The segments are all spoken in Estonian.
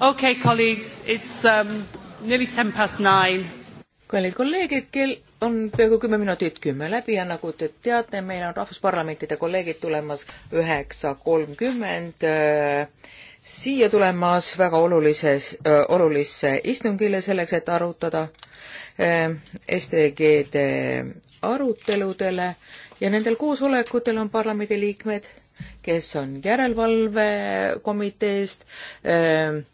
okei okay,, colleagues, it's um, nearly ten past nine. kallid kolleegid, kell on peaaegu kümme minutit kümme läbi ja nagu te teate, meil on rahvusparlamentide kolleegid tulemas üheksa kolmkümmend äh, siia tulemas väga olulises, äh, olulisse istungile selleks, et arutada äh, STG-de aruteludele ja nendel koosolekutel on parlamendiliikmed, kes on järelevalvekomiteest äh,,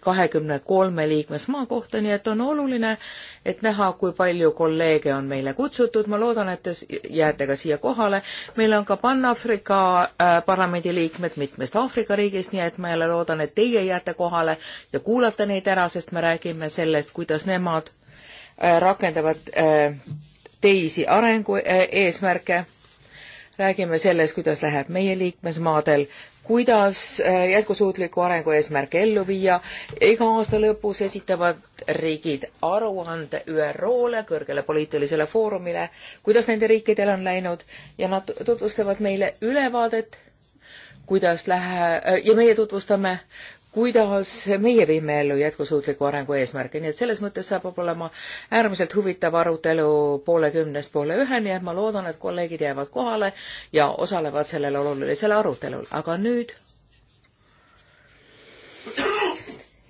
kahekümne kolme liikmesmaa kohta, nii et on oluline, et näha, kui palju kolleege on meile kutsutud, ma loodan, et te jääte ka siia kohale. meil on ka Pan-Aafrika äh, parlamendi liikmed mitmest Aafrika riigist, nii et ma jälle loodan, et teie jääte kohale ja kuulate neid ära, sest me räägime sellest, kuidas nemad äh, rakendavad äh, teisi arengueesmärke äh, räägime sellest, kuidas läheb meie liikmesmaadel kuidas äh, jätkusuutliku arengu eesmärke ellu viia. iga aasta lõpus esitavad riigid aruande ÜRO-le, kõrgele poliitilisele foorumile, kuidas nende riikidel on läinud ja nad tutvustavad meile ülevaadet, kuidas lähe- äh, ja meie tutvustame kuidas meie viime ellu jätkusuutliku arengu eesmärgi, nii et selles mõttes saab olema äärmiselt huvitav arutelu poole kümnest poole üheni, et ma loodan, et kolleegid jäävad kohale ja osalevad sellel olulisel arutelul, aga nüüd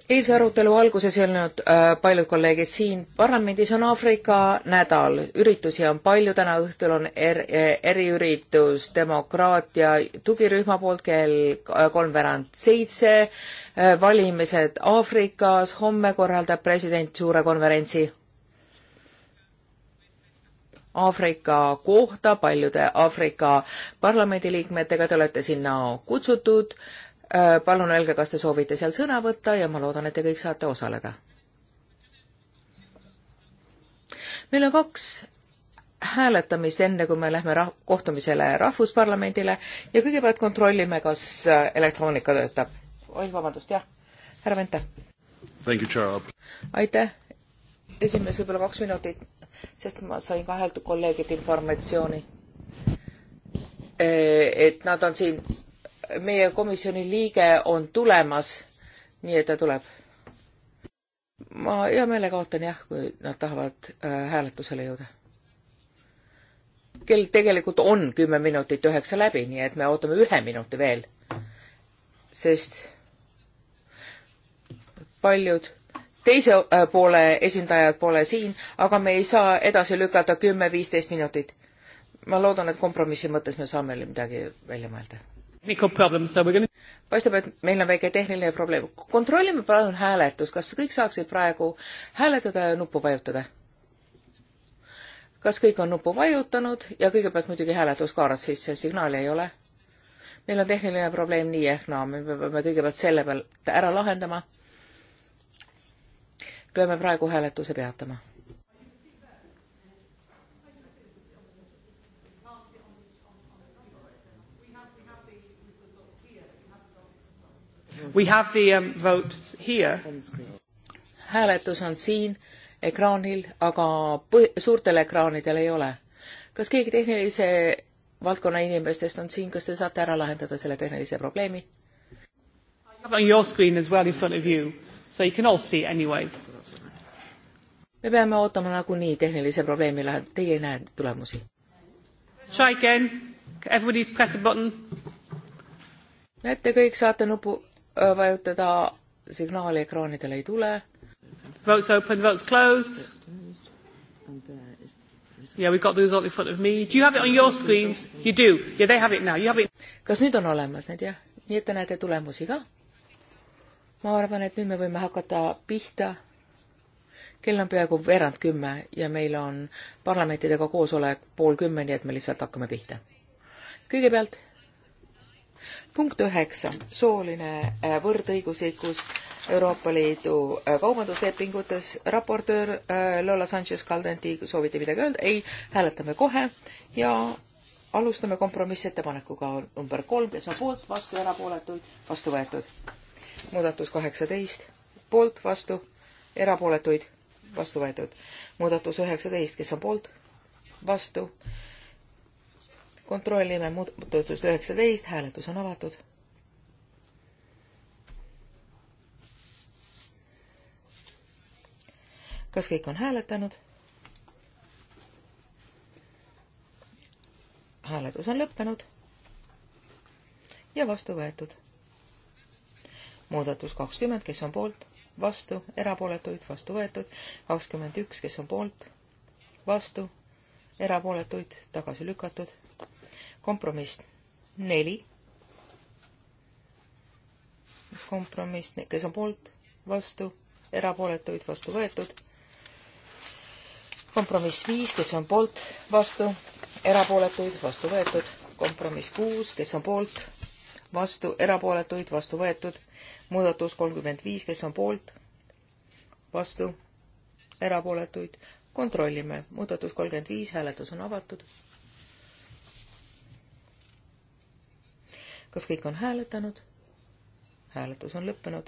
eilse arutelu alguses öelnud äh, paljud kolleegid siin parlamendis on Aafrika nädal, üritusi on palju, täna õhtul on er, äh, eriüritus demokraatia tugirühma poolt kell kolmveerand seitse äh,, valimised Aafrikas, homme korraldab president suure konverentsi Aafrika kohta paljude Aafrika parlamendiliikmetega, te olete sinna kutsutud äh,, Äh, palun öelge, kas te soovite seal sõna võtta ja ma loodan, et te kõik saate osaleda. meil on kaks hääletamist, enne kui me lähme rah-, kohtumisele Rahvusparlamendile ja kõigepealt kontrollime, kas äh, elektroonika töötab. oi, vabandust, jah, härra Vente. aitäh, esimees, võib-olla kaks minutit, sest ma sain kahelt kolleegilt informatsiooni, äh, et nad on siin meie komisjoni liige on tulemas, nii et ta tuleb. ma hea meelega ootan jah, kui nad tahavad äh, hääletusele jõuda. kell tegelikult on kümme minutit üheksa läbi, nii et me ootame ühe minuti veel, sest paljud teise äh, poole esindajad pole siin, aga me ei saa edasi lükata kümme-viisteist minutit. ma loodan, et kompromissi mõttes me saame midagi välja mõelda paistab, et meil on väike tehniline probleem. kontrollime palun hääletust, kas kõik saaksid praegu hääletada ja nuppu vajutada? kas kõik on nuppu vajutanud ja kõigepealt muidugi hääletuskaarad sisse, signaali ei ole? meil on tehniline probleem nii ehk naa no,, me peame kõigepealt selle pealt ära lahendama. peame praegu hääletuse peatama We have the um, vote here. hääletus on siin ekraanil, aga põ-, suurtel ekraanidel ei ole. kas keegi tehnilise valdkonna inimestest on siin, kas te saate ära lahendada selle tehnilise probleemi? me peame ootama nagunii tehnilise probleemi lahend-, teie ei näe tulemusi. näete, kõik saate nupu vajutada, signaali ekraanidel ei tule. Votes open, votes closed. Yeah, we've got the result in front of me. Do you have it on your screens? You do. Yeah, they have it now. You have it. kas nüüd on olemas need jah? nii et te näete tulemusi ka? ma arvan, et nüüd me võime hakata pihta. kell on peaaegu veerand kümme ja meil on parlamentidega koosolek pool kümme, nii et me lihtsalt hakkame pihta. kõigepealt punkt üheksa, sooline äh, võrdõiguslikkus Euroopa Liidu äh, kaubanduslepingutes. raportöör äh, Lola Sanchez-Caldenti, soovite midagi öelda? ei, hääletame kohe ja alustame kompromissettepanekuga number kolm, kes on poolt, vastu, erapooletuid, vastu võetud. muudatus kaheksateist, poolt, vastu, erapooletuid, vastu võetud. muudatus üheksateist, kes on poolt, vastu, kontrollime muudatust üheksateist, hääletus on avatud. kas kõik on hääletanud? hääletus on lõppenud ja vastu võetud. muudatus kakskümmend, kes on poolt, vastu, erapooletuid, vastu võetud, kakskümmend üks, kes on poolt, vastu, erapooletuid, tagasi lükatud, kompromiss neli. kompromiss, kes on poolt, vastu, erapooletuid, vastu võetud. kompromiss viis, kes on poolt, vastu, erapooletuid, vastu võetud. kompromiss kuus, kes on poolt, vastu, erapooletuid, vastu võetud. muudatus kolmkümmend viis, kes on poolt, vastu, erapooletuid, kontrollime. muudatus kolmkümmend viis, hääletus on avatud kas kõik on hääletanud? hääletus on lõppenud.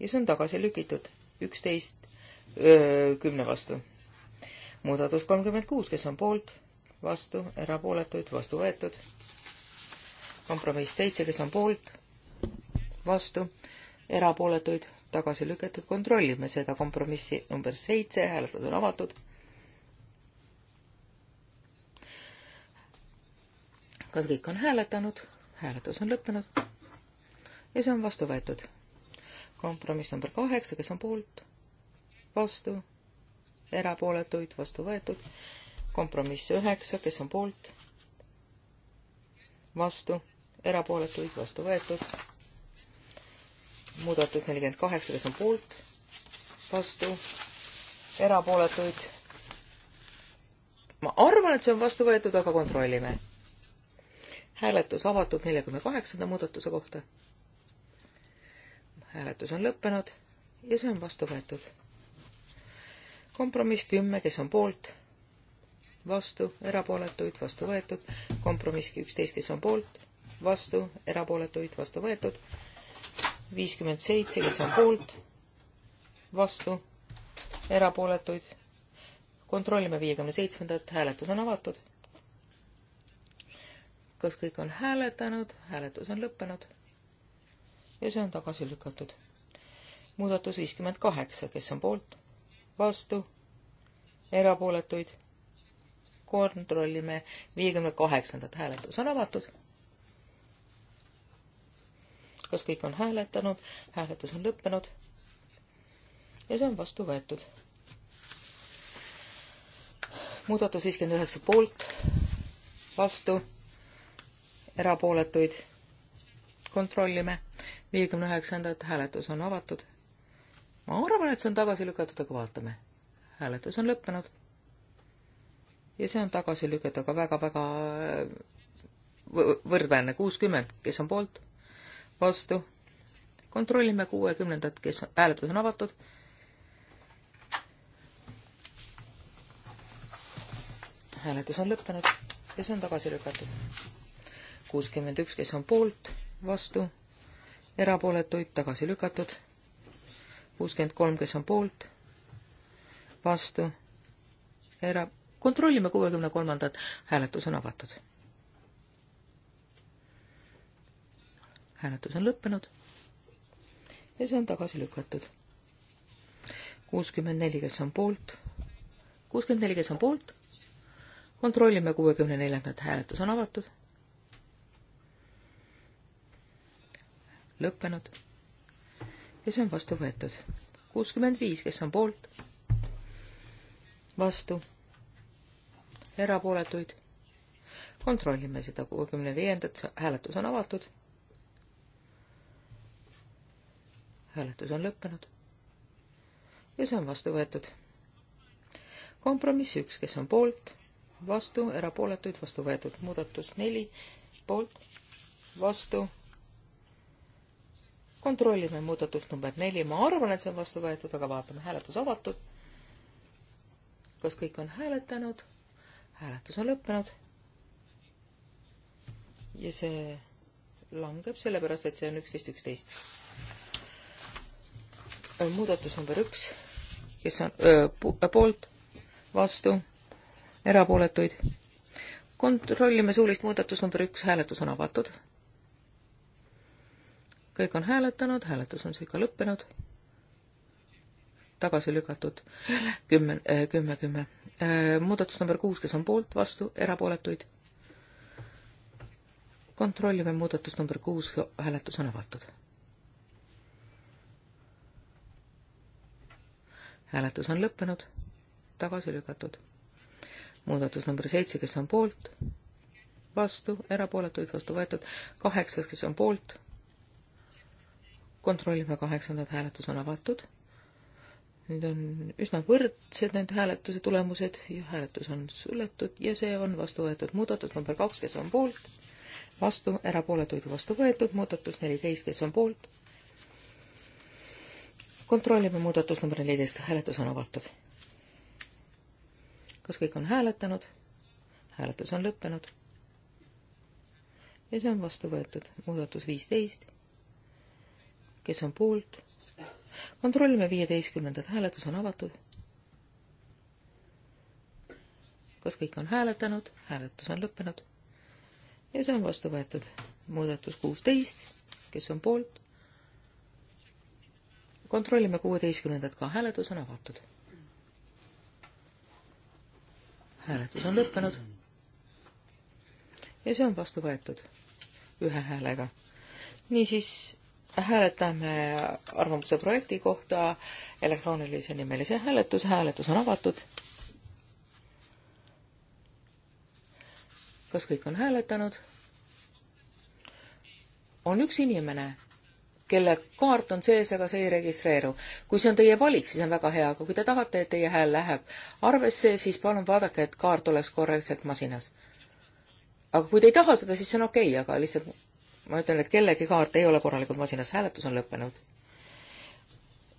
ja see on tagasi lükitud, üksteist kümne vastu. muudatus kolmkümmend kuus, kes on poolt, vastu, erapooletuid, vastu võetud. kompromiss seitse, kes on poolt, vastu, erapooletuid, tagasi lükatud, kontrollime seda kompromissi number seitse, hääletus on avatud kas kõik on hääletanud? hääletus on lõppenud ja see on vastu võetud. kompromiss number kaheksa, kes on poolt, vastu, erapooletuid, vastu võetud. kompromiss üheksa, kes on poolt, vastu, erapooletuid, vastu võetud. muudatus nelikümmend kaheksa, kes on poolt, vastu, erapooletuid. ma arvan, et see on vastu võetud, aga kontrollime hääletus avatud neljakümne kaheksanda muudatuse kohta. hääletus on lõppenud ja see on vastu võetud. kompromiss kümme, kes on poolt, vastu, erapooletuid, vastu võetud. kompromiss üksteist, kes on poolt, vastu, erapooletuid, vastu võetud. viiskümmend seitse, kes on poolt, vastu, erapooletuid. kontrollime viiekümne seitsmendat, hääletus on avatud kas kõik on hääletanud, hääletus on lõppenud ja see on tagasi lükatud. muudatus viiskümmend kaheksa, kes on poolt, vastu, erapooletuid, kontrollime viiekümne kaheksandat, hääletus on avatud. kas kõik on hääletanud, hääletus on lõppenud ja see on vastu võetud. muudatus viiskümmend üheksa poolt, vastu erapooletuid kontrollime. viiekümne üheksandat hääletus on avatud. ma arvan, et see on tagasi lükatud, aga vaatame. hääletus on lõppenud. ja see on tagasi lükatud, aga väga-väga äh, võrdväärne, kuuskümmend, kes on poolt, vastu. kontrollime kuuekümnendat, kes, hääletus on avatud. hääletus on lõppenud ja see on tagasi lükatud kuuskümmend üks, kes on poolt, vastu, erapooletuid tagasi lükatud, kuuskümmend kolm, kes on poolt, vastu, era-, kontrollime kuuekümne kolmandat, hääletus on avatud. hääletus on lõppenud ja see on tagasi lükatud. kuuskümmend neli, kes on poolt, kuuskümmend neli, kes on poolt, kontrollime kuuekümne neljandat, hääletus on avatud lõppenud ja see on vastu võetud. kuuskümmend viis, kes on poolt, vastu, erapooletuid. kontrollime seda kuuekümne viiendat, hääletus on avatud. hääletus on lõppenud ja see on vastu võetud. kompromiss üks, kes on poolt, vastu, erapooletuid, vastu võetud, muudatus neli, poolt, vastu kontrollime muudatust number neli, ma arvan, et see on vastu võetud, aga vaatame, hääletus avatud. kas kõik on hääletanud? hääletus on lõppenud. ja see langeb sellepärast, et see on üksteist, üksteist. muudatus number üks, kes on öö, poolt, vastu, erapooletuid. kontrollime suulist muudatust number üks, hääletus on avatud kõik on hääletanud, hääletus on seega lõppenud. tagasi lükatud kümme, eh, kümme, kümme. Eh, muudatus number kuus, kes on poolt, vastu, erapooletuid. kontrollime muudatus number kuus, hääletus on avatud. hääletus on lõppenud, tagasi lükatud. muudatus number seitse, kes on poolt, vastu, erapooletuid, vastu võetud, kaheksas, kes on poolt kontrollime kaheksandat, hääletus on avatud. Need on üsna võrdsed, need hääletuse tulemused ja hääletus on suletud ja see on vastu võetud muudatus number kaks, kes on poolt, vastu, erapooletuid vastu võetud, muudatus neliteist, kes on poolt. kontrollime muudatus number neliteist, hääletus on avatud. kas kõik on hääletanud? hääletus on lõppenud. ja see on vastu võetud, muudatus viisteist kes on poolt? kontrollime viieteistkümnendat, hääletus on avatud. kas kõik on hääletanud? hääletus on lõppenud. ja see on vastu võetud. muudatus kuusteist, kes on poolt? kontrollime kuueteistkümnendat ka, hääletus on avatud. hääletus on lõppenud. ja see on vastu võetud ühe häälega. niisiis hääletame arvamuse projekti kohta elektroonilise nimelise hääletuse, hääletus on avatud. kas kõik on hääletanud? on üks inimene, kelle kaart on sees, aga see ei registreeru. kui see on teie valik, siis on väga hea, aga kui te tahate, et teie hääl läheb arvesse, siis palun vaadake, et kaart oleks korrektselt masinas. aga kui te ei taha seda, siis see on okei okay,, aga lihtsalt ma ütlen, et kellegi kaart ei ole korralikult masinas, hääletus on lõppenud.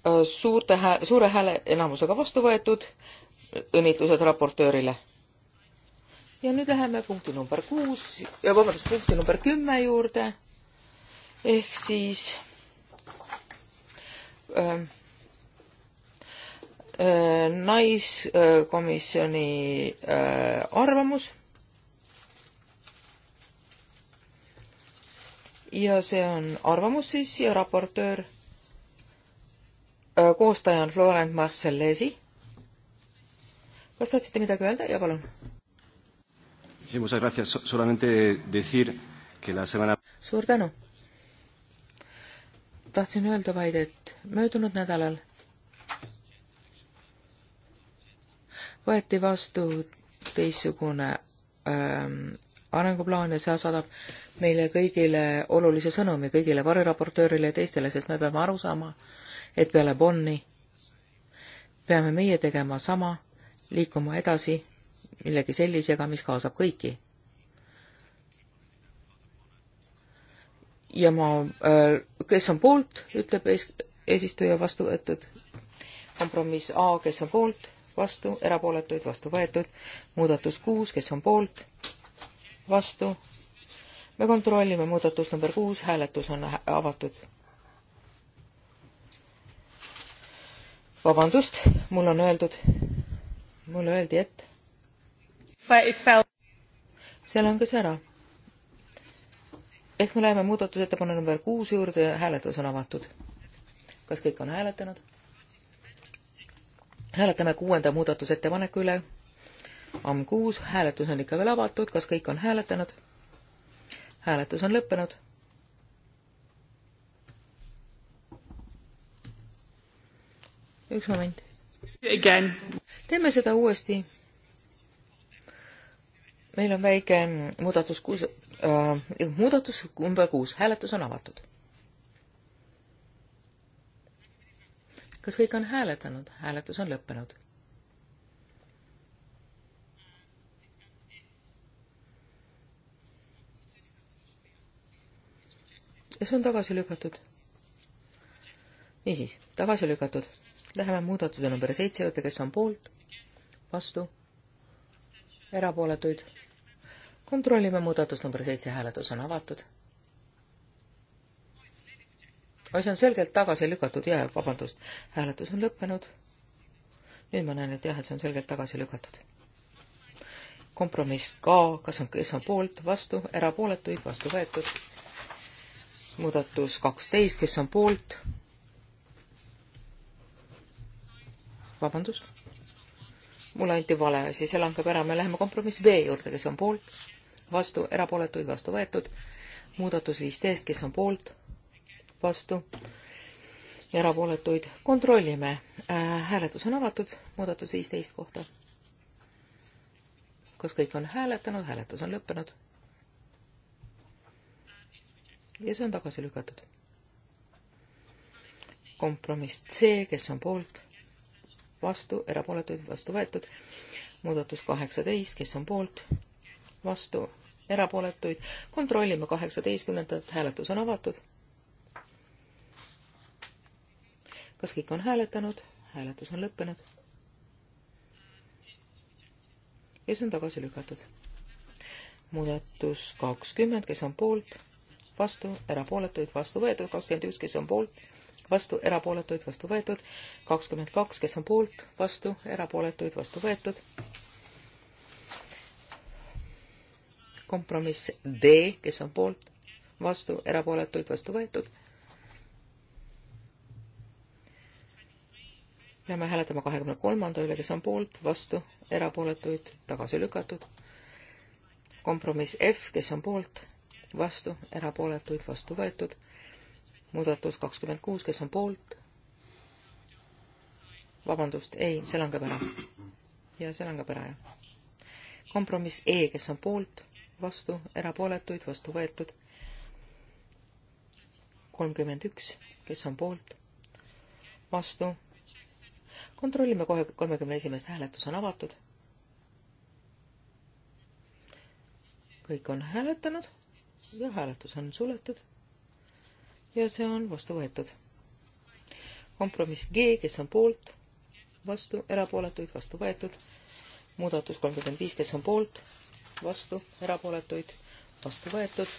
Äh, suurte hääle, suure hääle enamusega vastu võetud, õnnitlused raportöörile. ja nüüd läheme punkti number kuus, äh, vabandust, punkti number kümme juurde, ehk siis öö, äh, naiskomisjoni arvamus ja see on arvamus siis ja raportöör, äh, koostaja on Florent Marcellesi. kas tahtsite midagi öelda ja palun? suur tänu. tahtsin öelda vaid, et möödunud nädalal võeti vastu teistsugune ähm, arenguplaan ja see saadab meile kõigile olulise sõnumi, kõigile variraportöörile ja teistele, sest me peame aru saama, et peale Bonni peame meie tegema sama, liikuma edasi millegi sellisega, mis kaasab kõiki. ja ma, äh, kes on poolt, ütleb ees, eesistuja vastu võetud. kompromiss A, kes on poolt, vastu, erapooletuid vastu võetud. muudatus kuus, kes on poolt, vastu. me kontrollime muudatust number kuus, hääletus on avatud. vabandust, mul on öeldud, mulle öeldi, et see langes ära. ehk me läheme muudatusettepaneku number kuus juurde ja hääletus on avatud. kas kõik on hääletanud? hääletame kuuenda muudatusettepaneku üle on kuus, hääletus on ikka veel avatud, kas kõik on hääletanud? hääletus on lõppenud. üks moment. teeme seda uuesti. meil on väike muudatus kuus äh,, muudatus number kuus, hääletus on avatud. kas kõik on hääletanud? hääletus on lõppenud ja see on tagasi lükatud. niisiis, tagasi lükatud. Läheme muudatuse number seitse juurde, kes on poolt, vastu, erapooletuid. kontrollime muudatus number seitse, hääletus on avatud. asi on selgelt tagasi lükatud ja vabandust, hääletus on lõppenud. nüüd ma näen, et jah, et see on selgelt tagasi lükatud kompromiss ka, kas on, kes on poolt, vastu, erapooletuid, vastu võetud muudatus kaksteist, kes on poolt? vabandust, mulle anti vale, siis see langeb ära, me läheme kompromiss B juurde, kes on poolt, vastu, erapooletuid, vastu võetud, muudatus viisteist, kes on poolt, vastu, erapooletuid, kontrollime äh,, hääletus on avatud, muudatus viisteist kohta. kas kõik on hääletanud, hääletus on lõppenud ja see on tagasi lükatud. kompromiss C, kes on poolt, vastu, erapooletuid, vastu võetud. muudatus kaheksateist, kes on poolt, vastu, erapooletuid. kontrollime kaheksateistkümnendat, hääletus on avatud. kas kõik on hääletanud? hääletus on lõppenud. ja see on tagasi lükatud. muudatus kakskümmend, kes on poolt vastu, erapooletuid, vastu võetud, kakskümmend üks, kes on poolt, vastu, erapooletuid, vastu võetud, kakskümmend kaks, kes on poolt, vastu, erapooletuid, vastu võetud. kompromiss D, kes on poolt, vastu, erapooletuid, vastu võetud. peame hääletama kahekümne kolmanda üle, kes on poolt, vastu, erapooletuid, tagasi lükatud. kompromiss F, kes on poolt, vastu, erapooletuid vastu võetud. muudatus kakskümmend kuus, kes on poolt? vabandust, ei, see langeb ära. ja see langeb ära, jah. kompromiss E, kes on poolt, vastu, erapooletuid vastu võetud. kolmkümmend üks, kes on poolt, vastu. kontrollime kohe, kolmekümne esimest hääletus on avatud kõik on hääletanud ja hääletus on suletud. ja see on vastu võetud. kompromiss G, kes on poolt, vastu, erapooletuid, vastu võetud. muudatus kolmkümmend viis, kes on poolt, vastu, erapooletuid, vastu võetud.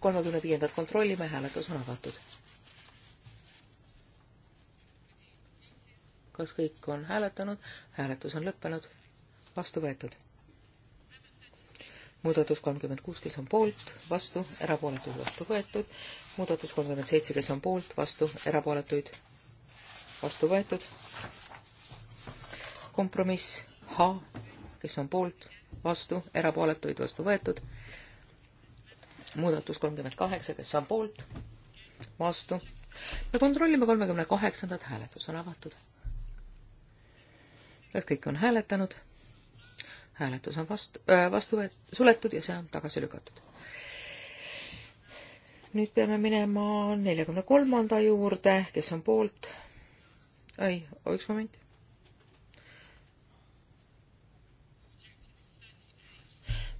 kolmekümne viiendat kontrollime, hääletus on avatud. kas kõik on hääletanud? hääletus on lõppenud. vastu võetud muudatus kolmkümmend kuus, kes on poolt, vastu, erapooletuid vastu võetud, muudatus kolmkümmend seitse, kes on poolt, vastu, erapooletuid vastu võetud, kompromiss H, kes on poolt, vastu, erapooletuid vastu võetud, muudatus kolmkümmend kaheksa, kes on poolt, vastu, me kontrollime kolmekümne kaheksandat, hääletus on avatud. kas kõik on hääletanud? hääletus on vastu äh,, vastu võet-, suletud ja see on tagasi lükatud. nüüd peame minema neljakümne kolmanda juurde, kes on poolt. ei, üks moment.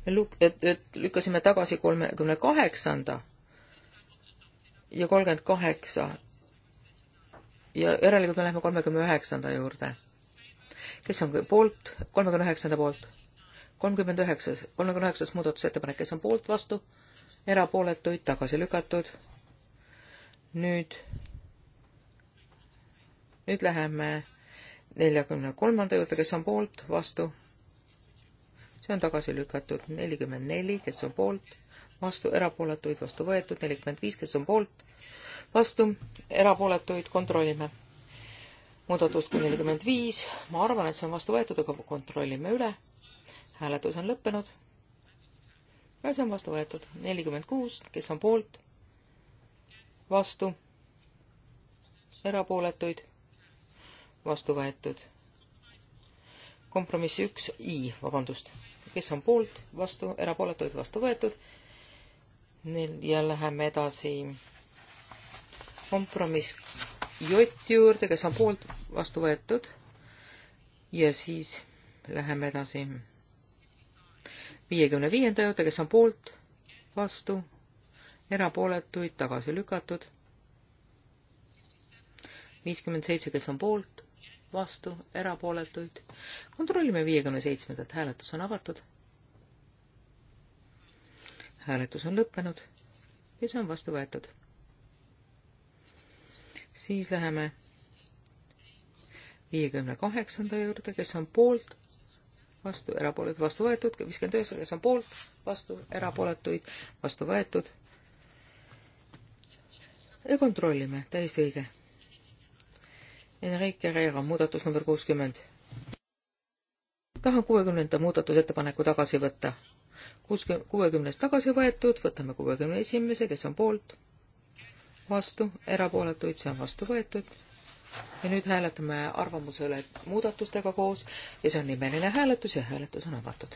me luk-, et, et lükkasime tagasi kolmekümne kaheksanda ja kolmkümmend kaheksa ja järelikult me läheme kolmekümne üheksanda juurde. kes on poolt, kolmekümne üheksanda poolt? kolmkümmend üheksas, kolmekümne üheksas muudatusettepanek, kes on poolt, vastu, erapooletuid, tagasi lükatud. nüüd, nüüd läheme neljakümne kolmanda juurde, kes on poolt, vastu, see on tagasi lükatud, nelikümmend neli, kes on poolt, vastu, erapooletuid, vastu võetud, nelikümmend viis, kes on poolt, vastu, erapooletuid kontrollime. muudatus kuni nelikümmend viis, ma arvan, et see on vastu võetud, aga kontrollime üle hääletus on lõppenud ja see on vastu võetud. nelikümmend kuus, kes on poolt, vastu, erapooletuid, vastu võetud. kompromiss üks I, vabandust, kes on poolt, vastu, erapooletuid, vastu võetud. ja läheme edasi kompromiss J juurde, kes on poolt, vastu võetud. ja siis läheme edasi viiekümne viienda juurde, kes on poolt, vastu, erapooletuid, tagasi lükatud. viiskümmend seitse, kes on poolt, vastu, erapooletuid. kontrollime viiekümne seitsmendat, hääletus on avatud. hääletus on lõppenud ja see on vastu võetud. siis läheme viiekümne kaheksanda juurde, kes on poolt, vastu, erapooletud, vastu võetud, viiskümmend üheksa, kes on poolt, vastu, erapooletuid, vastu võetud. ja kontrollime, täiesti õige. Enrique Herrera, muudatus number kuuskümmend. tahan kuuekümnenda muudatusettepaneku tagasi võtta. kuuskümmend, kuuekümnest tagasi võetud, võtame kuuekümne esimese, kes on poolt, vastu, erapooletuid, see on vastu võetud ja nüüd hääletame arvamuse üle muudatustega koos ja see on nimeline hääletus ja hääletus on avatud.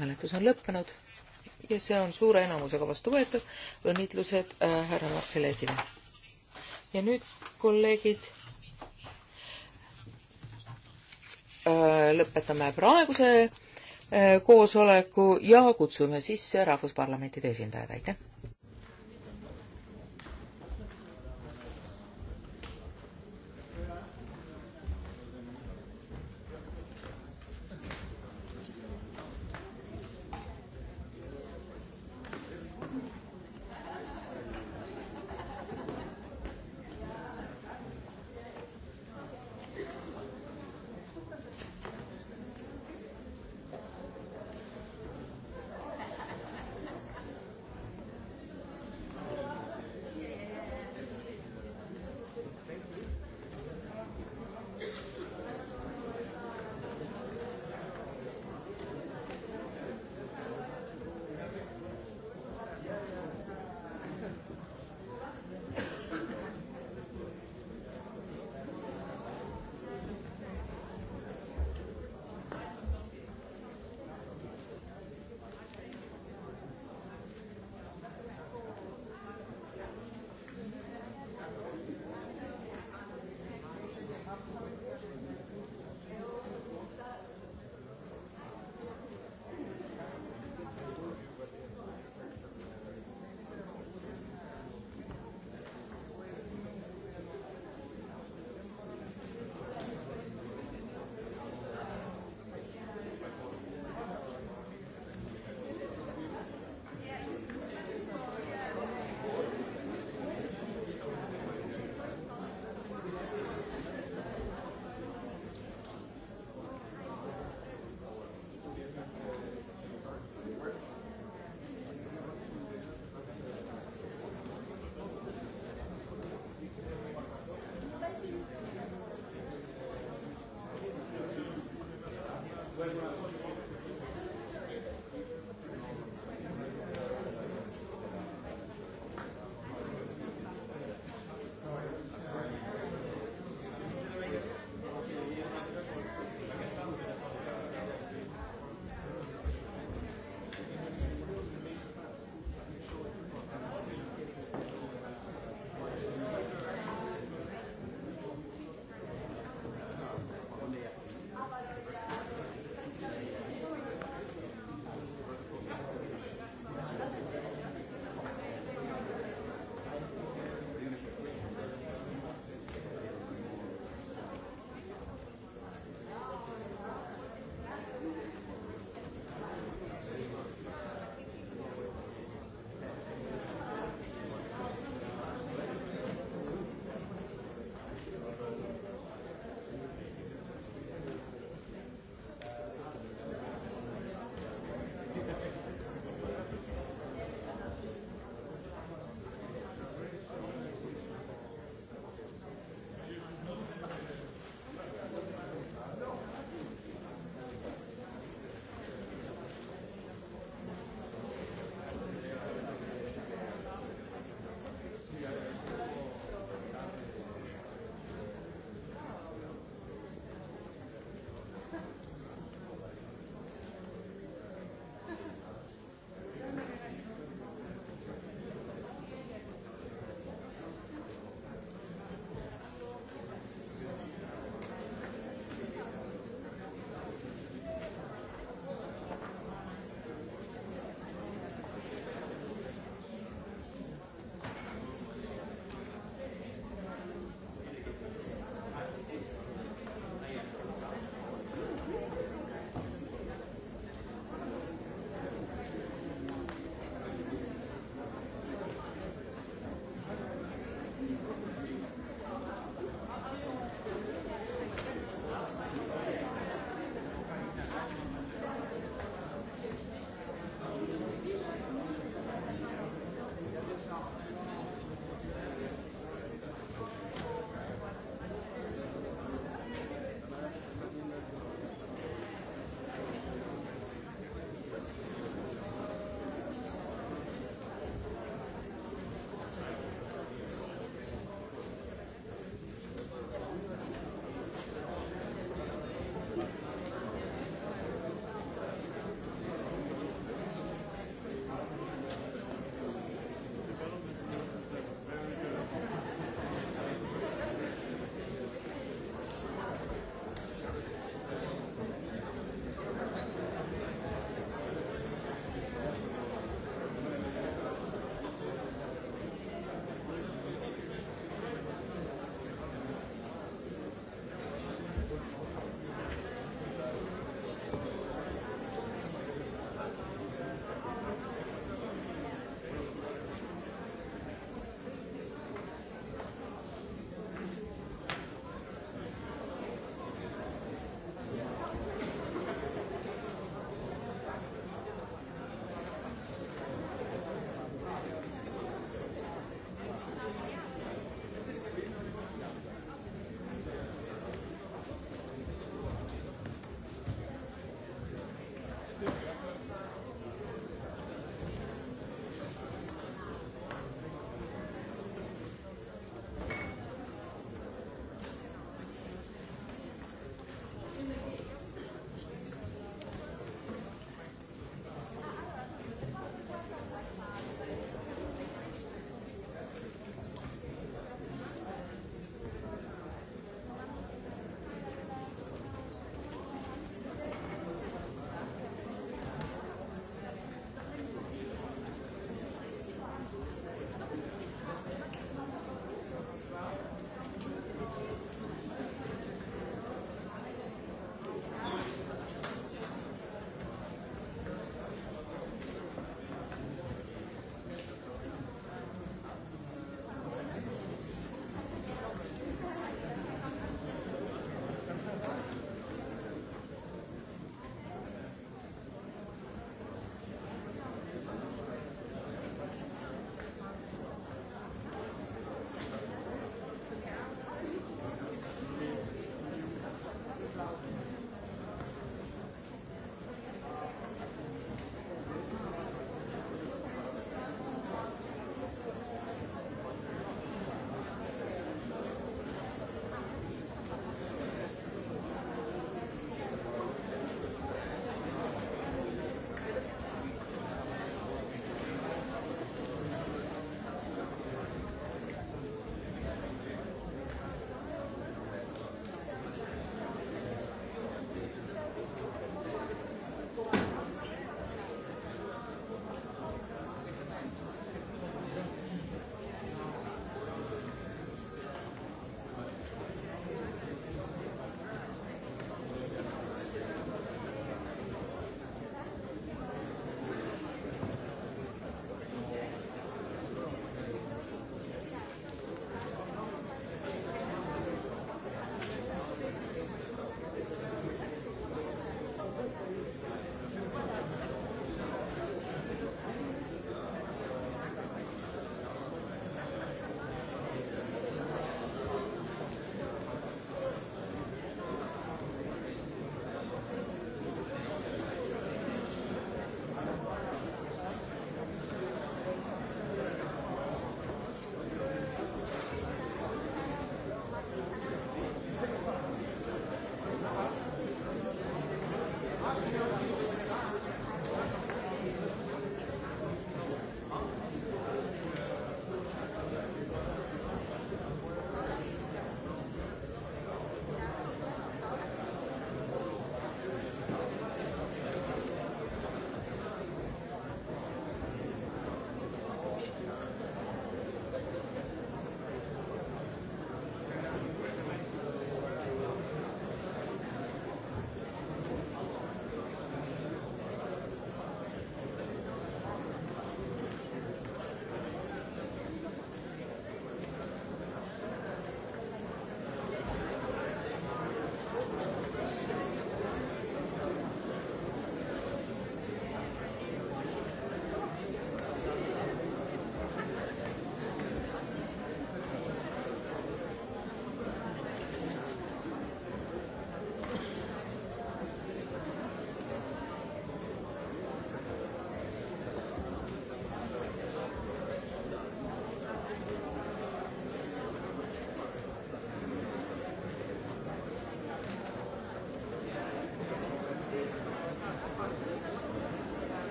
hääletus on lõppenud ja see on suure enamusega vastu võetud. õnnitlused äh, härra Marcelesile. ja nüüd, kolleegid äh,, lõpetame praeguse äh, koosoleku ja kutsume sisse rahvusparlamentide esindajad, aitäh!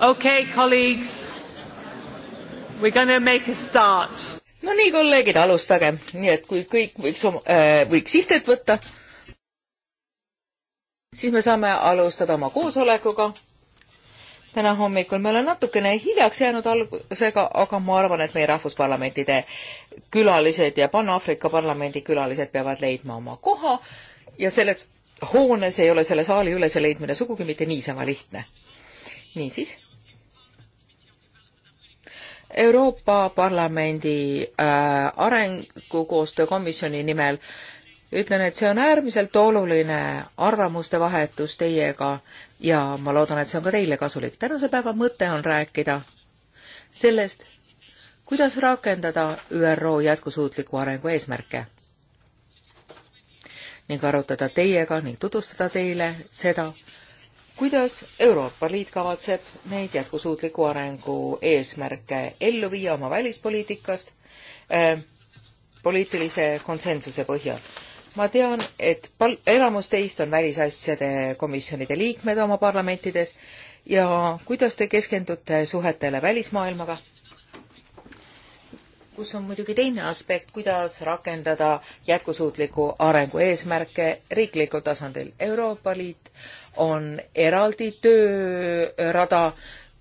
Okay, colleagues. We're gonna make a start. no nii, kolleegid, alustage, nii et kui kõik võiks oma äh,, võiks istet võtta, siis me saame alustada oma koosolekuga. täna hommikul me oleme natukene hiljaks jäänud algusega, aga ma arvan, et meie rahvusparlamentide külalised ja Pan-Aafrika parlamendi külalised peavad leidma oma koha ja selles hoones ei ole selle saali ülese leidmine sugugi mitte niisama lihtne. niisiis Euroopa Parlamendi äh, arengukoostöö komisjoni nimel ütlen, et see on äärmiselt oluline arvamuste vahetus teiega ja ma loodan, et see on ka teile kasulik. tänase päeva mõte on rääkida sellest, kuidas rakendada ÜRO jätkusuutliku arengu eesmärke ning arutada teiega ning tutvustada teile seda, kuidas Euroopa Liit kavatseb neid jätkusuutliku arengu eesmärke ellu viia oma välispoliitikast eh, poliitilise konsensuse põhjal? ma tean, et pal-, enamus teist on välisasjade komisjonide liikmed oma parlamentides ja kuidas te keskendute suhetele välismaailmaga? kus on muidugi teine aspekt, kuidas rakendada jätkusuutliku arengu eesmärke riiklikul tasandil. Euroopa Liit on eraldi töörada,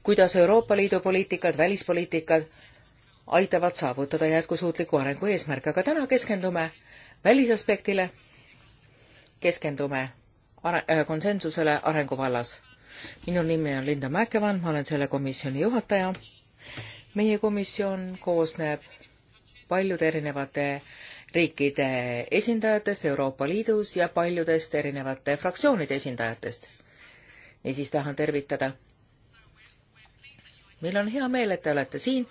kuidas Euroopa Liidu poliitikad, välispoliitikad aitavad saavutada jätkusuutliku arengu eesmärke, aga täna keskendume välisaspektile, keskendume are-, äh, konsensusele arengu vallas. minu nimi on Linda Mäkevan, ma olen selle komisjoni juhataja. meie komisjon koosneb paljude erinevate riikide esindajatest Euroopa Liidus ja paljudest erinevate fraktsioonide esindajatest. niisiis tahan tervitada. meil on hea meel, et te olete siin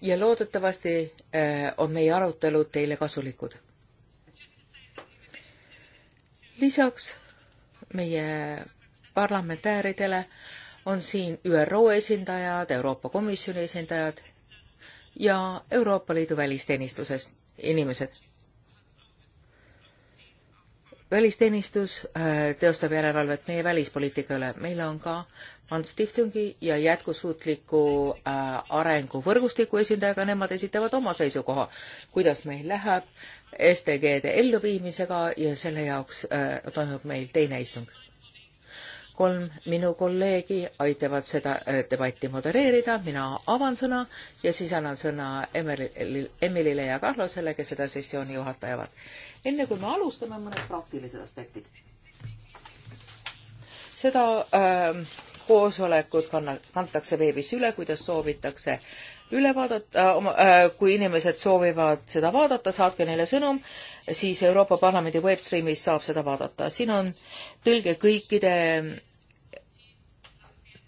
ja loodetavasti äh, on meie arutelud teile kasulikud. lisaks meie parlamentääridele on siin ÜRO esindajad, Euroopa Komisjoni esindajad ja Euroopa Liidu välisteenistuses inimesed. välisteenistus äh, teostab järelevalvet meie välispoliitika üle. meil on ka Anstiftungi ja jätkusuutliku äh, arengu võrgustiku esindajaga, nemad esitavad oma seisukoha, kuidas meil läheb STG-de elluviimisega ja selle jaoks äh, toimub meil teine istung kolm minu kolleegi aitavad seda äh, debatti modereerida, mina avan sõna ja siis annan sõna Emilile ja Carlosele, kes seda sessiooni juhatavad. enne kui me alustame, mõned praktilised aspektid. seda äh, koosolekut kanna-, kantakse veebis üle, kuidas soovitakse äh, üle vaadata, äh, kui inimesed soovivad seda vaadata, saatke neile sõnum, siis Euroopa Parlamendi webstreamis saab seda vaadata. siin on tõlge kõikide,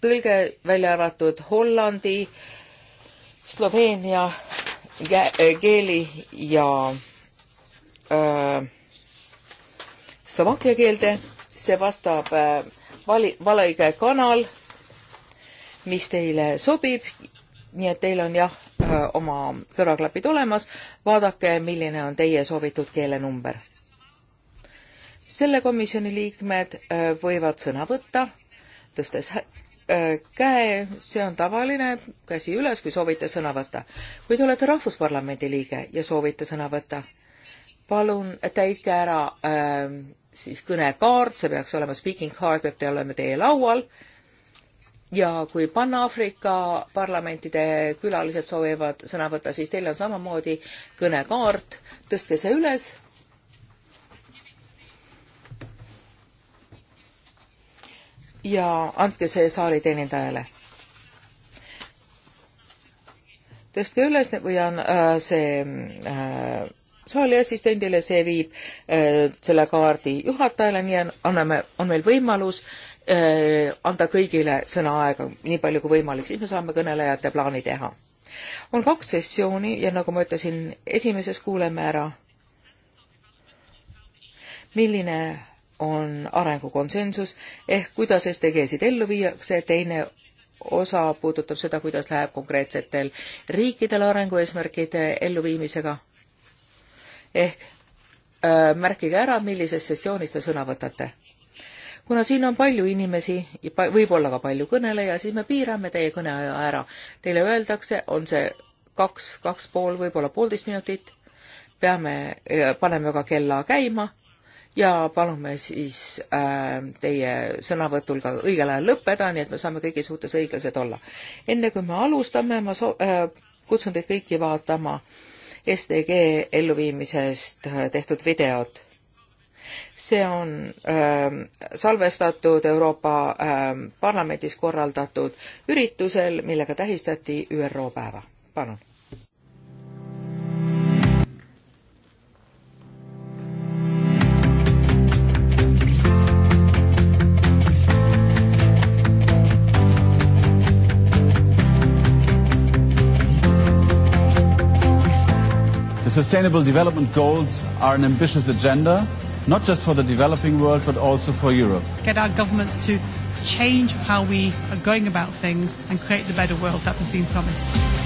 tõlge välja arvatud hollandi, Sloveenia äh, keeli ja äh, slovakkia keelde, see vastab äh, vali, valege kanal mis teile sobib nii et teil on jah, äh, oma kõrvaklapid olemas, vaadake, milline on teie soovitud keelenumber. selle komisjoni liikmed äh, võivad sõna võtta, tõstes äh, käe, see on tavaline, käsi üles, kui soovite sõna võtta. kui te olete Rahvusparlamendi liige ja soovite sõna võtta, palun täitke ära äh, siis kõnekaart, see peaks olema, speaking card peab teil olema teie laual äh,, ja kui Pan-Aafrika parlamentide külalised soovivad sõna võtta, siis teil on samamoodi kõnekaart, tõstke see üles. ja andke see saali teenindajale. tõstke üles või on äh, see äh, saali assistendile, see viib äh, selle kaardi juhatajale, nii on, anname, on meil võimalus Äh, anda kõigile sõnaaega nii palju kui võimalik, siis me saame kõnelejate plaani teha. on kaks sessiooni ja nagu ma ütlesin, esimeses kuuleme ära, milline on arengukonsensus ehk kuidas STG-sid ellu viiakse, teine osa puudutab seda, kuidas läheb konkreetsetel riikidel arengueesmärkide elluviimisega. ehk äh, märkige ära, millises sessioonis te sõna võtate kuna siin on palju inimesi ja võib-olla ka palju kõneleja, siis me piirame teie kõneaja ära. Teile öeldakse, on see kaks, kaks pool, võib-olla poolteist minutit, peame, paneme ka kella käima ja palume siis äh, teie sõnavõtul ka õigel ajal lõppeda, nii et me saame kõigi suhtes õiglased olla. enne kui me alustame, ma so- äh,, kutsun teid kõiki vaatama STG elluviimisest äh, tehtud videot see on äh, salvestatud Euroopa äh, Parlamendis korraldatud üritusel, millega tähistati ÜRO päeva. palun The Sustainable Development Goals are an ambitious agenda not just for the developing world, but also for Europe. Get our governments to change how we are going about things and create the better world that has been promised.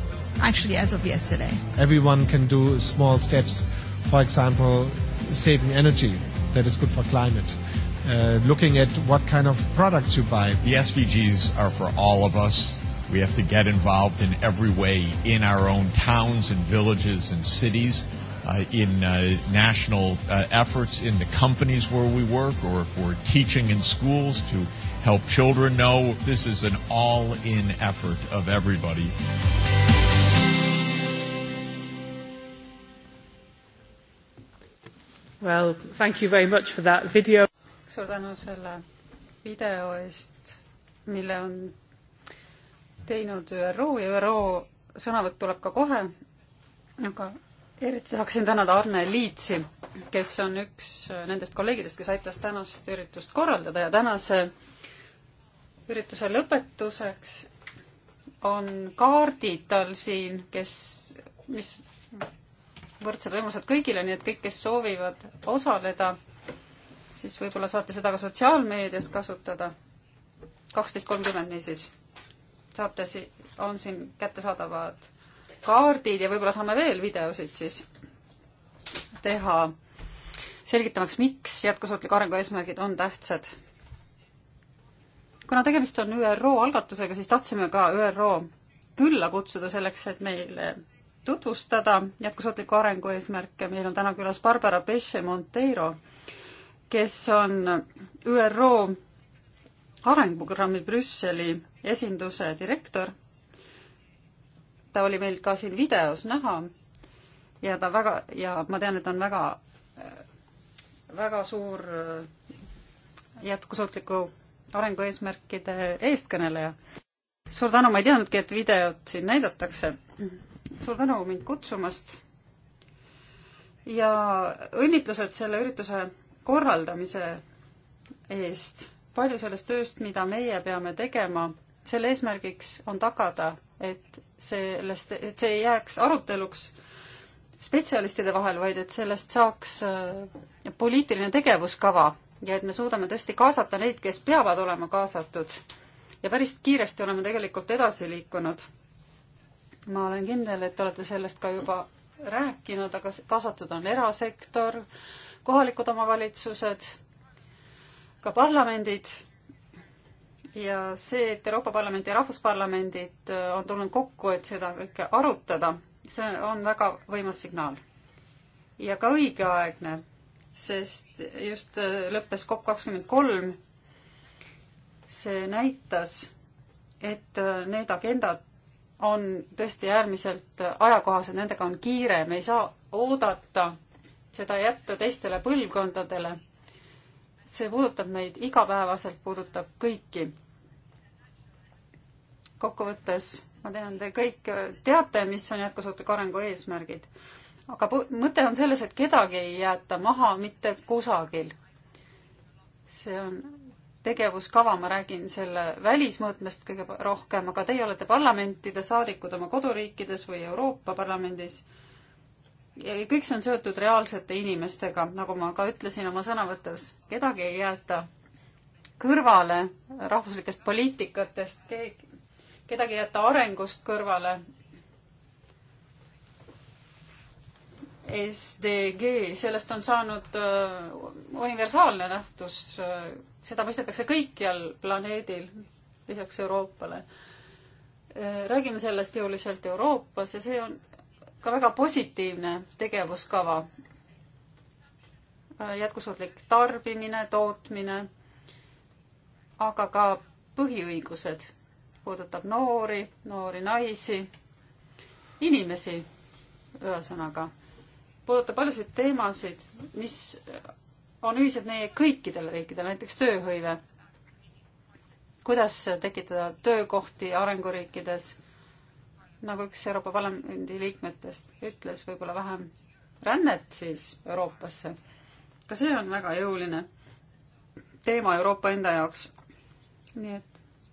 actually as of yesterday. Everyone can do small steps, for example, saving energy that is good for climate. Uh, looking at what kind of products you buy. The SDGs are for all of us. We have to get involved in every way in our own towns and villages and cities, uh, in uh, national uh, efforts in the companies where we work, or if we're teaching in schools to help children know this is an all in effort of everybody. Well, thank you very much for that video. suur tänu selle video eest, mille on teinud ÜRO ja ÜRO sõnavõtt tuleb ka kohe, aga eriti tahaksin tänada Arne Liitsi, kes on üks nendest kolleegidest, kes aitas tänast üritust korraldada ja tänase ürituse lõpetuseks on kaardid tal siin, kes, mis võrdsed võimalused kõigile, nii et kõik, kes soovivad osaleda, siis võib-olla saate seda ka sotsiaalmeedias kasutada. kaksteist kolmkümmend niisiis. saate si-, on siin kättesaadavad kaardid ja võib-olla saame veel videosid siis teha, selgitamaks, miks jätkusuutliku arengu eesmärgid on tähtsad. kuna tegemist on ÜRO algatusega, siis tahtsime ka ÜRO külla kutsuda selleks, et meile tutvustada jätkusuutliku arengu eesmärke. meil on täna külas Barbara Pesce Monteiro, kes on ÜRO arenguprogrammi Brüsseli esinduse direktor. ta oli meil ka siin videos näha ja ta väga, ja ma tean, et on väga, väga suur äh, jätkusuutliku arengu eesmärkide eestkõneleja. suur tänu, ma ei teadnudki, et videot siin näidatakse suur tänu mind kutsumast ja õnnitlused selle ürituse korraldamise eest. palju sellest tööst, mida meie peame tegema, selle eesmärgiks on tagada, et sellest, et see ei jääks aruteluks spetsialistide vahel, vaid et sellest saaks äh, poliitiline tegevuskava ja et me suudame tõesti kaasata neid, kes peavad olema kaasatud. ja päris kiiresti oleme tegelikult edasi liikunud ma olen kindel, et olete sellest ka juba rääkinud, aga kaasatud on erasektor, kohalikud omavalitsused, ka parlamendid ja see, et Euroopa Parlament ja Rahvusparlamendid äh, on tulnud kokku, et seda kõike arutada, see on väga võimas signaal. ja ka õigeaegne, sest just äh, lõppes COP kakskümmend kolm, see näitas, et äh, need agendad on tõesti äärmiselt ajakohased, nendega on kiire, me ei saa oodata seda jätta teistele põlvkondadele. see puudutab meid igapäevaselt, puudutab kõiki. kokkuvõttes ma tean, te kõik teate, mis on jätkusuutliku arengu eesmärgid. aga mõte on selles, et kedagi ei jäeta maha mitte kusagil. see on tegevuskava, ma räägin selle välismõõtmest kõige rohkem, aga teie olete parlamentide saadikud oma koduriikides või Euroopa Parlamendis. ja kõik see on seotud reaalsete inimestega, nagu ma ka ütlesin oma sõnavõtus, kedagi ei jäeta kõrvale rahvuslikest poliitikatest, kedagi ei jäeta arengust kõrvale SDG, sellest on saanud äh, universaalne nähtus, äh, seda mõistetakse kõikjal planeedil, lisaks Euroopale. Äh, räägime sellest jõuliselt Euroopas ja see on ka väga positiivne tegevuskava. jätkusuutlik tarbimine, tootmine, aga ka põhiõigused, puudutab noori, noori naisi, inimesi ühesõnaga puudutab paljusid teemasid, mis on ühised meie kõikidele riikidele, näiteks tööhõive. kuidas tekitada töökohti arenguriikides, nagu üks Euroopa Parlamendi liikmetest ütles, võib-olla vähem rännet siis Euroopasse. ka see on väga jõuline teema Euroopa enda jaoks. nii et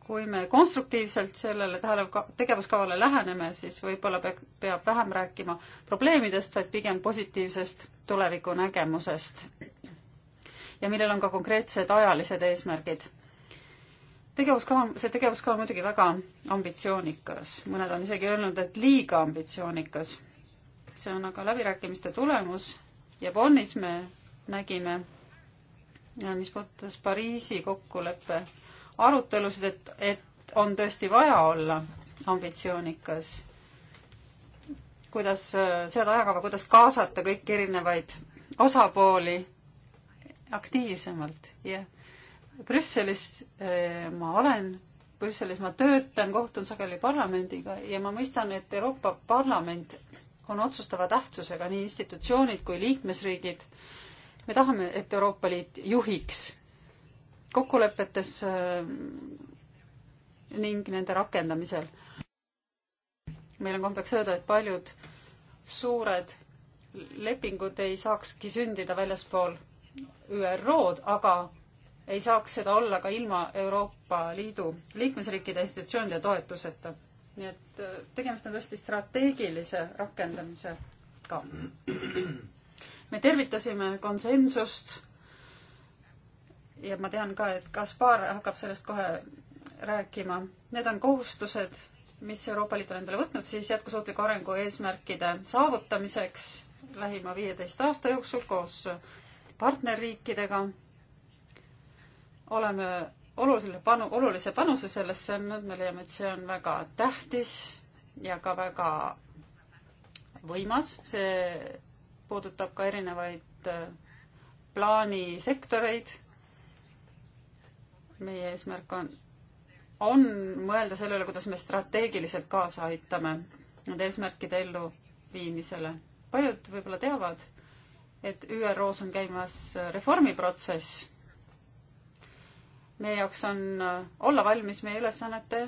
kui me konstruktiivselt sellele tähelepanu, tegevuskavale läheneme, siis võib-olla peab, peab vähem rääkima probleemidest, vaid pigem positiivsest tulevikunägemusest. ja millel on ka konkreetsed ajalised eesmärgid. tegevuskava, see tegevuskava on muidugi väga ambitsioonikas, mõned on isegi öelnud, et liiga ambitsioonikas. see on aga läbirääkimiste tulemus ja Bonnis me nägime, mis puudutas Pariisi kokkuleppe arutelusid, et, et on tõesti vaja olla ambitsioonikas. kuidas äh, seada ajakava, kuidas kaasata kõiki erinevaid osapooli aktiivsemalt, jah yeah.. Brüsselis äh, ma olen, Brüsselis ma töötan, kohtun sageli parlamendiga ja ma mõistan, et Euroopa Parlament on otsustava tähtsusega, nii institutsioonid kui liikmesriigid. me tahame, et Euroopa Liit juhiks kokkulepetes äh, ning nende rakendamisel. meil on kombeks öelda, et paljud suured lepingud ei saakski sündida väljaspool ÜRO-d, aga ei saaks seda olla ka ilma Euroopa Liidu liikmesriikide institutsioonide toetuseta. nii et äh, tegemist on tõesti strateegilise rakendamisega. me tervitasime konsensust ja ma tean ka, et Kaspar hakkab sellest kohe rääkima. Need on kohustused, mis Euroopa Liit on endale võtnud siis jätkusuutliku arengu eesmärkide saavutamiseks lähima viieteist aasta jooksul koos partnerriikidega. oleme olulisele panu, olulise panuse sellesse andnud, me leiame, et see on väga tähtis ja ka väga võimas, see puudutab ka erinevaid äh, plaanisektoreid meie eesmärk on, on mõelda selle üle, kuidas me strateegiliselt kaasa aitame nende eesmärkide elluviimisele. paljud võib-olla teavad, et ÜRO-s on käimas reformiprotsess. meie jaoks on äh, olla valmis meie ülesannete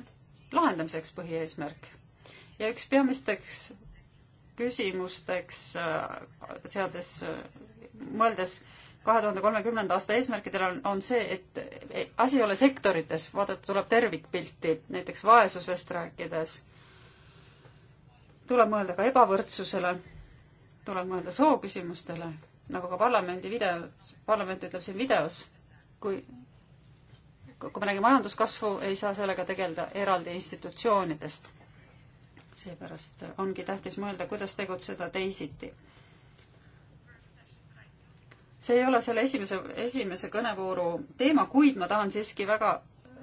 lahendamiseks põhieesmärk. ja üks peamisteks küsimusteks äh, seades, äh, mõeldes kahe tuhande kolmekümnenda aasta eesmärkidel on, on see, et asi ei ole sektorites, vaadata tuleb tervikpilti, näiteks vaesusest rääkides. tuleb mõelda ka ebavõrdsusele, tuleb mõelda sooküsimustele, nagu ka parlamendi video, parlament ütleb siin videos, kui kui me räägime majanduskasvu, ei saa sellega tegeleda eraldi institutsioonidest. seepärast ongi tähtis mõelda, kuidas tegutseda teisiti see ei ole selle esimese, esimese kõnevooru teema, kuid ma tahan siiski väga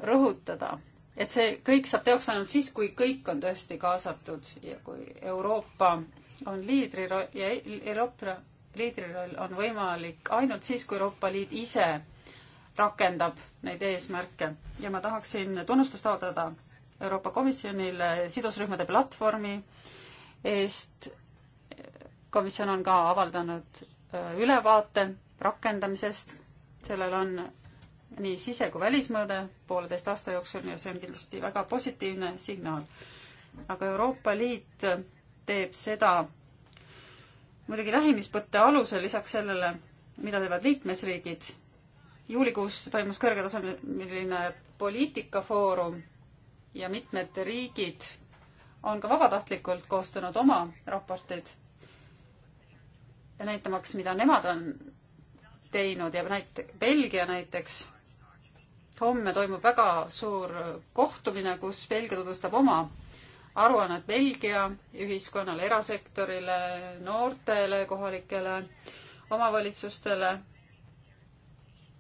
rõhutada, et see kõik saab teoks ainult siis, kui kõik on tõesti kaasatud ja kui Euroopa on liidri ja Euroopa liidriroll on võimalik ainult siis, kui Euroopa Liit ise rakendab neid eesmärke ja ma tahaksin tunnustust avaldada Euroopa Komisjonile sidusrühmade platvormi eest. komisjon on ka avaldanud äh, ülevaate rakendamisest, sellel on nii sise- kui välismõõde pooleteist aasta jooksul ja see on kindlasti väga positiivne signaal. aga Euroopa Liit teeb seda muidugi lähimispõtte alusel, lisaks sellele, mida teevad liikmesriigid. juulikuus toimus kõrgetasemeline poliitikafoorum ja mitmed riigid on ka vabatahtlikult koostanud oma raportid ja näitamaks, mida nemad on teinud ja näite-, Belgia näiteks, homme toimub väga suur kohtumine, kus Belgia tutvustab oma aruannet Belgia ühiskonnale, erasektorile, noortele, kohalikele omavalitsustele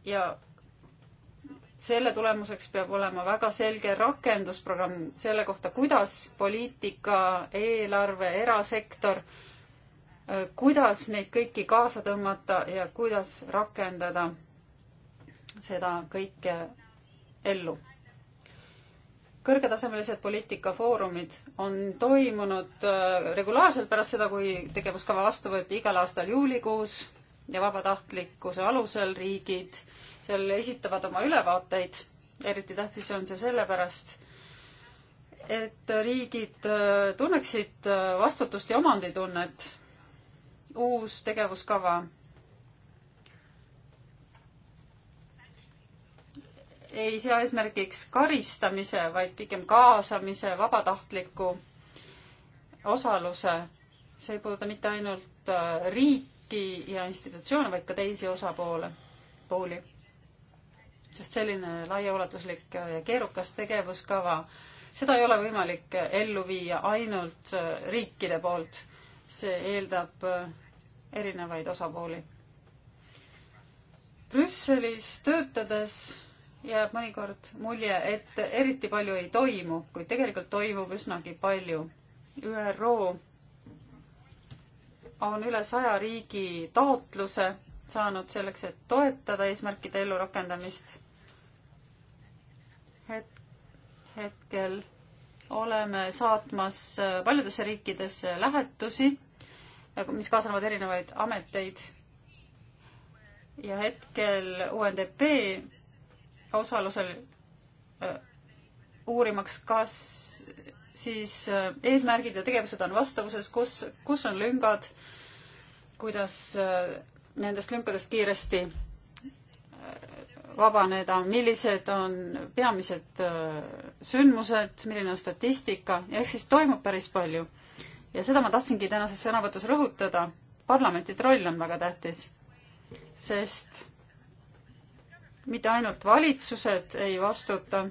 ja selle tulemuseks peab olema väga selge rakendusprogramm selle kohta, kuidas poliitika, eelarve, erasektor Äh, kuidas neid kõiki kaasa tõmmata ja kuidas rakendada seda kõike ellu. kõrgetasemelised poliitikafoorumid on toimunud äh, regulaarselt pärast seda, kui tegevuskava vastu võeti igal aastal juulikuus ja vabatahtlikkuse alusel riigid seal esitavad oma ülevaateid. eriti tähtis on see sellepärast, et riigid äh, tunneksid vastutust ja omanditunnet uus tegevuskava ei sea eesmärgiks karistamise, vaid pigem kaasamise, vabatahtliku osaluse. see ei puuduta mitte ainult äh, riiki ja institutsioone, vaid ka teisi osapoole, pooli. sest selline laiaulatuslik äh, ja keerukas tegevuskava, seda ei ole võimalik äh, ellu viia ainult riikide poolt. see eeldab erinevaid osapooli. Brüsselis töötades jääb mõnikord mulje, et eriti palju ei toimu, kuid tegelikult toimub üsnagi palju. ÜRO on üle saja riigi taotluse saanud selleks, et toetada eesmärkide ellurakendamist. het-, hetkel oleme saatmas paljudesse riikidesse lähetusi mis kaasnevad erinevaid ameteid. ja hetkel UNDP osalusel äh, uurimaks, kas siis äh, eesmärgid ja tegevused on vastavuses, kus, kus on lüngad, kuidas äh, nendest lünkadest kiiresti vabaneda, millised on peamised sündmused, milline on statistika, ehk siis toimub päris palju ja seda ma tahtsingi tänases sõnavõtus rõhutada. parlamenti roll on väga tähtis, sest mitte ainult valitsused ei vastuta,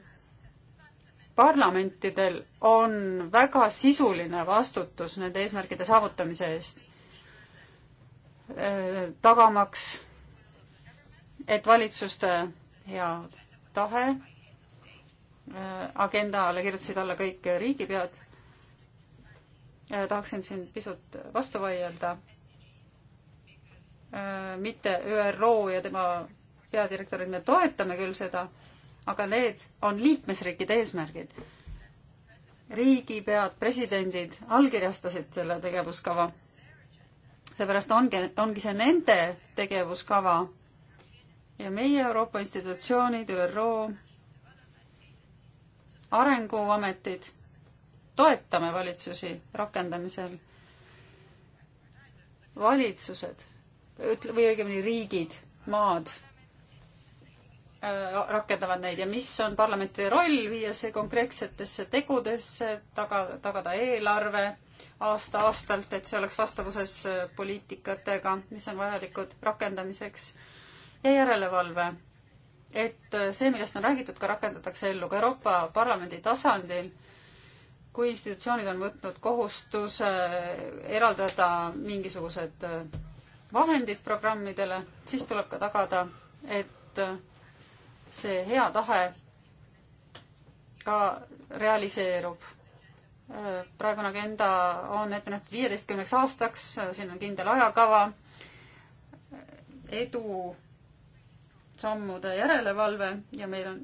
parlamentidel on väga sisuline vastutus nende eesmärkide saavutamise eest, tagamaks, et valitsuste hea tahe, agenda alla kirjutasid alla kõik riigipead Äh, tahaksin siin pisut vastu vaielda. Äh, mitte ÜRO ja tema peadirektorid, me toetame küll seda, aga need on liikmesriikide eesmärgid. riigipead, presidendid allkirjastasid selle tegevuskava. seepärast ongi, ongi see nende tegevuskava. ja meie Euroopa institutsioonid, ÜRO, arenguametid toetame valitsusi rakendamisel. valitsused, ütle, või õigemini riigid, maad äh, rakendavad neid ja mis on parlamenti roll, viia see konkreetsetesse tegudesse, taga, tagada eelarve aasta-aastalt, et see oleks vastavuses äh, poliitikatega, mis on vajalikud rakendamiseks ja järelevalve. et äh, see, millest on räägitud, ka rakendatakse ellu ka Euroopa Parlamendi tasandil kui institutsioonid on võtnud kohustuse eraldada mingisugused äh, vahendid programmidele, siis tuleb ka tagada, et äh, see hea tahe ka realiseerub. Äh, praegune agenda on ette nähtud viieteistkümneks aastaks, siin on kindel ajakava, edu, sammude järelevalve ja meil on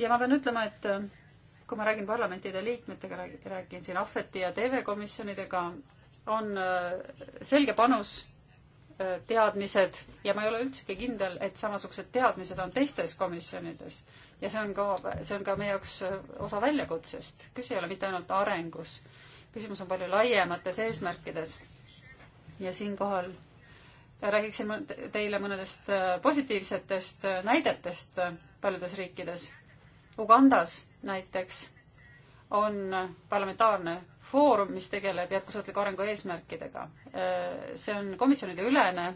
ja ma pean ütlema, et kui ma räägin parlamentide liikmetega, räägin siin Ahveti ja TV komisjonidega, on äh, selge panus, äh, teadmised ja ma ei ole üldsegi kindel, et samasugused teadmised on teistes komisjonides. ja see on ka, see on ka meie jaoks äh, osa väljakutsest. küsimus ei ole mitte ainult arengus, küsimus on palju laiemates eesmärkides. ja siinkohal räägiksin teile mõnedest positiivsetest näidetest paljudes riikides Ugandas näiteks on parlamentaarne foorum, mis tegeleb jätkusuutliku arengu eesmärkidega. Äh, see on komisjonide ülene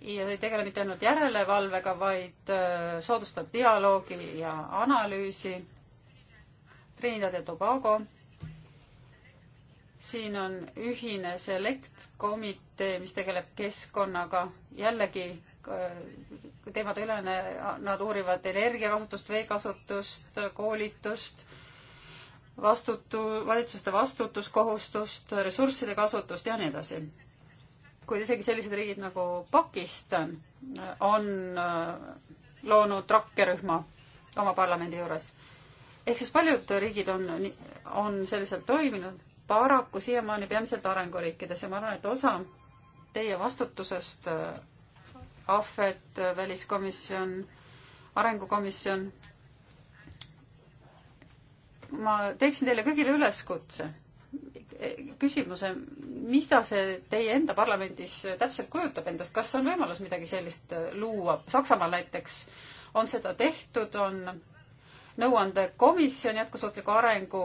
ja ei tegele mitte ainult järelevalvega, vaid äh, soodustab dialoogi ja analüüsi. Trinidad ja Tobago. siin on ühine selektkomitee, mis tegeleb keskkonnaga. jällegi Äh, teemade üle, nad uurivad energiakasutust, veekasutust, koolitust, vastutu-, valitsuste vastutuskohustust, ressursside kasutust ja nii edasi. kuid isegi sellised riigid nagu Pakistan äh, on äh, loonud rakkerühma oma parlamendi juures. ehk siis paljud riigid on, on selliselt toiminud, paraku siiamaani peamiselt arenguriikides ja ma arvan, et osa teie vastutusest Ahvet, väliskomisjon, arengukomisjon. ma teeksin teile kõigile üleskutse, küsimuse, mida see teie enda parlamendis täpselt kujutab endast, kas on võimalus midagi sellist luua? Saksamaal näiteks on seda tehtud, on nõuandekomisjon jätkusuutliku arengu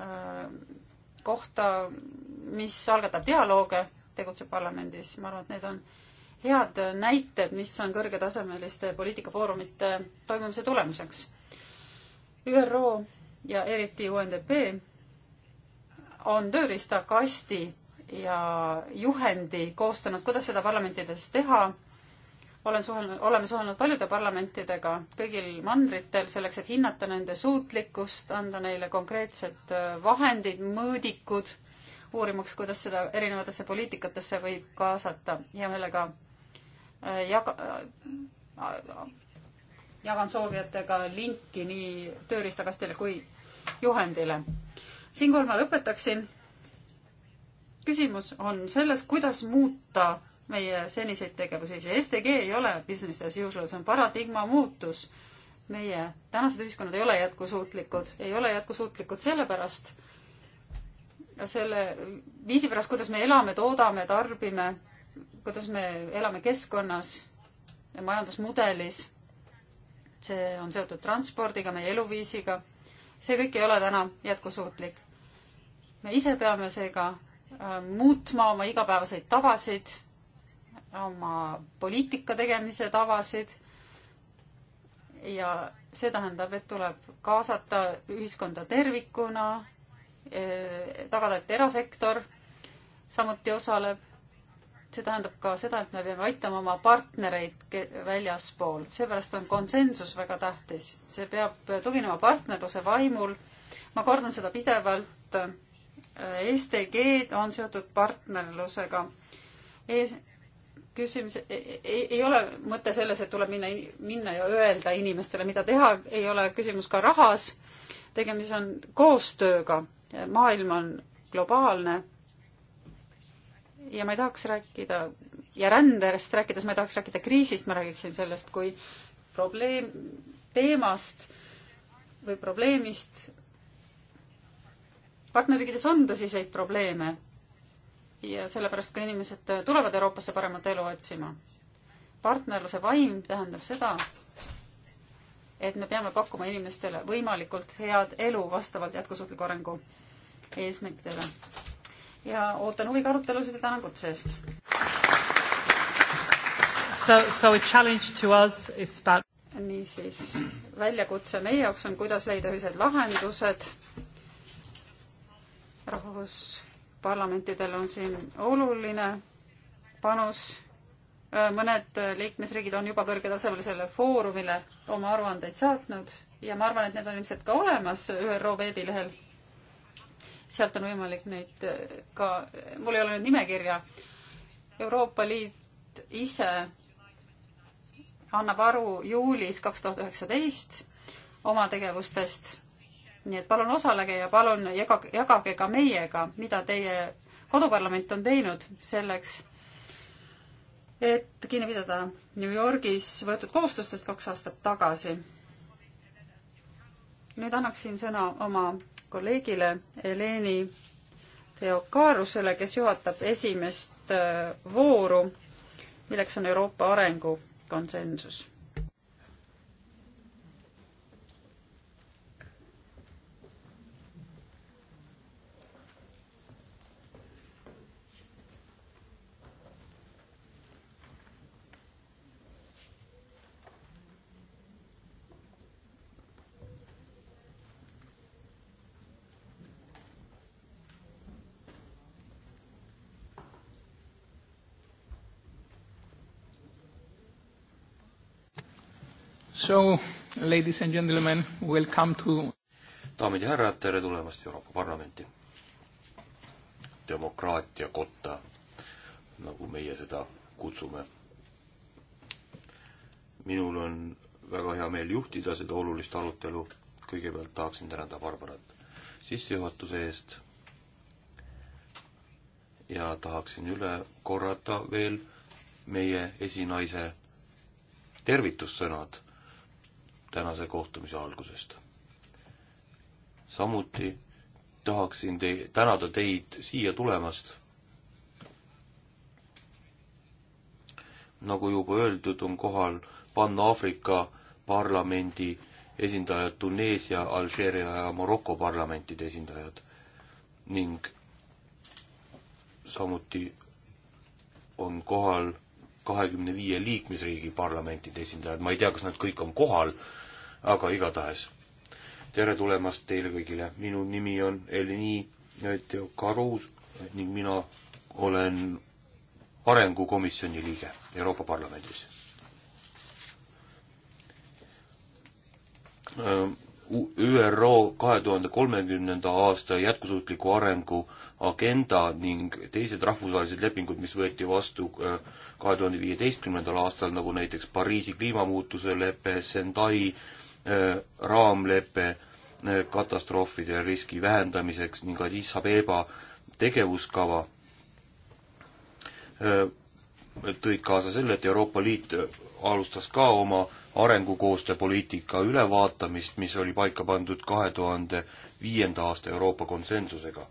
äh, kohta, mis algatab dialoog, tegutseb parlamendis, ma arvan, et need on head näited, mis on kõrgetasemeliste poliitikafoorumite toimumise tulemuseks. ÜRO ja eriti UNDP on tööriistakasti ja juhendi koostanud, kuidas seda parlamentides teha. olen suhelnud, oleme suhelnud paljude parlamentidega kõigil mandritel selleks, et hinnata nende suutlikkust, anda neile konkreetsed äh, vahendid, mõõdikud, uurimaks, kuidas seda erinevatesse poliitikatesse võib kaasata. hea meelega jaga, jagan soovijatega linki nii tööriistakastile kui juhendile. siinkohal ma lõpetaksin. küsimus on selles, kuidas muuta meie seniseid tegevusi. see STG ei ole business as usual, see on paradigma muutus. meie tänased ühiskonnad ei ole jätkusuutlikud, ei ole jätkusuutlikud sellepärast, selle viisi pärast, kuidas me elame, toodame, tarbime kuidas me elame keskkonnas, majandusmudelis, see on seotud transpordiga, meie eluviisiga, see kõik ei ole täna jätkusuutlik. me ise peame seega äh, muutma oma igapäevaseid tavasid, oma poliitika tegemise tavasid ja see tähendab, et tuleb kaasata ühiskonda tervikuna, äh, tagada, et erasektor samuti osaleb see tähendab ka seda, et me peame aitama oma partnereid väljaspool, seepärast on konsensus väga tähtis, see peab tuginema partnerluse vaimul. ma kordan seda pidevalt. STG-d on seotud partnerlusega Ees küsimus ei, e-, ei ole mõte selles, et tuleb minna, minna ja öelda inimestele, mida teha, ei ole küsimus ka rahas. tegemist on koostööga, maailm on globaalne ja ma ei tahaks rääkida ja rändest rääkides ma ei tahaks rääkida kriisist, ma räägiksin sellest kui probleem, teemast või probleemist. partnerriikides on tõsiseid probleeme ja sellepärast ka inimesed tulevad Euroopasse paremat elu otsima. partnerluse vaim tähendab seda, et me peame pakkuma inimestele võimalikult head elu vastavalt jätkusuutliku arengu eesmärkidele ja ootan huviga arutelusid ja tänan kutse eest. So, so a challenge to us is about niisiis, väljakutse meie jaoks on, kuidas leida ühised lahendused. rahvusparlamentidel on siin oluline panus. mõned liikmesriigid on juba kõrgetasemelisele foorumile oma aruandeid saatnud ja ma arvan, et need on ilmselt ka olemas ÜRO veebilehel sealt on võimalik neid äh, ka, mul ei ole nüüd nimekirja, Euroopa Liit ise annab aru juulis kaks tuhat üheksateist oma tegevustest. nii et palun osalege ja palun jagage, jagage ka meiega, mida teie koduparlament on teinud selleks, et kinni pidada New Yorgis võetud kohustustest kaks aastat tagasi. nüüd annaksin sõna oma kolleegile Eleni Teokaarusele, kes juhatab esimest äh, vooru, milleks on Euroopa arengukonsensus So, ladies and gentlemen, welcome to daamid ja härrad, tere tulemast Euroopa Parlamenti. demokraatia kotta, nagu meie seda kutsume. minul on väga hea meel juhtida seda olulist arutelu. kõigepealt tahaksin tänada Barbarat sissejuhatuse eest. ja tahaksin üle korrata veel meie esinaise tervitussõnad tänase kohtumise algusest. samuti tahaksin te-, tänada teid siia tulemast. nagu juba öeldud, on kohal Pan-Aafrika parlamendi esindajad, Tuneesia, Alžeeria ja Maroko parlamentide esindajad ning samuti on kohal kahekümne viie liikmesriigi parlamentide esindajad, ma ei tea, kas nad kõik on kohal, aga igatahes tere tulemast teile kõigile, minu nimi on Elini Teokarus ning mina olen arengukomisjoni liige Euroopa Parlamendis. Äh, ÜRO kahe tuhande kolmekümnenda aasta jätkusuutliku arengu agenda ning teised rahvusvahelised lepingud, mis võeti vastu äh, kahe tuhande viieteistkümnendal aastal, nagu näiteks Pariisi kliimamuutuse lepe, Sendai äh, Äh, raamlepe äh, katastroofide riski vähendamiseks ning Addis Abeba tegevuskava äh, tõid kaasa selle, et Euroopa Liit alustas ka oma arengukoostööpoliitika ülevaatamist, mis oli paika pandud kahe tuhande viienda aasta Euroopa konsensusega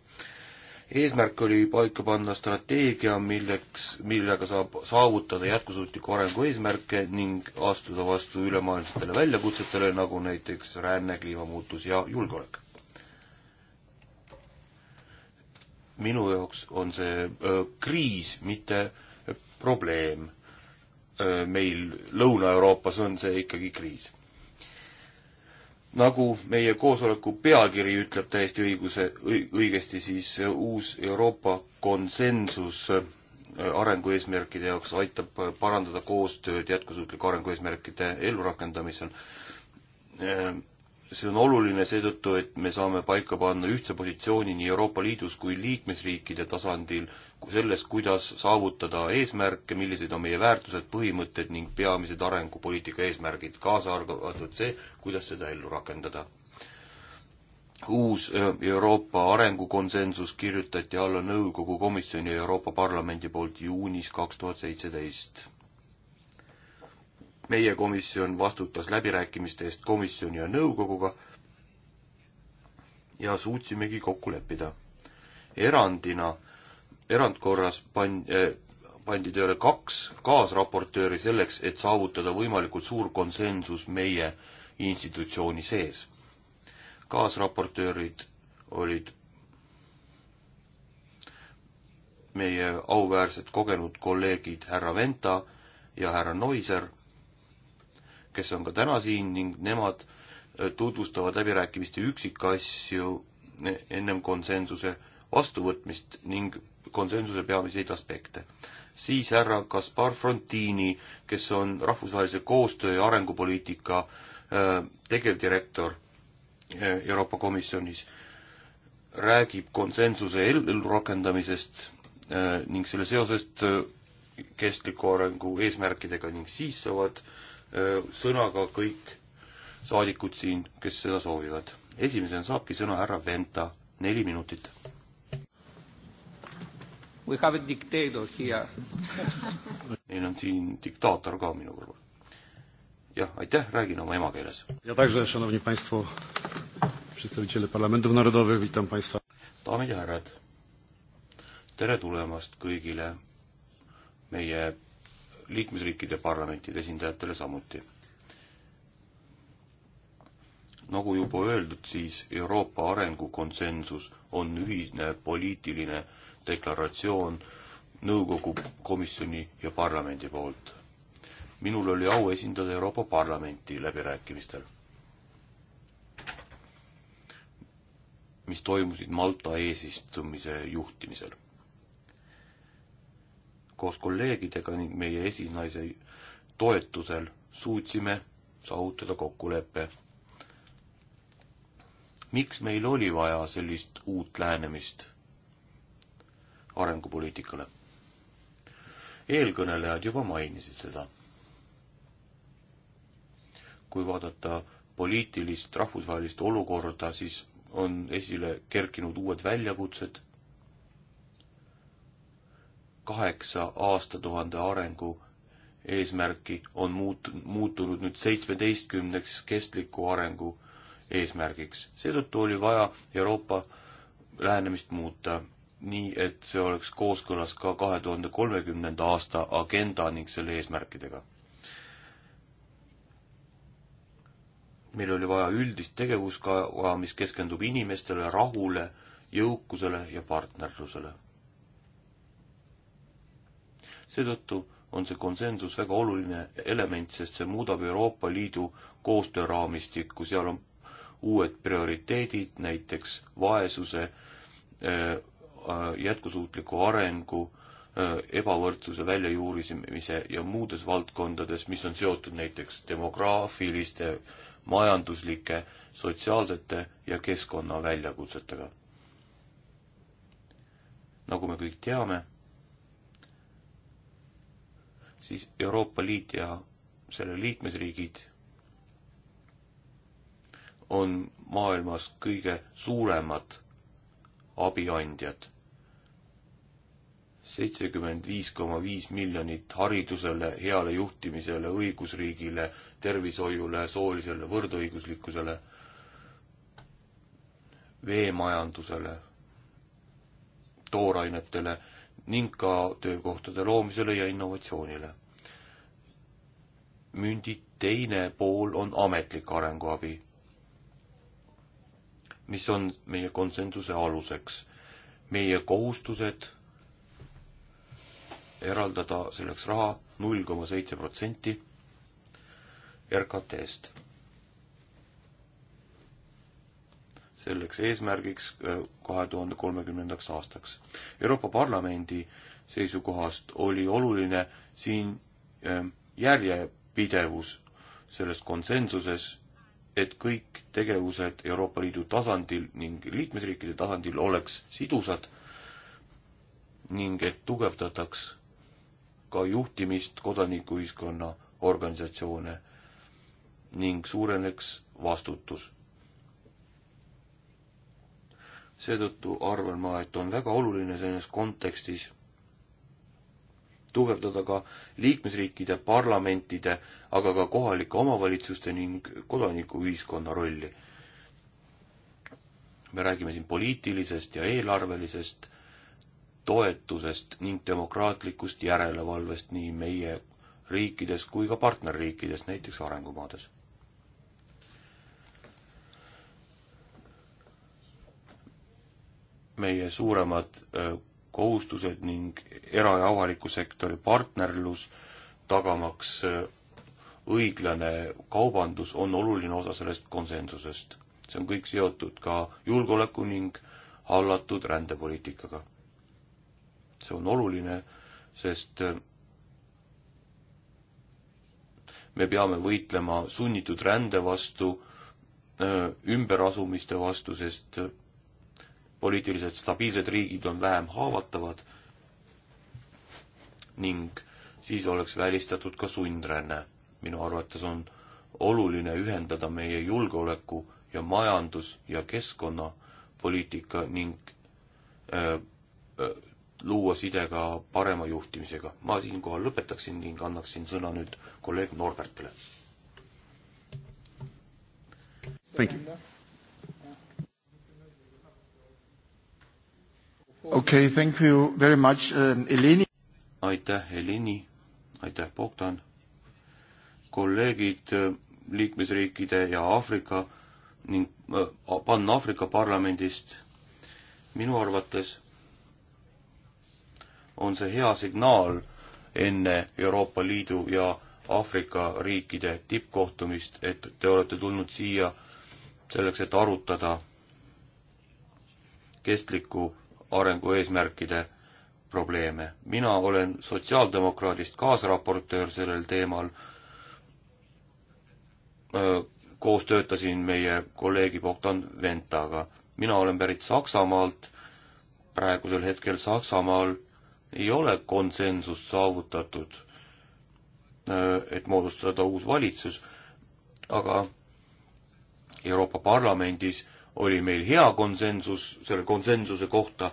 eesmärk oli paika panna strateegia, milleks, millega saab saavutada jätkusuutliku arengu eesmärke ning astuda vastu ülemaailmsetele väljakutsetele, nagu näiteks ränne, kliimamuutus ja julgeolek. minu jaoks on see öö, kriis, mitte probleem. meil Lõuna-Euroopas on see ikkagi kriis nagu meie koosoleku pealkiri ütleb täiesti õiguse, õigesti, siis uus Euroopa konsensus äh, arengueesmärkide jaoks aitab äh, parandada koostööd jätkusuutlike arengueesmärkide ellurakendamisel. Äh, see on oluline seetõttu, et me saame paika panna ühtse positsiooni nii Euroopa Liidus kui liikmesriikide tasandil selles, kuidas saavutada eesmärke, millised on meie väärtused, põhimõtted ning peamised arengupoliitika eesmärgid, kaasa arvatud see, kuidas seda ellu rakendada. uus äh, Euroopa arengukonsensus kirjutati alla Nõukogu Komisjoni ja Euroopa Parlamendi poolt juunis kaks tuhat seitseteist meie komisjon vastutas läbirääkimiste eest komisjoni ja nõukoguga ja suutsimegi kokku leppida. erandina erandkorras pan-, eh, pandi tööle kaks kaasraportööri selleks, et saavutada võimalikult suur konsensus meie institutsiooni sees. kaasraportöörid olid meie auväärsed kogenud kolleegid härra Venta ja härra Noiser, kes on ka täna siin ning nemad eh, tutvustavad läbirääkimiste üksikasju eh, ennem konsensuse vastuvõtmist ning konsensuse peamiseid aspekte. siis härra Kaspar Frontini, kes on rahvusvahelise koostöö ja arengupoliitika äh, tegevdirektor äh, Euroopa Komisjonis, räägib konsensuse ellurakendamisest äh, ning selle seosest kestliku arengu eesmärkidega ning siis saavad sõnaga kõik saadikud siin, kes seda soovivad. esimesena saabki sõna härra Venta, neli minutit We have a dictator here meil on siin diktaator ka minu kõrval. jah, aitäh, räägin oma emakeeles. ja także, szanowni państwo, przedstawiciele parlamentów narodowych, witam państwa. daamid ja härrad, tere tulemast kõigile meie liikmesriikide parlamentide esindajatele samuti. nagu juba öeldud, siis Euroopa arengukonsensus on ühine poliitiline deklaratsioon nõukogu, komisjoni ja parlamendi poolt. minul oli au esindada Euroopa Parlamenti läbirääkimistel, mis toimusid Malta eesistumise juhtimisel. koos kolleegidega ning meie esinaise toetusel suutsime saavutada kokkuleppe. miks meil oli vaja sellist uut lähenemist? arengupoliitikale. eelkõnelejad juba mainisid seda. kui vaadata poliitilist rahvusvahelist olukorda, siis on esile kerkinud uued väljakutsed, kaheksa aastatuhande arengu eesmärki on muut-, muutunud nüüd seitsmeteistkümneks kestliku arengu eesmärgiks. seetõttu oli vaja Euroopa lähenemist muuta nii et see oleks kooskõlas ka kahe tuhande kolmekümnenda aasta agenda ning selle eesmärkidega. meil oli vaja üldist tegevuskava, mis keskendub inimestele, rahule, jõukusele ja partnerlusele. seetõttu on see konsensus väga oluline element, sest see muudab Euroopa Liidu koostööraamistikku, seal on uued prioriteedid, näiteks vaesuse eh, Äh, jätkusuutliku arengu, äh, ebavõrdsuse väljajuurisemise ja muudes valdkondades, mis on seotud näiteks demograafiliste, majanduslike, sotsiaalsete ja keskkonna väljakutsetega. nagu me kõik teame, siis Euroopa Liit ja selle liikmesriigid on maailmas kõige suuremad abiandjad seitsekümmend viis koma viis miljonit haridusele, heale juhtimisele, õigusriigile, tervishoiule, soolisele võrdõiguslikkusele, veemajandusele, toorainetele ning ka töökohtade loomisele ja innovatsioonile. mündi teine pool on ametlik arenguabi, mis on meie konsensuse aluseks. meie kohustused eraldada selleks raha null koma seitse protsenti RKT-st. selleks eesmärgiks äh, kahe tuhande kolmekümnendaks aastaks. Euroopa Parlamendi seisukohast oli oluline siin ähm, järjepidevus selles konsensuses, et kõik tegevused Euroopa Liidu tasandil ning liikmesriikide tasandil oleks sidusad ning et tugevdataks ka juhtimist, kodanikuühiskonna organisatsioone ning suureneks vastutus. seetõttu arvan ma, et on väga oluline selles kontekstis tugevdada ka liikmesriikide parlamentide, aga ka kohalike omavalitsuste ning kodanikuühiskonna rolli. me räägime siin poliitilisest ja eelarvelisest toetusest ning demokraatlikust järelevalvest nii meie riikides kui ka partnerriikides, näiteks arengumaades. meie suuremad kohustused ning era- ja avaliku sektori partnerlus, tagamaks õiglane kaubandus, on oluline osa sellest konsensusest. see on kõik seotud ka julgeoleku ning hallatud rändepoliitikaga see on oluline, sest äh, me peame võitlema sunnitud rände vastu, äh, ümberasumiste vastu, sest äh, poliitiliselt stabiilsed riigid on vähem haavatavad ning siis oleks välistatud ka sundränne. minu arvates on oluline ühendada meie julgeoleku ja majandus- ja keskkonnapoliitika ning öö, öö, luua side ka parema juhtimisega. ma siinkohal lõpetaksin ning annaksin sõna nüüd kolleeg Norbertile. okei okay,, thank you very much uh,, Eleni. aitäh, Eleni, aitäh, Bogdan. kolleegid äh, liikmesriikide ja Aafrika ning äh, Pan-Aafrika parlamendist minu arvates on see hea signaal enne Euroopa Liidu ja Aafrika riikide tippkohtumist, et te olete tulnud siia selleks, et arutada kestliku arengu eesmärkide probleeme. mina olen sotsiaaldemokraadist kaasraportöör sellel teemal, koos töötasin meie kolleegi Bogdan Ventaga. mina olen pärit Saksamaalt, praegusel hetkel Saksamaal ei ole konsensust saavutatud, äh, et moodustada uus valitsus, aga Euroopa Parlamendis oli meil hea konsensus selle konsensuse kohta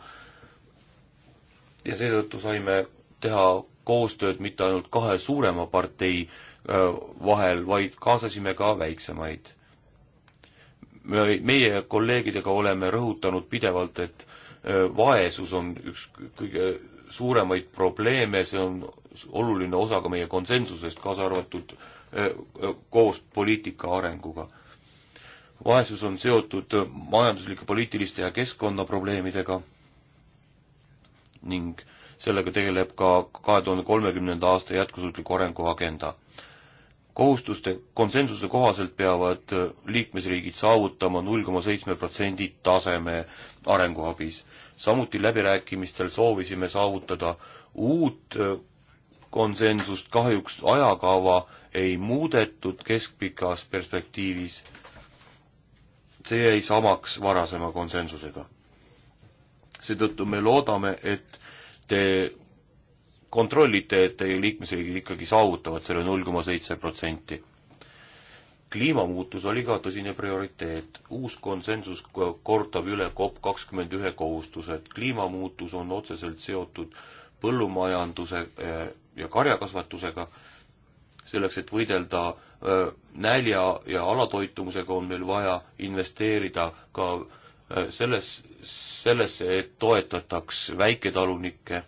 ja seetõttu saime teha koostööd mitte ainult kahe suurema partei äh, vahel, vaid kaasasime ka väiksemaid. meie kolleegidega oleme rõhutanud pidevalt, et äh, vaesus on üks kõige suuremaid probleeme, see on oluline osa ka meie konsensusest, kaasa arvatud koos poliitika arenguga. vaesus on seotud majanduslike, poliitiliste ja keskkonnaprobleemidega ning sellega tegeleb ka kahe tuhande kolmekümnenda aasta jätkusuutliku arengu agenda. kohustuste konsensuse kohaselt peavad liikmesriigid saavutama null koma seitsme protsendi taseme arenguabis samuti läbirääkimistel soovisime saavutada uut äh, konsensust, kahjuks ajakava ei muudetud keskpikas perspektiivis. see jäi samaks varasema konsensusega. seetõttu me loodame, et te kontrollite, et teie liikmesriigid ikkagi saavutavad selle null koma seitse protsenti kliimamuutus oli ka tõsine prioriteet. uus konsensus kordab üle COP kakskümmend ühe kohustused. kliimamuutus on otseselt seotud põllumajanduse eh, ja karjakasvatusega. selleks, et võidelda eh, nälja ja alatoitumusega, on meil vaja investeerida ka eh, selles, sellesse, et toetataks väiketalunikke,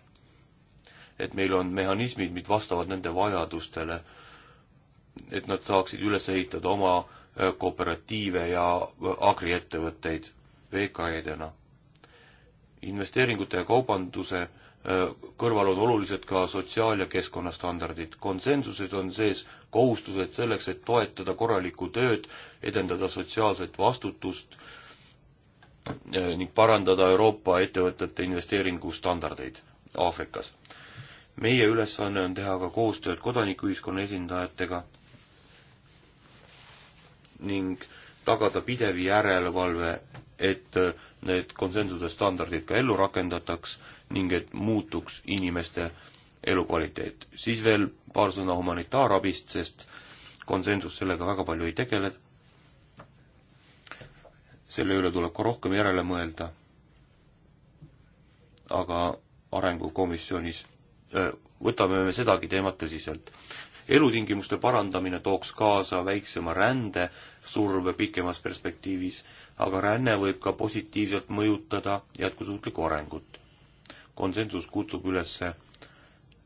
et meil on mehhanismid, mis vastavad nende vajadustele et nad saaksid üles ehitada oma äh, kooperatiive ja äh, agriettevõtteid VKE-dena. investeeringute ja kaubanduse äh, kõrval on olulised ka sotsiaal- ja keskkonnastandardid. konsensuses on sees kohustused selleks, et toetada korralikku tööd, edendada sotsiaalset vastutust ning parandada Euroopa ettevõtete investeeringustandardeid Aafrikas. meie ülesanne on teha ka koostööd kodanikuühiskonna esindajatega ning tagada pidev järelevalve, et äh, need konsensuse standardid ka ellu rakendataks ning et muutuks inimeste elukvaliteet. siis veel paar sõna humanitaarabist, sest konsensus sellega väga palju ei tegele. selle üle tuleb ka rohkem järele mõelda. aga arengukomisjonis öö, äh, võtame me sedagi teemat tõsiselt elutingimuste parandamine tooks kaasa väiksema rände surve pikemas perspektiivis, aga ränne võib ka positiivselt mõjutada jätkusuutlikku arengut. konsensus kutsub üles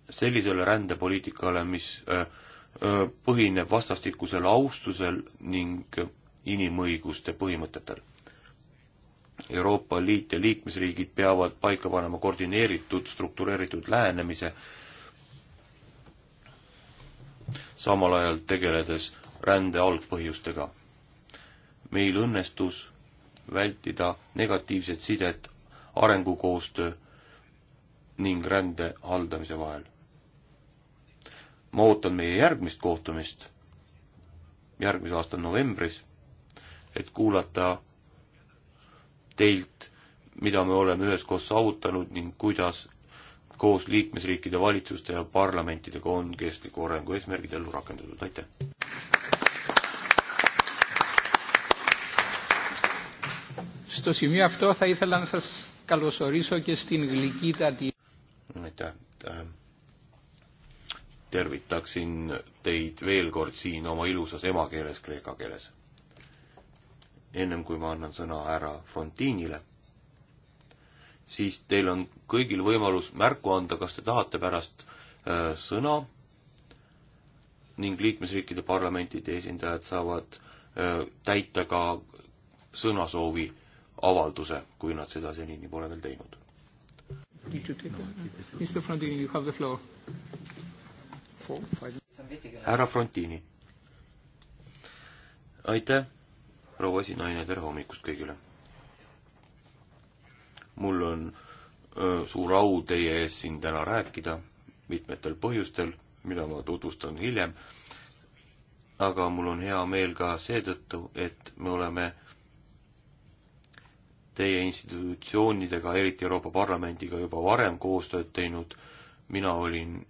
sellisele rändepoliitikale, mis äh, äh, põhineb vastastikusel austusel ning inimõiguste põhimõtetel. Euroopa Liit ja liikmesriigid peavad paika panema koordineeritud, struktureeritud lähenemise, samal ajal tegeledes rände algpõhjustega. meil õnnestus vältida negatiivset sidet arengukoostöö ning rände haldamise vahel. ma ootan meie järgmist kohtumist järgmise aasta novembris, et kuulata teilt, mida me oleme üheskoos saavutanud ning kuidas koos liikmesriikide valitsuste ja parlamentidega on kestliku arengu eesmärgid ellu rakendatud, aitäh! Στο σημείο αυτό θα ήθελα να σας καλωσορίσω και στην γλυκύτατη... Aitäh! Äh, tervitaksin teid veel kord siin oma ilusas emakeeles, kreeka keeles. ennem kui ma annan sõna härra Frontinile siis teil on kõigil võimalus märku anda, kas te tahate pärast äh, sõna ning liikmesriikide parlamentide esindajad saavad äh, täita ka sõnasoovi avalduse, kui nad seda senini pole veel teinud. härra Frontini. aitäh, proua esinaine, tere hommikust kõigile mul on öö, suur au teie ees siin täna rääkida mitmetel põhjustel, mida ma tutvustan hiljem. aga mul on hea meel ka seetõttu, et me oleme teie institutsioonidega, eriti Euroopa Parlamendiga juba varem koostööd teinud. mina olin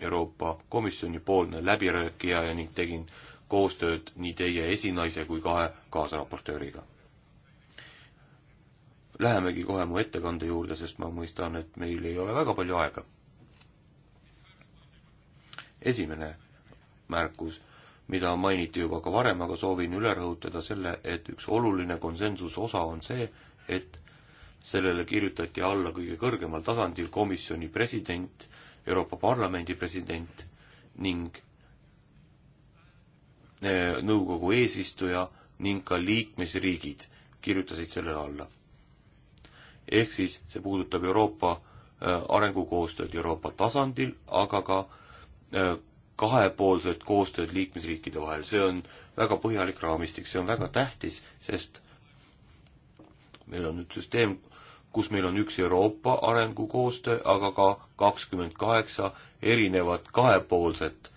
Euroopa Komisjoni poolne läbirääkija ja ning tegin koostööd nii teie esinaise kui kahe kaasraportööriga lähemegi kohe mu ettekande juurde, sest ma mõistan, et meil ei ole väga palju aega. esimene märkus, mida mainiti juba ka varem, aga soovin üle rõhutada selle, et üks oluline konsensuse osa on see, et sellele kirjutati alla kõige kõrgemal tasandil komisjoni president, Euroopa Parlamendi president ning eh, nõukogu eesistuja ning ka liikmesriigid kirjutasid sellele alla ehk siis see puudutab Euroopa äh, arengukoostööd Euroopa tasandil, aga ka äh, kahepoolset koostööd liikmesriikide vahel, see on väga põhjalik raamistik, see on väga tähtis, sest meil on nüüd süsteem, kus meil on üks Euroopa arengukoostöö, aga ka kakskümmend kaheksa erinevat kahepoolset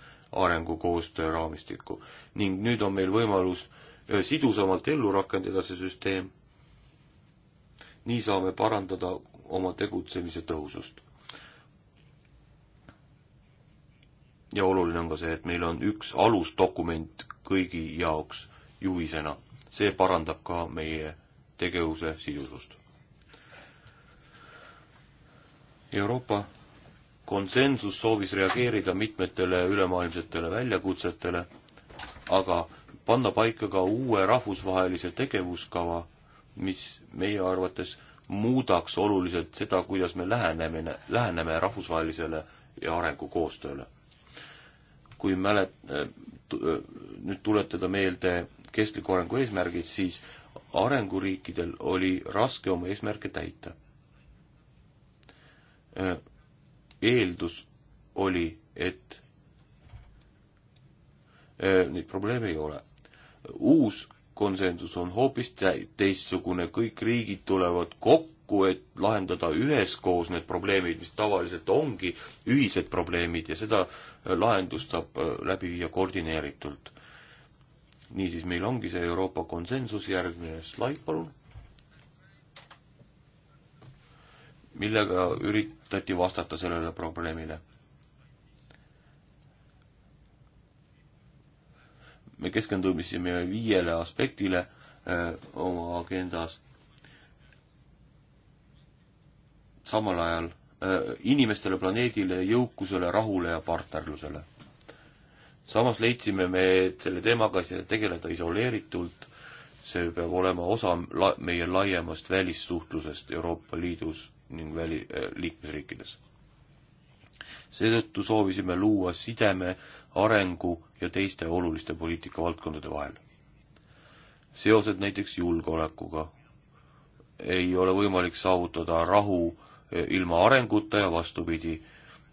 arengukoostöö raamistikku. ning nüüd on meil võimalus äh, sidusamalt ellu rakendada see süsteem nii saame parandada oma tegutsemise tõhusust. ja oluline on ka see, et meil on üks alusdokument kõigi jaoks juhisena. see parandab ka meie tegevuse sidusust. Euroopa konsensus soovis reageerida mitmetele ülemaailmsetele väljakutsetele, aga panna paika ka uue rahvusvahelise tegevuskava mis meie arvates muudaks oluliselt seda, kuidas me läheneme, läheneme rahvusvahelisele ja arengukoostööle. kui mälet-, nüüd tuletada meelde kestliku arengu eesmärgid, siis arenguriikidel oli raske oma eesmärke täita. eeldus oli, et eh, neid probleeme ei ole. uus konsensus on hoopis teistsugune, kõik riigid tulevad kokku, et lahendada üheskoos need probleemid, mis tavaliselt ongi ühised probleemid ja seda äh, lahendust saab äh, läbi viia koordineeritult. niisiis, meil ongi see Euroopa konsensus, järgmine slaid palun, millega üritati vastata sellele probleemile me keskendumisime viiele aspektile öö, äh, oma agendas. samal ajal öö, äh, inimestele, planeedile, jõukusele, rahule ja partnerlusele. samas leidsime me, et selle teemaga ei saa tegeleda isoleeritult, see peab olema osa la meie laiemast välissuhtlusest Euroopa Liidus ning väli-, äh, liikmesriikides. seetõttu soovisime luua sideme arengu ja teiste oluliste poliitikavaldkondade vahel. seosed näiteks julgeolekuga ei ole võimalik saavutada rahu eh, ilma arenguta ja vastupidi,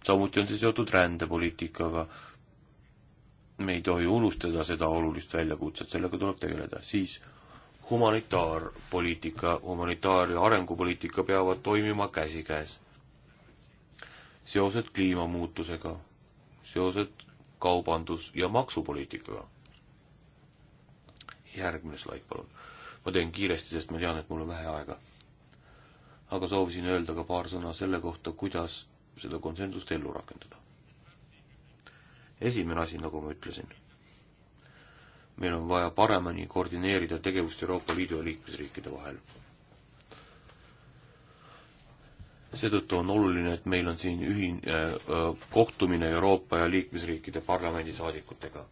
samuti on see seotud rändepoliitikaga. me ei tohi unustada seda olulist väljakutset, sellega tuleb tegeleda, siis humanitaarpoliitika, humanitaar- ja arengupoliitika peavad toimima käsikäes. seosed kliimamuutusega, seosed kaubandus- ja maksupoliitikaga. järgmine slaid, palun. ma teen kiiresti, sest ma tean, et mul on vähe aega. aga soovisin öelda ka paar sõna selle kohta, kuidas seda konsensust ellu rakendada. esimene asi, nagu ma ütlesin, meil on vaja paremini koordineerida tegevust Euroopa Liidu ja liikmesriikide vahel seetõttu on oluline, et meil on siin ühine äh, äh, kohtumine Euroopa ja liikmesriikide parlamendisaadikutega.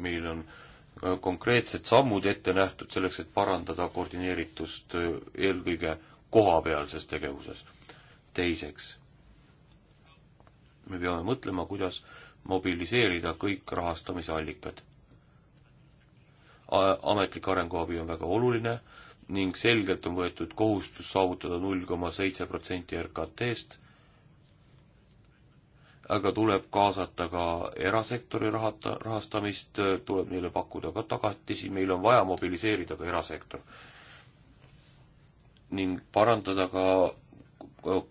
meil on äh, konkreetsed sammud ette nähtud selleks, et parandada koordineeritust eelkõige kohapealses tegevuses. teiseks, me peame mõtlema, kuidas mobiliseerida kõik rahastamise allikad. ametlik arenguabi on väga oluline, ning selgelt on võetud kohustus saavutada null koma seitse protsenti RKT-st, aga tuleb kaasata ka erasektori rahata, rahastamist, tuleb neile pakkuda ka tagatisi, meil on vaja mobiliseerida ka erasektor. ning parandada ka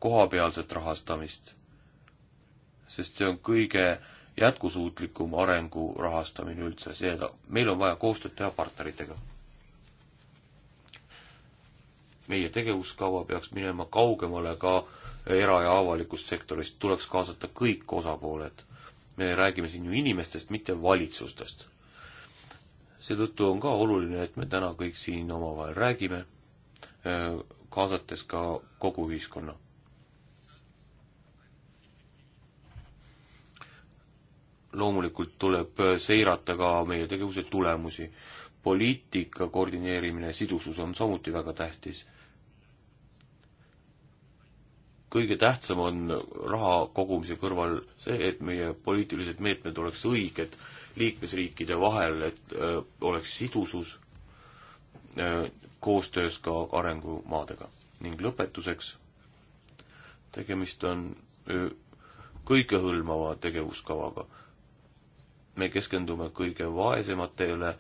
kohapealset rahastamist, sest see on kõige jätkusuutlikum arengu rahastamine üldse, see, meil on vaja koostööd teha partneritega meie tegevuskava peaks minema kaugemale ka era- ja avalikust sektorist, tuleks kaasata kõik osapooled. me räägime siin ju inimestest, mitte valitsustest. seetõttu on ka oluline, et me täna kõik siin omavahel räägime, äh, kaasates ka kogu ühiskonna loomulikult tuleb äh, seirata ka meie tegevuse tulemusi. poliitika koordineerimine, sidusus on samuti väga tähtis kõige tähtsam on raha kogumise kõrval see, et meie poliitilised meetmed oleks õiged liikmesriikide vahel, et öö, äh, oleks sidusus öö, äh, koostöös ka arengumaadega. ning lõpetuseks, tegemist on öö, äh, kõikehõlmava tegevuskavaga. me keskendume kõige vaesematele,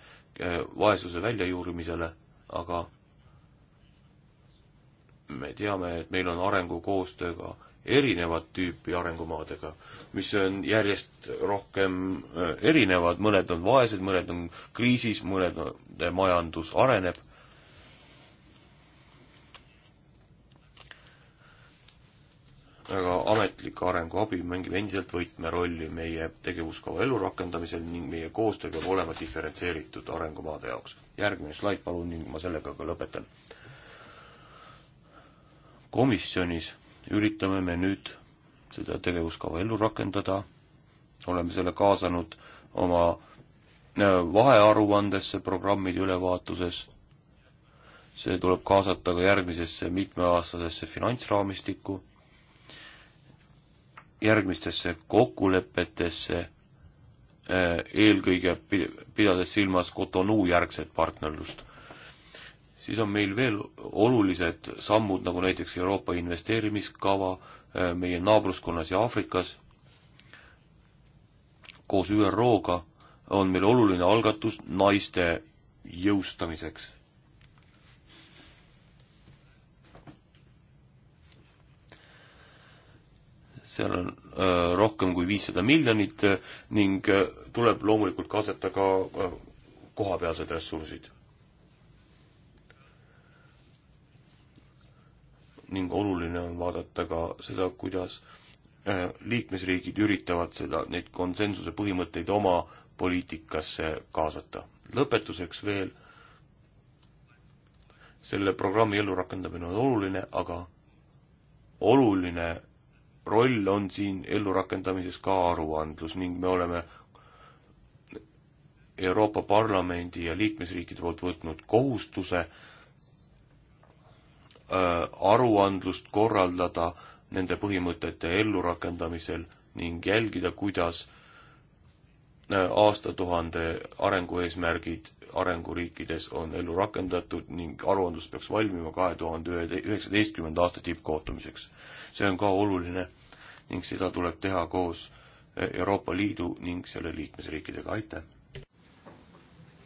vaesuse väljajuurimisele, aga me teame, et meil on arengukoostööga erinevat tüüpi arengumaadega, mis on järjest rohkem äh, erinevad, mõned on vaesed, mõned on kriisis, mõned äh, majandus areneb aga ametlik arenguabi mängib endiselt võtmerolli meie tegevuskava ellurakendamisel ning meie koostöö peab olema diferentseeritud arengumaade jaoks. järgmine slaid palun ning ma sellega ka lõpetan komisjonis üritame me nüüd seda tegevuskava ellu rakendada, oleme selle kaasanud oma äh, vahearuandesse programmide ülevaatuses, see tuleb kaasata ka järgmisesse mitmeaastasesse finantsraamistikku, järgmistesse kokkulepetesse, äh, eelkõige pidades silmas Cotonou järgset partnerlust siis on meil veel olulised sammud, nagu näiteks Euroopa investeerimiskava äh, meie naabruskonnas ja Aafrikas. koos ÜRO-ga on meil oluline algatus naiste jõustamiseks. seal on öö, äh, rohkem kui viissada miljonit äh, ning öö, tuleb loomulikult kaasata ka öö, kohapealsed ressursid ning oluline on vaadata ka seda, kuidas äh, liikmesriigid üritavad seda, neid konsensuse põhimõtteid oma poliitikasse kaasata. lõpetuseks veel, selle programmi ellurakendamine on oluline, aga oluline roll on siin ellurakendamises ka aruandlus ning me oleme Euroopa Parlamendi ja liikmesriikide poolt võtnud kohustuse äh, Äh, aruandlust korraldada nende põhimõtete ellurakendamisel ning jälgida, kuidas äh, aastatuhande arengueesmärgid arenguriikides on ellu rakendatud ning aruandlus peaks valmima kahe tuhande üheksateistkümnenda aasta tippkohtumiseks. see on ka oluline ning seda tuleb teha koos äh, Euroopa Liidu ning selle liikmesriikidega, aitäh!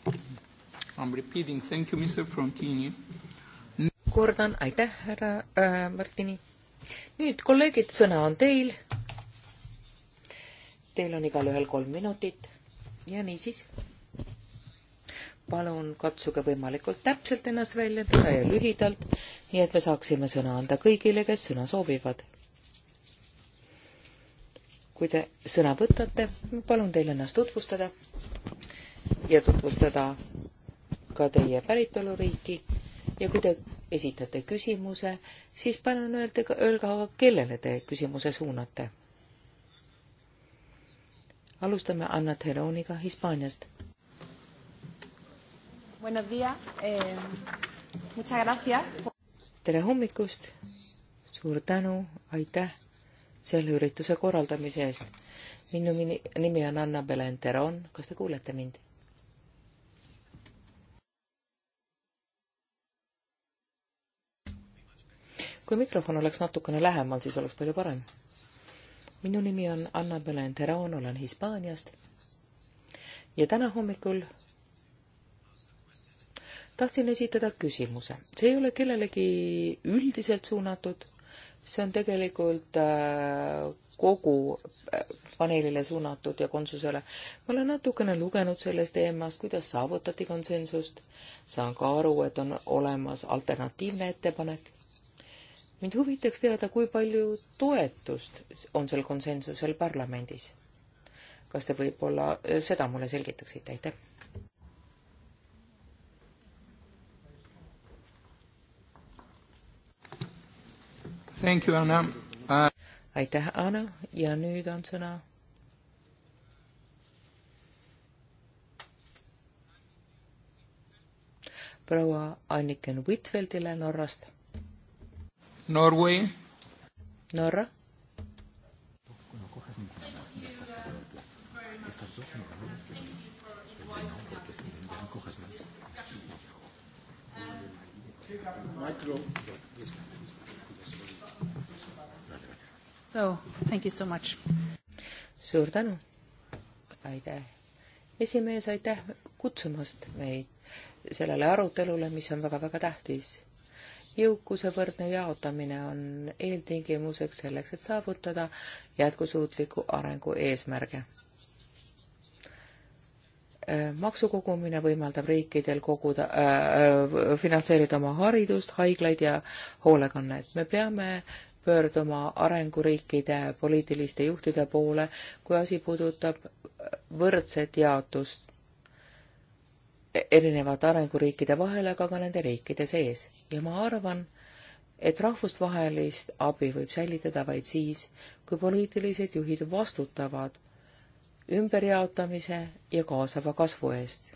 I am repeating, thank you, Mr Frontini kordan, aitäh, härra äh, Martini. nüüd, kolleegid, sõna on teil. Teil on igalühel kolm minutit ja niisiis palun katsuge võimalikult täpselt ennast väljendada ja lühidalt, nii et me saaksime sõna anda kõigile, kes sõna soovivad. kui te sõna võtate, palun teil ennast tutvustada ja tutvustada ka teie päritoluriiki ja kui te esitate küsimuse, siis palun öelge, öelge aga, kellele te küsimuse suunate. alustame Anna Teroniga Hispaaniast. Eh, tere hommikust, suur tänu, aitäh selle ürituse korraldamise eest. minu nimi on Anna Belen Teron, kas te kuulete mind? kui mikrofon oleks natukene lähemal, siis oleks palju parem. minu nimi on Anna Belenteraon, olen Hispaaniast ja täna hommikul tahtsin esitada küsimuse. see ei ole kellelegi üldiselt suunatud, see on tegelikult äh, kogu äh, paneelile suunatud ja konsusele. ma olen natukene lugenud sellest teemast, kuidas saavutati konsensust, saan ka aru, et on olemas alternatiivne ettepanek mind huvitaks teada, kui palju toetust on sel konsensusel parlamendis. kas te võib-olla eh, seda mulle selgitaksite, aitäh? Thank you, Anna uh.... aitäh, Anna ja nüüd on sõna. proua Anniken Whitfeldile Norrast Norway. Norra. So, thank you so much. suur tänu. aitäh, esimees, aitäh kutsumast meid sellele arutelule, mis on väga-väga tähtis jõukuse võrdne jaotamine on eeltingimuseks selleks, et saavutada jätkusuutliku arengu eesmärge. Äh, maksukogumine võimaldab riikidel koguda äh, äh,, finantseerida oma haridust, haiglaid ja hoolekannet. me peame pöörduma arenguriikide poliitiliste juhtide poole, kui asi puudutab võrdset jaotust erinevate arenguriikide vahel, aga ka nende riikide sees. ja ma arvan, et rahvustvahelist abi võib säilitada vaid siis, kui poliitilised juhid vastutavad ümberjaotamise ja kaasava kasvu eest.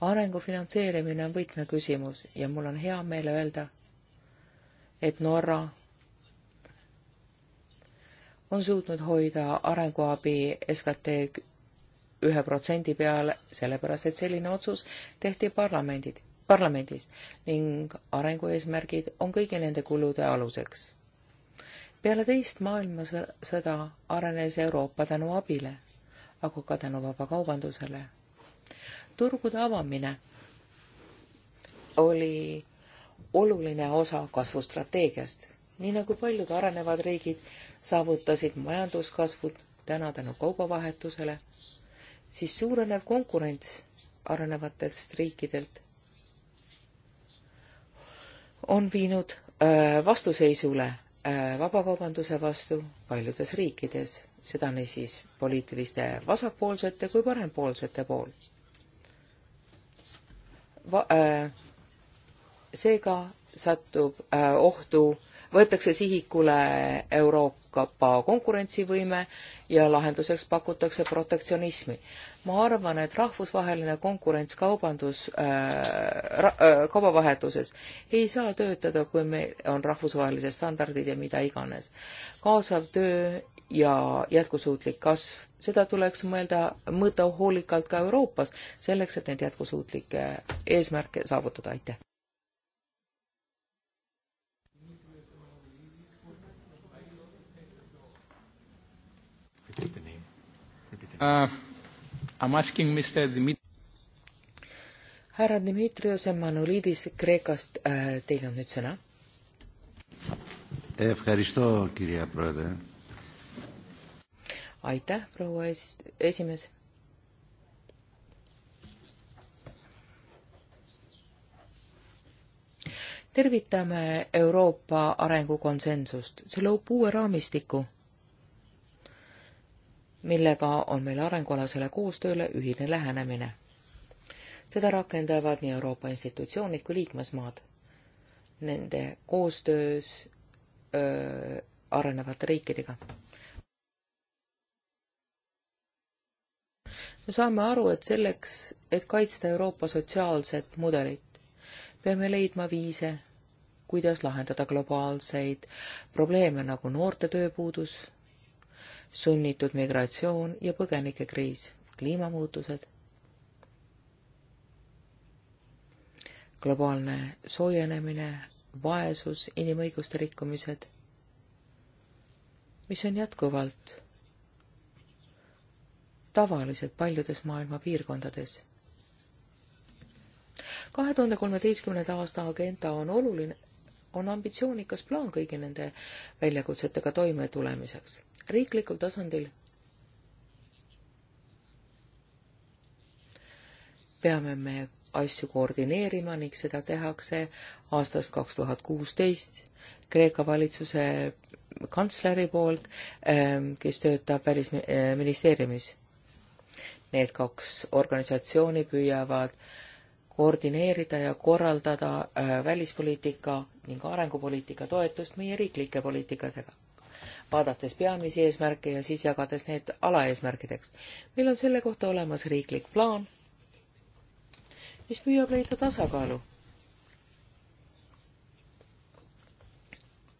arengu finantseerimine on võtmeküsimus ja mul on hea meel öelda, et Norra on suutnud hoida arenguabi SKT ühe protsendi peale, sellepärast et selline otsus tehti parlamendid, parlamendis ning arengueesmärgid on kõigi nende kulude aluseks. peale teist maailmasõda arenes Euroopa tänu abile, aga ka tänu vabakaubandusele. turgude avamine oli oluline osa kasvustrateegiast. nii nagu paljud arenevad riigid, saavutasid majanduskasvud täna tänu kaubavahetusele siis suurenev konkurents arenevatest riikidelt on viinud äh, vastuseisule äh, vabakaubanduse vastu paljudes riikides, seda nii siis poliitiliste vasakpoolsete kui parempoolsete pool Va. Äh, seega satub äh, ohtu võetakse sihikule Euroopa konkurentsivõime ja lahenduseks pakutakse protektsionismi. ma arvan, et rahvusvaheline konkurents kaubandus äh,, äh, kaubavahetuses ei saa töötada, kui meil on rahvusvahelised standardid ja mida iganes. kaasav töö ja jätkusuutlik kasv, seda tuleks mõelda, mõõta hoolikalt ka Euroopas, selleks et neid jätkusuutlikke eesmärke saavutada, aitäh! Uh, I'm asking Mr Dimit-. härra Dimitrios Emmanuelidis Kreekast äh,, teil on nüüd sõna. aitäh, proua es-, esimees tervitame Euroopa arengukonsensust, see loob uue raamistiku millega on meil arengualasele koostööle ühine lähenemine. seda rakendavad nii Euroopa institutsioonid kui liikmesmaad. Nende koostöös öö, arenevate riikidega. me saame aru, et selleks, et kaitsta Euroopa sotsiaalset mudelit, peame leidma viise, kuidas lahendada globaalseid probleeme nagu noorte tööpuudus, sunnitud migratsioon ja põgenikekriis, kliimamuutused, globaalne soojenemine, vaesus, inimõiguste rikkumised, mis on jätkuvalt tavalised paljudes maailma piirkondades. kahe tuhande kolmeteistkümnenda aasta agenda on oluline, on ambitsioonikas plaan kõigi nende väljakutsetega toimetulemiseks riiklikul tasandil peame me asju koordineerima ning seda tehakse aastast kaks tuhat kuusteist Kreeka valitsuse kantsleri poolt, ähm, kes töötab välisministeeriumis. Need kaks organisatsiooni püüavad koordineerida ja korraldada äh, välispoliitika ning arengupoliitika toetust meie riiklike poliitikadega vaadates peamisi eesmärke ja siis jagades need alaeesmärkideks. meil on selle kohta olemas riiklik plaan, mis püüab leida tasakaalu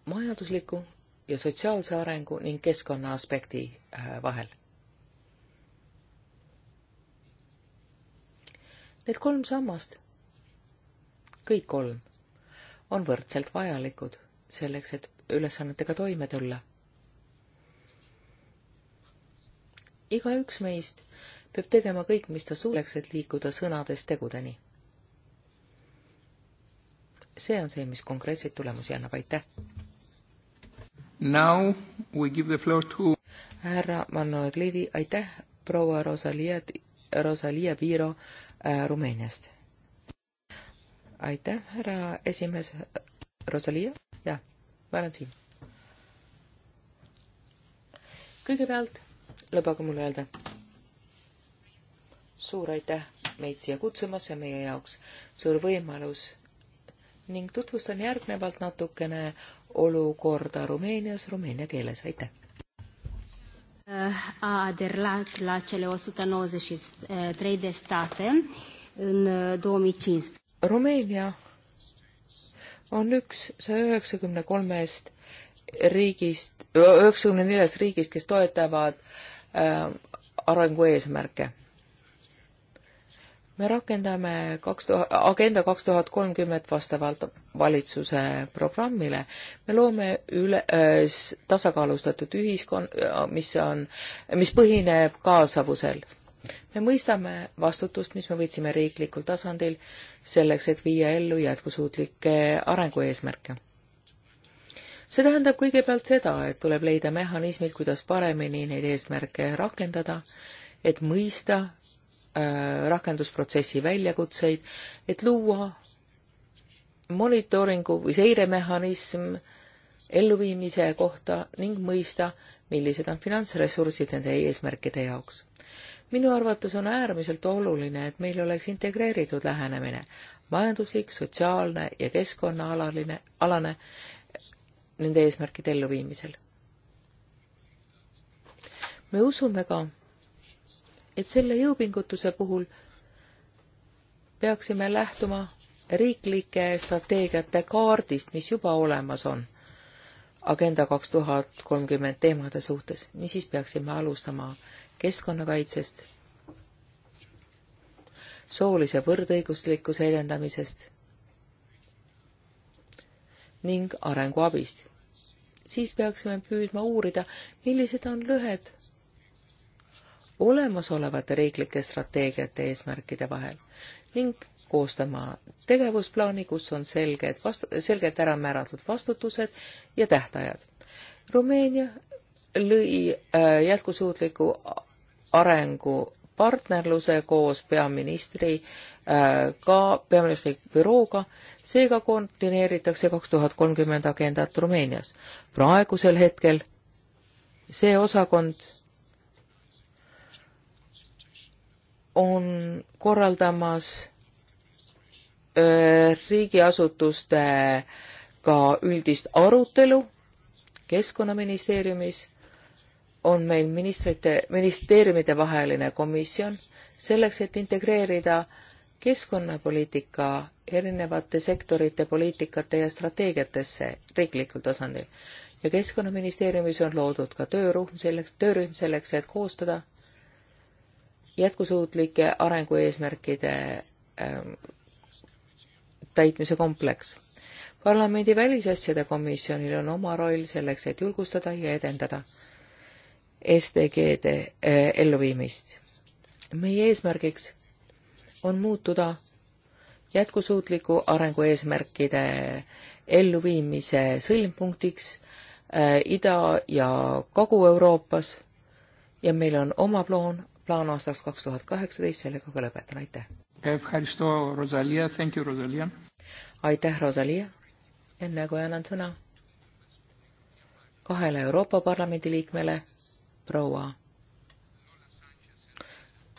majandusliku ja sotsiaalse arengu ning keskkonna aspekti äh, vahel. Need kolm sammast, kõik kolm, on võrdselt vajalikud selleks, et ülesannetega toime tulla igaüks meist peab tegema kõik, mis ta suudaks, et liikuda sõnadest tegudeni. see on see, mis konkreetseid tulemusi annab, aitäh! Now we give the floor to härra Manno Eglidi, aitäh, proua Rosalia, Rosalia Piiro äh, Rumeeniast. aitäh, härra esimees Rosalia, jah, ma olen siin. kõigepealt lubage mul öelda suur aitäh meid siia kutsumas ja meie jaoks suur võimalus ning tutvustan järgnevalt natukene olukorda Rumeenias rumeenia keeles, aitäh! a aderat la cele 193 de state în 2015. Rumeenia on üks saja üheksakümne kolmest riigist, üheksakümne neljast riigist, kes toetavad äh, Äh, arengu eesmärke. me rakendame kaks tuhat, Agenda kaks tuhat kolmkümmend vastavalt valitsuse programmile. me loome üle, äh, tasakaalustatud ühiskond, äh, mis on, mis põhineb kaasavusel me mõistame vastutust, mis me võtsime riiklikul tasandil selleks, et viia ellu jätkusuutlikke arengueesmärke see tähendab kõigepealt seda, et tuleb leida mehhanismid, kuidas paremini neid eesmärke rakendada, et mõista äh, rakendusprotsessi väljakutseid, et luua monitooringu või seiremehhanism elluviimise kohta ning mõista, millised on finantsressursid nende eesmärkide jaoks. minu arvates on äärmiselt oluline, et meil oleks integreeritud lähenemine, majanduslik, sotsiaalne ja keskkonnaalaline, alane nende eesmärkide elluviimisel. me usume ka, et selle jõupingutuse puhul peaksime lähtuma riiklike strateegiate kaardist, mis juba olemas on Agenda kaks tuhat kolmkümmend teemade suhtes, niisiis peaksime alustama keskkonnakaitsest, soolise võrdõiguslikkuse edendamisest ning arenguabist. siis peaksime püüdma uurida, millised on lõhed olemasolevate riiklike strateegiate eesmärkide vahel ning koostama tegevusplaani, kus on selged vastu-, selgelt ära määratud vastutused ja tähtajad. Rumeenia lõi äh, jätkusuutliku arengu partnerluse koos peaministri äh, Äh, ka peaministri bürooga, seega koordineeritakse kaks tuhat kolmkümmend agendat Rumeenias. praegusel hetkel see osakond on korraldamas äh, riigiasutustega üldist arutelu Keskkonnaministeeriumis on meil ministrite, ministeeriumide vaheline komisjon selleks, et integreerida äh, keskkonnapoliitika erinevate sektorite poliitikate ja strateegiatesse riiklikul tasandil. ja Keskkonnaministeeriumis on loodud ka töörühm selleks, töörühm selleks, et koostada jätkusuutlike arengueesmärkide ähm, täitmise kompleks. parlamendi välisasjade komisjonil on oma roll selleks, et julgustada ja edendada SDG-de äh, elluviimist. meie eesmärgiks on muutuda jätkusuutliku arengu eesmärkide elluviimise sõlmpunktiks äh, Ida- ja Kagu-Euroopas ja meil on oma plaan, plaan aastaks kaks tuhat kaheksateist, sellega ka lõpetan, aitäh! aitäh, Rosalia! enne kui annan sõna kahele Euroopa Parlamendi liikmele, proua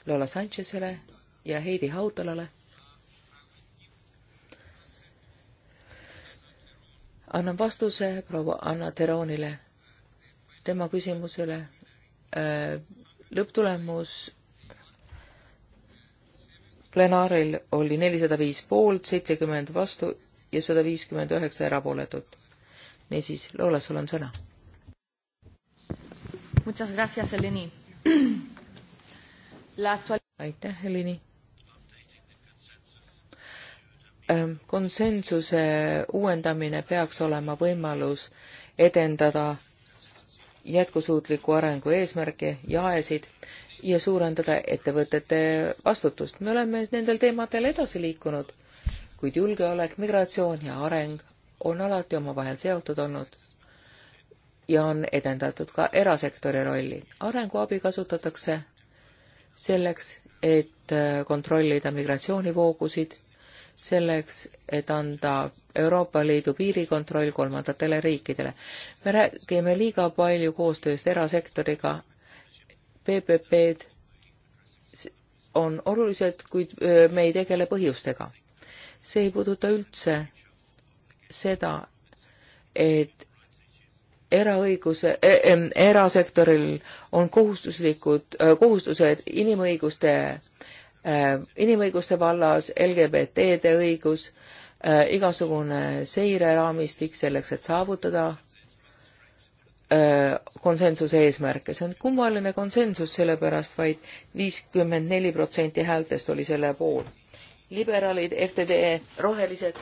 Lola Sanchezele ja Heidi Hautalale. annan vastuse proua Anna Teroonile, tema küsimusele. Äh, lõpptulemus plenaaril oli nelisada viis poolt, seitsekümmend vastu ja sada viiskümmend üheksa erapooletut. niisiis, Loola, sul on sõna. aitäh, Helini Ehm, konsensuse uuendamine peaks olema võimalus edendada jätkusuutliku arengu eesmärke, jaesid ja suurendada ettevõtete vastutust. me oleme nendel teemadel edasi liikunud, kuid julgeolek, migratsioon ja areng on alati omavahel seotud olnud ja on edendatud ka erasektori rolli. arenguabi kasutatakse selleks, et eh, kontrollida migratsioonivoogusid selleks, et anda Euroopa Liidu piirikontroll kolmandatele riikidele. me räägime liiga palju koostööst erasektoriga, PPP-d on olulised, kuid me ei tegele põhjustega. see ei puuduta üldse seda, et eraõiguse äh,, äh, erasektoril on kohustuslikud äh,, kohustused inimõiguste Äh, inimõiguste vallas, LGBT-de õigus, äh, igasugune seireraamistik selleks, et saavutada äh, konsensuse eesmärke. see on kummaline konsensus, sellepärast vaid viiskümmend neli protsenti häältest oli selle pool. liberaalid, FTD, rohelised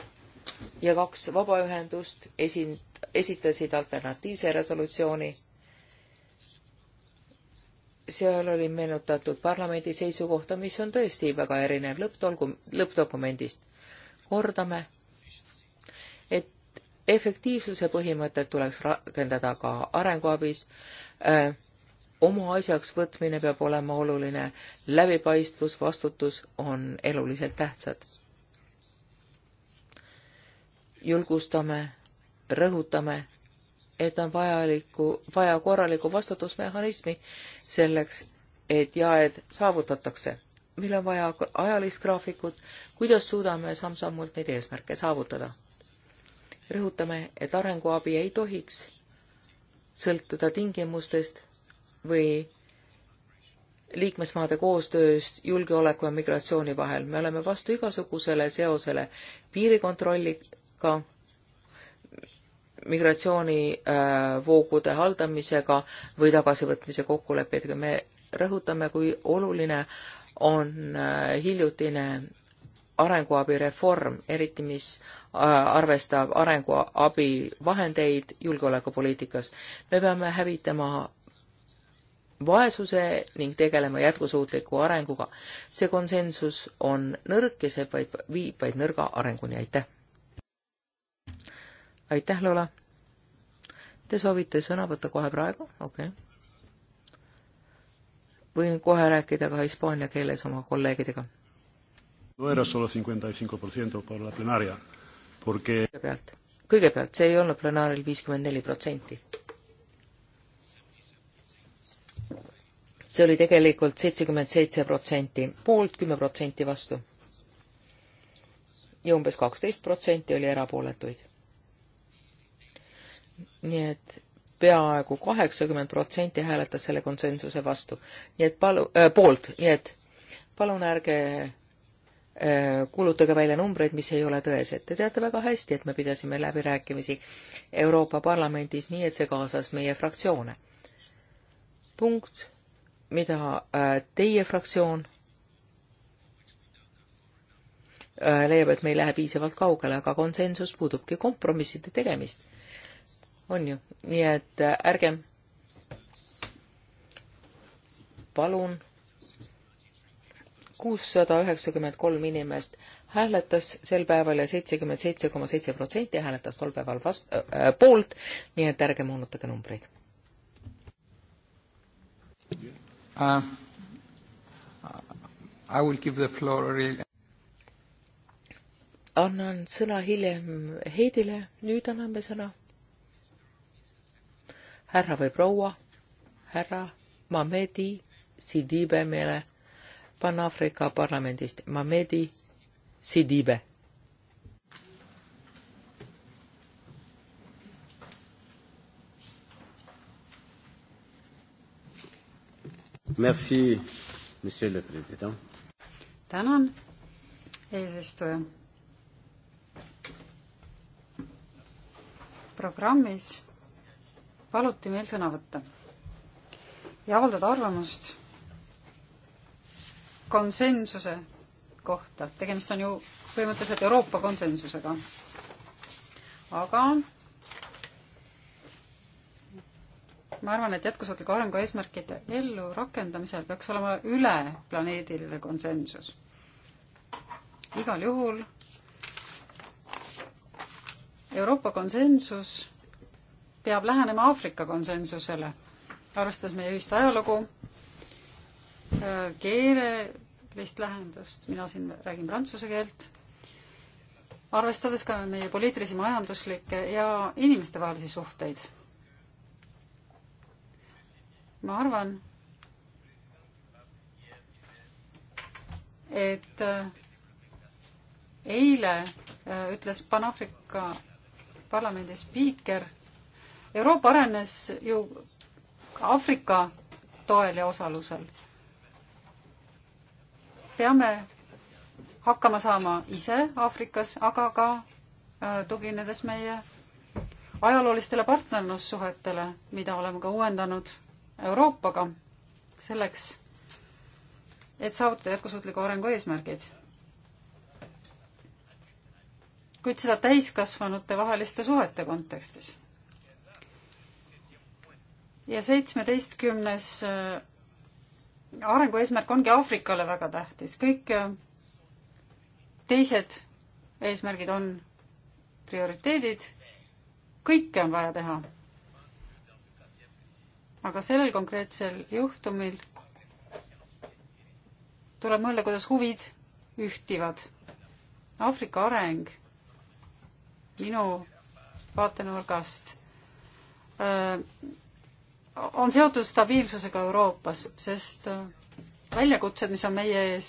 ja kaks vabaühendust esind-, esitasid alternatiivse resolutsiooni seal oli meenutatud parlamendi seisukohta, mis on tõesti väga erinev lõpptolgu, lõppdokumendist. kordame, et efektiivsuse põhimõtet tuleks rakendada ka arenguabis äh,, oma asjaks võtmine peab olema oluline, läbipaistvus, vastutus on eluliselt tähtsad. julgustame, rõhutame et on vajaliku, vaja korralikku vastutusmehhanismi selleks, et jaed saavutatakse. meil on vaja ajalist graafikut, kuidas suudame samm-sammult neid eesmärke saavutada. rõhutame, et arenguabi ei tohiks sõltuda tingimustest või liikmesmaade koostööst julgeoleku ja migratsiooni vahel. me oleme vastu igasugusele seosele piirikontrolliga, migratsioonivoogude haldamisega või tagasivõtmise kokkulepetega. me rõhutame, kui oluline on äh, hiljutine arenguabi reform, eriti mis äh, arvestab arenguabi vahendeid julgeolekupoliitikas. me peame hävitama vaesuse ning tegelema jätkusuutliku arenguga. see konsensus on nõrk ja see vaid viib vaid nõrga arenguni, aitäh! aitäh, Lola. Te soovite sõna võtta kohe praegu? okei okay.. võin kohe rääkida ka hispaania keeles oma kolleegidega. no era solo cincuenta y cinco por ciento por la plenaria, porque kõigepealt, kõigepealt, see ei olnud plenaaril viiskümmend neli protsenti. see oli tegelikult seitsekümmend seitse protsenti poolt, kümme protsenti vastu. ja umbes kaksteist protsenti oli erapooletuid nii et peaaegu kaheksakümmend protsenti hääletas selle konsensuse vastu, nii et palu- äh,, poolt, nii et palun ärge äh, kuulutage välja numbreid, mis ei ole tõesed. Te teate väga hästi, et me pidasime läbirääkimisi Euroopa Parlamendis nii, et see kaasas meie fraktsioone. punkt, mida äh, teie fraktsioon äh, leiab, et me ei lähe piisavalt kaugele, aga konsensus puudubki kompromisside tegemist on ju, nii et äh, ärgem palun. kuussada üheksakümmend kolm inimest hääletas sel päeval ja seitsekümmend seitse koma seitse protsenti hääletas tol päeval vast- äh,, poolt, nii et ärge moonutage numbreid uh, uh,. I will give the floor really annan sõna hiljem Heidile, nüüd anname sõna härra või proua, härra Mamedi Sidibe meile Pan-Aafrika parlamendist, Mamedi Sidibe. Merci, monsieur le president. tänan, eesistuja. programmis paluti meil sõna võtta ja avaldada arvamust konsensuse kohta. tegemist on ju põhimõtteliselt Euroopa konsensusega. aga ma arvan, et jätkusuutliku arengu eesmärkide ellurakendamisel peaks olema üleplaneediline konsensus. igal juhul Euroopa konsensus peab lähenema Aafrika konsensusele, arvestades meie ühist ajalugu, äh, keelelist lähendust, mina siin räägin prantsuse keelt, arvestades ka meie poliitilisi, majanduslikke ja inimestevahelisi suhteid. ma arvan, et äh, eile äh, ütles Pan-Aafrika parlamendi spiiker, Euroopa arenes ju Aafrika toel ja osalusel. peame hakkama saama ise Aafrikas, aga ka äh, tuginedes meie ajaloolistele partnerlussuhetele, mida oleme ka uuendanud Euroopaga selleks, et saavutada jätkusuutliku arengu eesmärgid. kuid seda täiskasvanute vaheliste suhete kontekstis ja seitsmeteistkümnes äh, arengueesmärk ongi Aafrikale väga tähtis, kõik äh, teised eesmärgid on prioriteedid, kõike on vaja teha. aga sellel konkreetsel juhtumil tuleb mõelda, kuidas huvid ühtivad. Aafrika areng minu vaatenurgast äh, on seotud stabiilsusega Euroopas, sest äh, väljakutsed, mis on meie ees,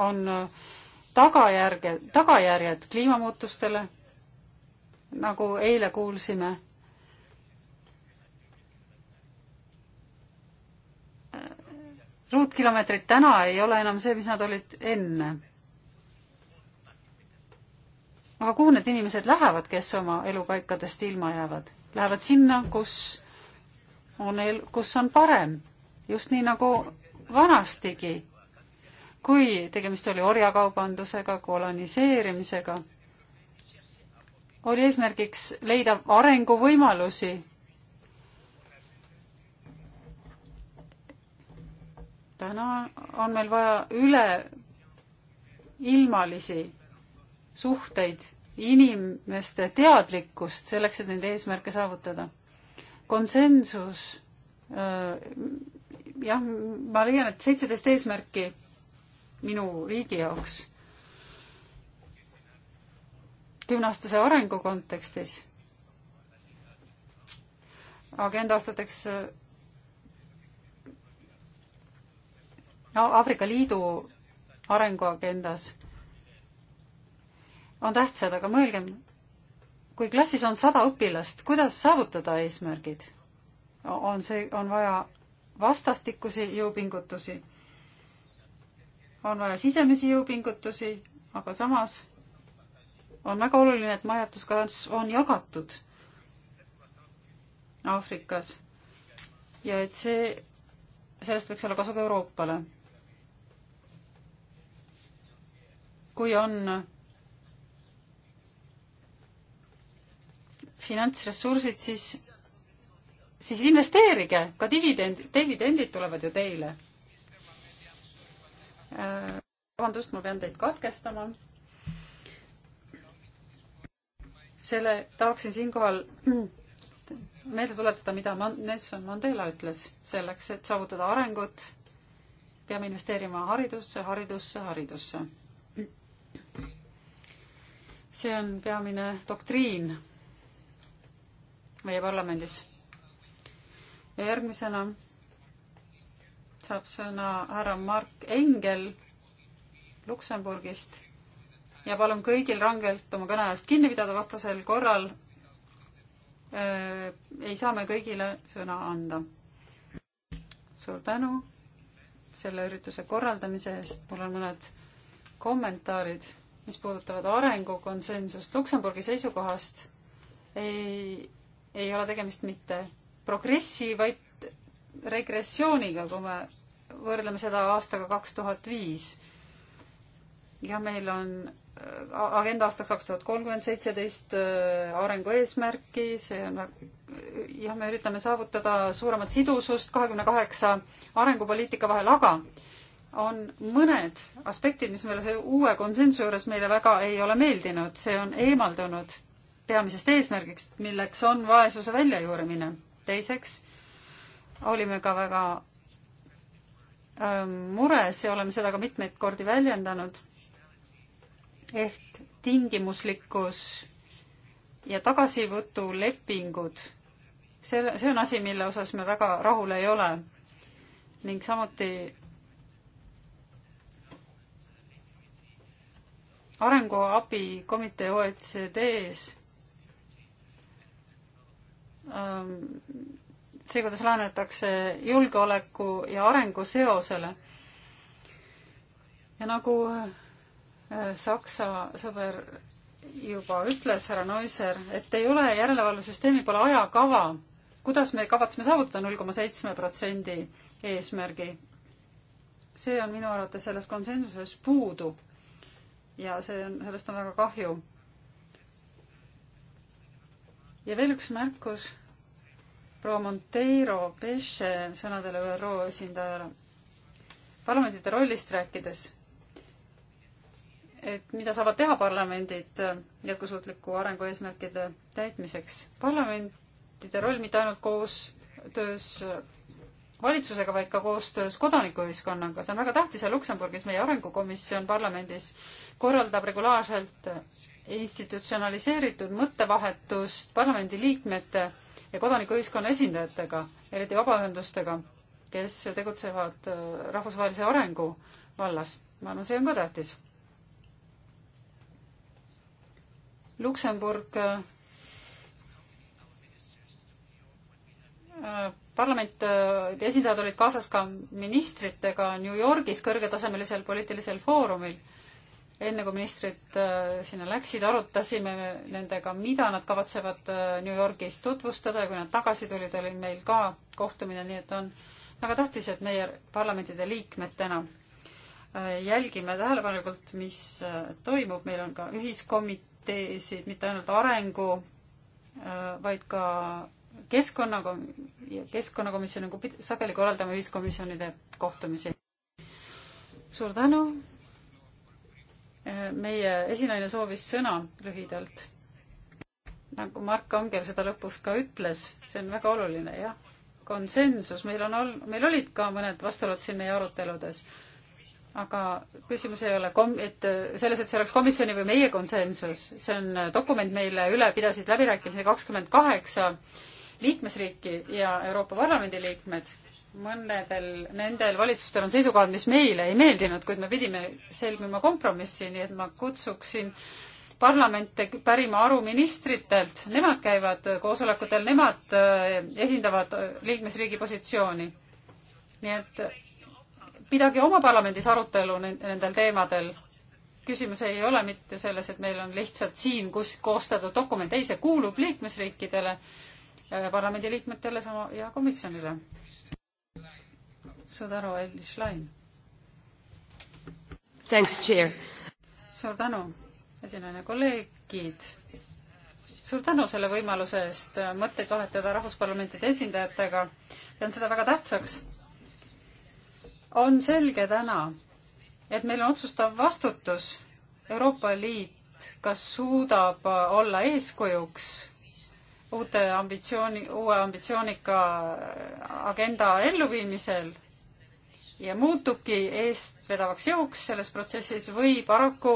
on äh, tagajärge, tagajärjed kliimamuutustele, nagu eile kuulsime. ruutkilomeetrid täna ei ole enam see, mis nad olid enne. aga kuhu need inimesed lähevad, kes oma elupaikadest ilma jäävad? Lähevad sinna, kus on, kus on parem, just nii nagu vanastigi, kui tegemist oli orjakaubandusega, koloniseerimisega, oli eesmärgiks leida arenguvõimalusi täna on meil vaja üleilmalisi suhteid, inimeste teadlikkust selleks, et neid eesmärke saavutada konsensus, äh, jah, ma leian, et seitseteist eesmärki minu riigi jaoks kümneaastase arengu kontekstis agenda aastateks äh, Aafrika Liidu arenguagendas on tähtsad, aga mõelgem kui klassis on sada õpilast, kuidas saavutada eesmärgid? on see, on vaja vastastikusi jõupingutusi, on vaja sisemisi jõupingutusi, aga samas on väga oluline, et majanduskasv on jagatud Aafrikas ja et see, sellest võiks olla kasu ka Euroopale. kui on finantsressursid, siis, siis investeerige, ka dividend, dividendid tulevad ju teile. Äh, vabandust, ma pean teid katkestama. selle tahaksin siinkohal meelde tuletada, mida Nelson Mandela ütles, selleks, et saavutada arengut, peame investeerima haridusse, haridusse, haridusse. see on peamine doktriin meie parlamendis. ja järgmisena saab sõna härra Mark Engel Luksemburgist ja palun kõigil rangelt oma kõne eest kinni pidada, vastasel korral äh, ei saa me kõigile sõna anda. suur tänu selle ürituse korraldamise eest, mul on mõned kommentaarid, mis puudutavad arengukonsensust Luksemburgi seisukohast. ei, ei ole tegemist mitte progressi, vaid regressiooniga, kui me võrdleme seda aastaga kaks tuhat viis. ja meil on äh, agenda aastaks kaks tuhat kolmkümmend seitseteist äh, arengueesmärki, see on jah, me üritame saavutada suuremat sidusust kahekümne kaheksa arengupoliitika vahel, aga on mõned aspektid, mis meile see uue konsensu juures meile väga ei ole meeldinud, see on eemaldunud peamisest eesmärgiks, milleks on vaesuse väljajuurimine. teiseks olime ka väga ähm, mures ja oleme seda ka mitmeid kordi väljendanud, ehk tingimuslikkus ja tagasivõtulepingud, selle, see on asi, mille osas me väga rahul ei ole. ning samuti arenguabikomitee OECD-s Ähm, see, kuidas lähenetakse julgeoleku ja arengu seosele. ja nagu äh, Saksa sõber juba ütles, härra Neuser, et ei ole järelevalvesüsteemi, pole ajakava, kuidas me kavatseme saavutada null koma seitsme protsendi eesmärgi. see on minu arvates selles konsensuses puudu. ja see on, sellest on väga kahju ja veel üks märkus proua Monteiro Peche sõnadele ÜRO esindajale. parlamentide rollist rääkides, et mida saavad teha parlamendid jätkusuutliku arengu eesmärkide täitmiseks. parlamentide roll mitte ainult koostöös valitsusega, vaid ka koostöös kodanikuühiskonnaga, see on väga tähtis ja Luksemburgis meie arengukomisjon parlamendis korraldab regulaarselt institutsionaliseeritud mõttevahetust parlamendiliikmete ja kodanikuühiskonna esindajatega, eriti vabaühendustega, kes tegutsevad äh, rahvusvahelise arengu vallas. ma arvan, see on ka tähtis. Luksemburg äh, äh, parlament, esindajad olid kaasas ka ministritega New Yorgis kõrgetasemelisel poliitilisel foorumil enne kui ministrid äh, sinna läksid, arutasime nendega, mida nad kavatsevad äh, New Yorgis tutvustada ja kui nad tagasi tulid, oli meil ka kohtumine, nii et on väga tähtis, et meie parlamentide liikmetena äh, jälgime tähelepanelikult, mis toimub, meil on ka ühiskomiteesid, mitte ainult arengu, vaid ka keskkonnakom-, keskkonnakomisjon nagu sageli korraldame ühiskomisjonide kohtumisi. suur tänu meie esinaine soovis sõna lühidalt. nagu Mark Angel seda lõpus ka ütles, see on väga oluline, jah. konsensus, meil on olnud, meil olid ka mõned vastuolud siin meie aruteludes, aga küsimus ei ole kom-, et selles, et see oleks komisjoni või meie konsensus, see on dokument, mille üle pidasid läbirääkimisi kakskümmend kaheksa liikmesriiki ja Euroopa Parlamendi liikmed mõnedel nendel valitsustel on seisukohad, mis meile ei meeldinud, kuid me pidime sõlmima kompromissi, nii et ma kutsuksin parlamente pärima aru ministritelt, nemad käivad koosolekutel, nemad äh, esindavad liikmesriigi positsiooni. nii et pidage oma parlamendis arutelu nendel teemadel. küsimus ei ole mitte selles, et meil on lihtsalt siin kus koostatud dokument, ei, see kuulub liikmesriikidele, äh, parlamendiliikmetele sama ja komisjonile saad aru, Elis Lain. Thanks, chair. suur tänu, esinejana kolleegid. suur tänu selle võimaluse eest mõtteid vahetada rahvusparlamentide esindajatega. pean seda väga tähtsaks. on selge täna, et meil on otsustav vastutus. Euroopa Liit kas suudab olla eeskujuks uute ambitsiooni, uue ambitsioonika agenda elluviimisel ja muutubki eestvedavaks jõuks selles protsessis või paraku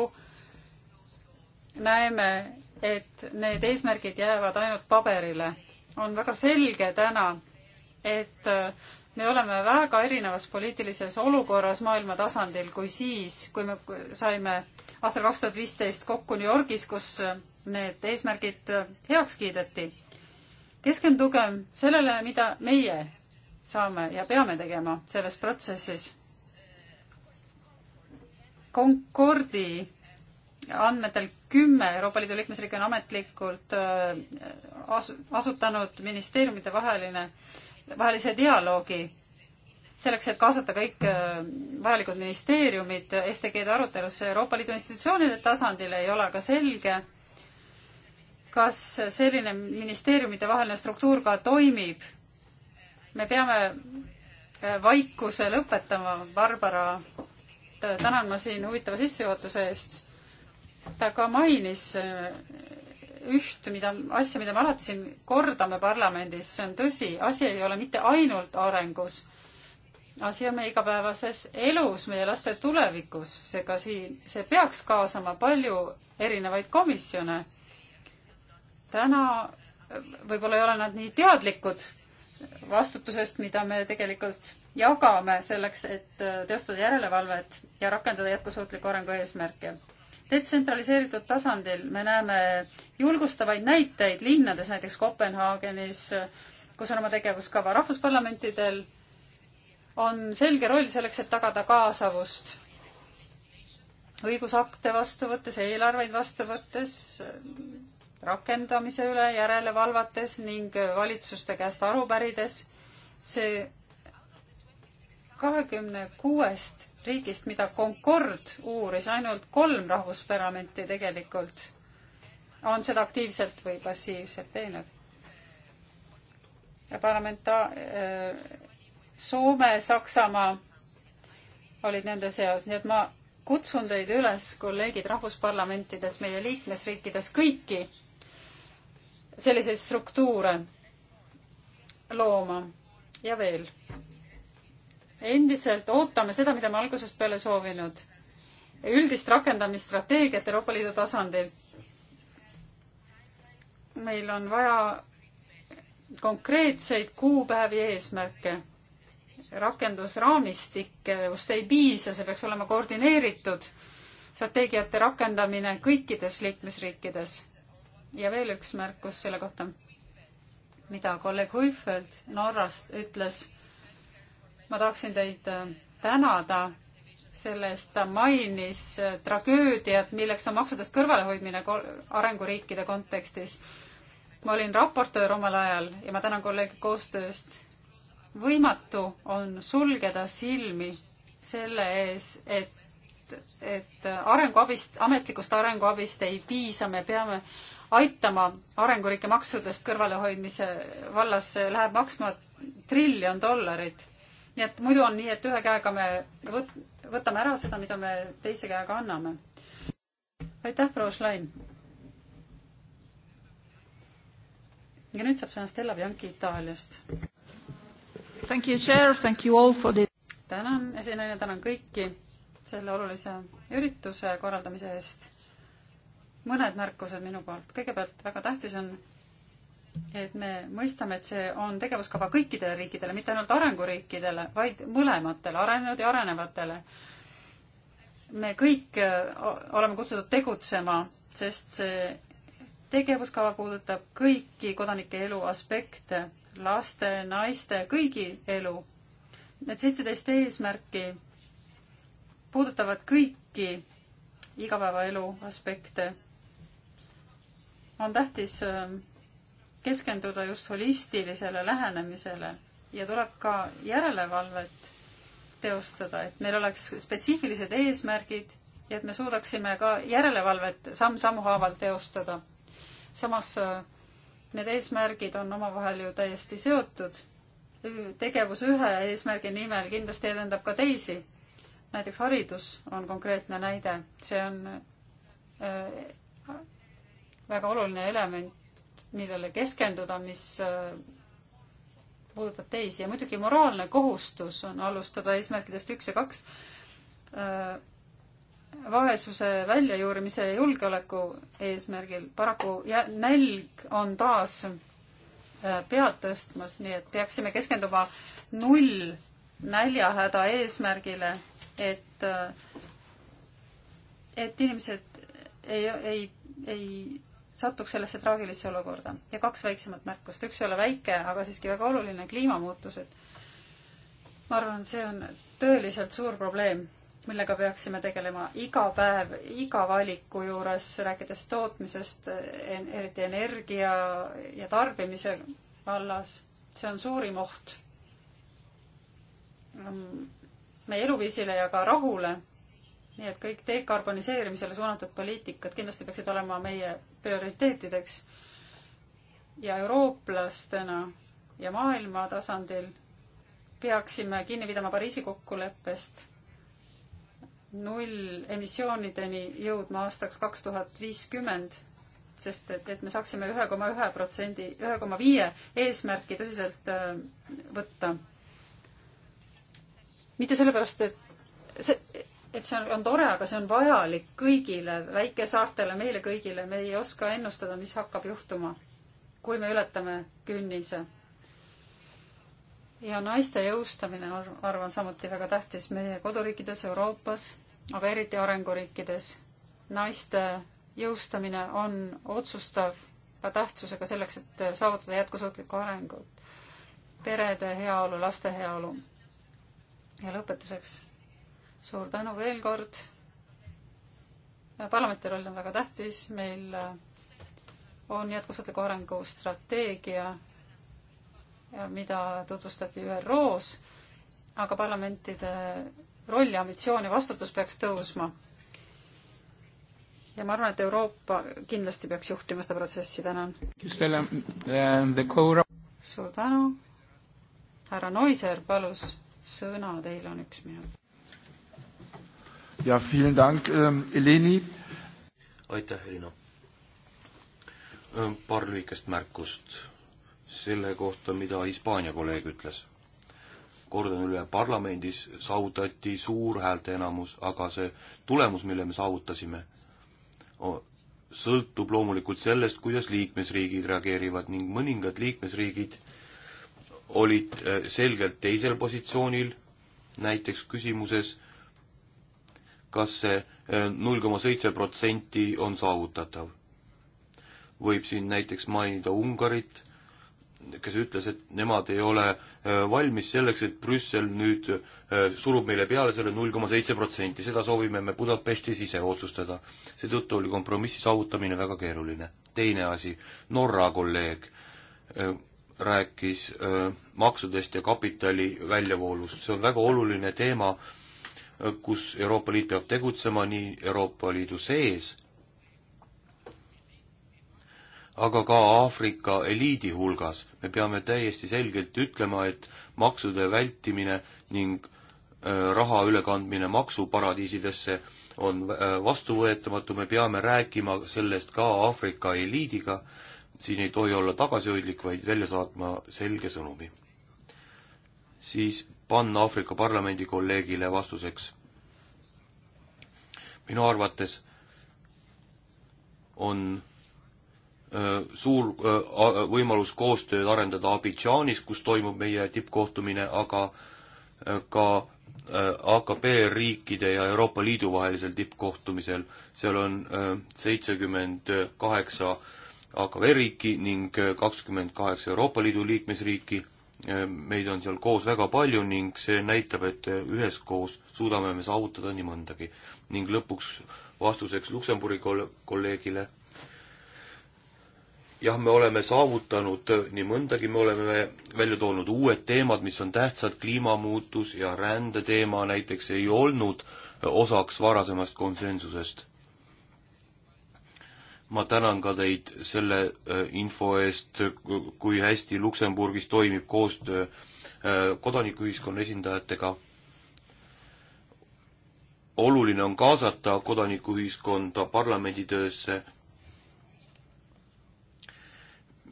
näeme, et need eesmärgid jäävad ainult paberile. on väga selge täna, et äh, me oleme väga erinevas poliitilises olukorras maailma tasandil kui siis, kui me saime aastal kaks tuhat viisteist kokku New Yorgis, kus äh, need eesmärgid äh, heaks kiideti. keskendugem sellele, mida meie saame ja peame tegema selles protsessis. Concordi andmetel kümme Euroopa Liidu liikmesriiki on ametlikult äh, asu-, asutanud ministeeriumide vaheline, vahelise dialoogi selleks, et kaasata kõik äh, vajalikud ministeeriumid STG-de arutelusse Euroopa Liidu institutsioonide tasandil, ei ole ka selge, kas selline ministeeriumide vaheline struktuur ka toimib me peame äh, vaikuse lõpetama, Barbara, tänan ma siin huvitava sissejuhatuse eest. ta ka mainis äh, üht, mida, asja, mida me alati siin kordame parlamendis, see on tõsi, asi ei ole mitte ainult arengus. asi on meie igapäevases elus, meie laste tulevikus, seega siin, see peaks kaasama palju erinevaid komisjone. täna äh, võib-olla ei ole nad nii teadlikud vastutusest, mida me tegelikult jagame selleks, et äh, teostada järelevalvet ja rakendada jätkusuutliku arengu eesmärke. detsentraliseeritud tasandil me näeme julgustavaid näiteid linnades, näiteks Kopenhaagenis, kus on oma tegevuskava rahvusparlamentidel, on selge roll selleks, et tagada kaasavust õigusakte vastu võttes, eelarveid vastu võttes, rakendamise üle järele valvates ning valitsuste käest aru pärides. see kahekümne kuuest riigist, mida Concord uuris, ainult kolm rahvusparlamenti tegelikult on seda aktiivselt või passiivselt teinud. ja parlamenta-, äh, Soome, Saksamaa olid nende seas, nii et ma kutsun teid üles, kolleegid rahvusparlamentides, meie liikmesriikides kõiki selliseid struktuure looma ja veel. endiselt ootame seda, mida me algusest peale soovinud. üldist rakendamisstrateegiat Euroopa Liidu tasandil. meil on vaja konkreetseid kuupäevi eesmärke. rakendusraamistikust ei piisa, see peaks olema koordineeritud strateegiate rakendamine kõikides liikmesriikides ja veel üks märkus selle kohta, mida kolleeg Huifeld Norrast ütles. ma tahaksin teid äh, tänada selle eest, ta mainis äh, tragöödiat, milleks on maksudest kõrvalehoidmine arenguriikide kontekstis. ma olin raportöör omal ajal ja ma tänan kolleegi koostööst. võimatu on sulgeda silmi selle ees, et et arenguabist, ametlikust arenguabist ei piisa, me peame aitama arenguriike maksudest kõrvalehoidmise vallas, see läheb maksma triljon dollarit. nii et muidu on nii, et ühe käega me võt-, võtame ära seda, mida me teise käega anname. aitäh, proua Schlein! ja nüüd saab sõna Stella Bianchi Itaaliast. Thank you, chair, thank you all for the tänan esineja, tänan kõiki selle olulise ürituse korraldamise eest mõned märkused minu poolt. kõigepealt väga tähtis on, et me mõistame, et see on tegevuskava kõikidele riikidele, mitte ainult arenguriikidele, vaid mõlematele, arenenud ja arenevatele. me kõik oleme kutsutud tegutsema, sest see tegevuskava puudutab kõiki kodanike elu aspekte, laste, naiste, kõigi elu. Need seitseteist eesmärki puudutavad kõiki igapäevaelu aspekte on tähtis äh, keskenduda just holistilisele lähenemisele ja tuleb ka järelevalvet teostada, et meil oleks spetsiifilised eesmärgid ja et me suudaksime ka järelevalvet samm-sammu haaval teostada. samas äh, need eesmärgid on omavahel ju täiesti seotud. tegevus ühe eesmärgi nimel kindlasti edendab ka teisi. näiteks haridus on konkreetne näide, see on äh, väga oluline element, millele keskenduda, mis äh, puudutab teisi ja muidugi moraalne kohustus on alustada eesmärkidest üks ja kaks äh, vaesuse väljajuurimise ja julgeoleku eesmärgil. paraku nälg on taas äh, pead tõstmas, nii et peaksime keskenduma null näljahäda eesmärgile, et, et inimesed ei, ei, ei satuks sellesse traagilisse olukorda. ja kaks väiksemat märkust, üks ei ole väike, aga siiski väga oluline, kliimamuutused. ma arvan, see on tõeliselt suur probleem, millega peaksime tegelema iga päev, iga valiku juures, rääkides tootmisest, eriti energia ja tarbimise vallas. see on suurim oht meie eluviisile ja ka rahule nii et kõik dekarboniseerimisele suunatud poliitikad kindlasti peaksid olema meie prioriteetideks. ja eurooplastena ja maailma tasandil peaksime kinni pidama Pariisi kokkuleppest null emissioonideni jõudma aastaks kaks tuhat viiskümmend, sest et, et me saaksime ühe koma ühe protsendi, ühe koma viie eesmärki tõsiselt äh, võtta. mitte sellepärast, et see et see on, on tore, aga see on vajalik kõigile, väikesaartele, meile kõigile, me ei oska ennustada, mis hakkab juhtuma, kui me ületame künnise. ja naiste jõustamine on, arvan, samuti väga tähtis meie koduriikides, Euroopas, aga eriti arenguriikides. naiste jõustamine on otsustav ka tähtsusega selleks, et saavutada jätkusuutlikku arengut, perede heaolu, laste heaolu. ja lõpetuseks suur tänu veel kord. parlamenti roll on väga tähtis, meil äh, on jätkusuutliku arengu strateegia, mida tutvustati ÜRO-s, aga parlamentide roll ja ambitsioon ja vastutus peaks tõusma. ja ma arvan, et Euroopa kindlasti peaks juhtima seda protsessi, tänan. suur tänu. härra Noiser palus sõna, teil on üks minut ja vielen Dank, ähm, Eleni. aitäh, Elina. Ähm, paar lühikest märkust selle kohta, mida Hispaania kolleeg ütles. kordan üle, parlamendis saavutati suur häälteenamus, aga see tulemus, mille me saavutasime, sõltub loomulikult sellest, kuidas liikmesriigid reageerivad ning mõningad liikmesriigid olid äh, selgelt teisel positsioonil, näiteks küsimuses, kas see äh, null koma seitse protsenti on saavutatav. võib siin näiteks mainida Ungarit, kes ütles, et nemad ei ole äh, valmis selleks, et Brüssel nüüd äh, surub meile peale selle null koma seitse protsenti, seda soovime me Budapestis ise otsustada. seetõttu oli kompromissi saavutamine väga keeruline. teine asi, Norra kolleeg rääkis maksudest ja kapitali väljavoolust, see on väga oluline teema kus Euroopa Liit peab tegutsema nii Euroopa Liidu sees, aga ka Aafrika eliidi hulgas. me peame täiesti selgelt ütlema, et maksude vältimine ning äh, raha ülekandmine maksuparadiisidesse on äh, vastuvõetamatu, me peame rääkima sellest ka Aafrika eliidiga, siin ei tohi olla tagasihoidlik, vaid välja saatma selge sõnumi. siis panna Aafrika Parlamendi kolleegile vastuseks. minu arvates on öö, äh, suur öö, äh, võimalus koostööd arendada Abidžaanis, kus toimub meie tippkohtumine, aga öö, äh, ka AKP riikide ja Euroopa Liidu vahelisel tippkohtumisel, seal on seitsekümmend kaheksa AKV riiki ning kakskümmend kaheksa Euroopa Liidu liikmesriiki Ehm, meid on seal koos väga palju ning see näitab, et eh, üheskoos suudame me saavutada nii mõndagi. ning lõpuks vastuseks Luksemburgi kol-, kolleegile, jah, me oleme saavutanud eh, nii mõndagi, me oleme välja toonud uued teemad, mis on tähtsad, kliimamuutus ja rändeteema näiteks ei olnud eh, osaks varasemast konsensusest ma tänan ka teid selle äh, info eest, kui hästi Luksemburgis toimib koostöö äh, kodanikuühiskonna esindajatega. oluline on kaasata kodanikuühiskonda parlamendi töösse.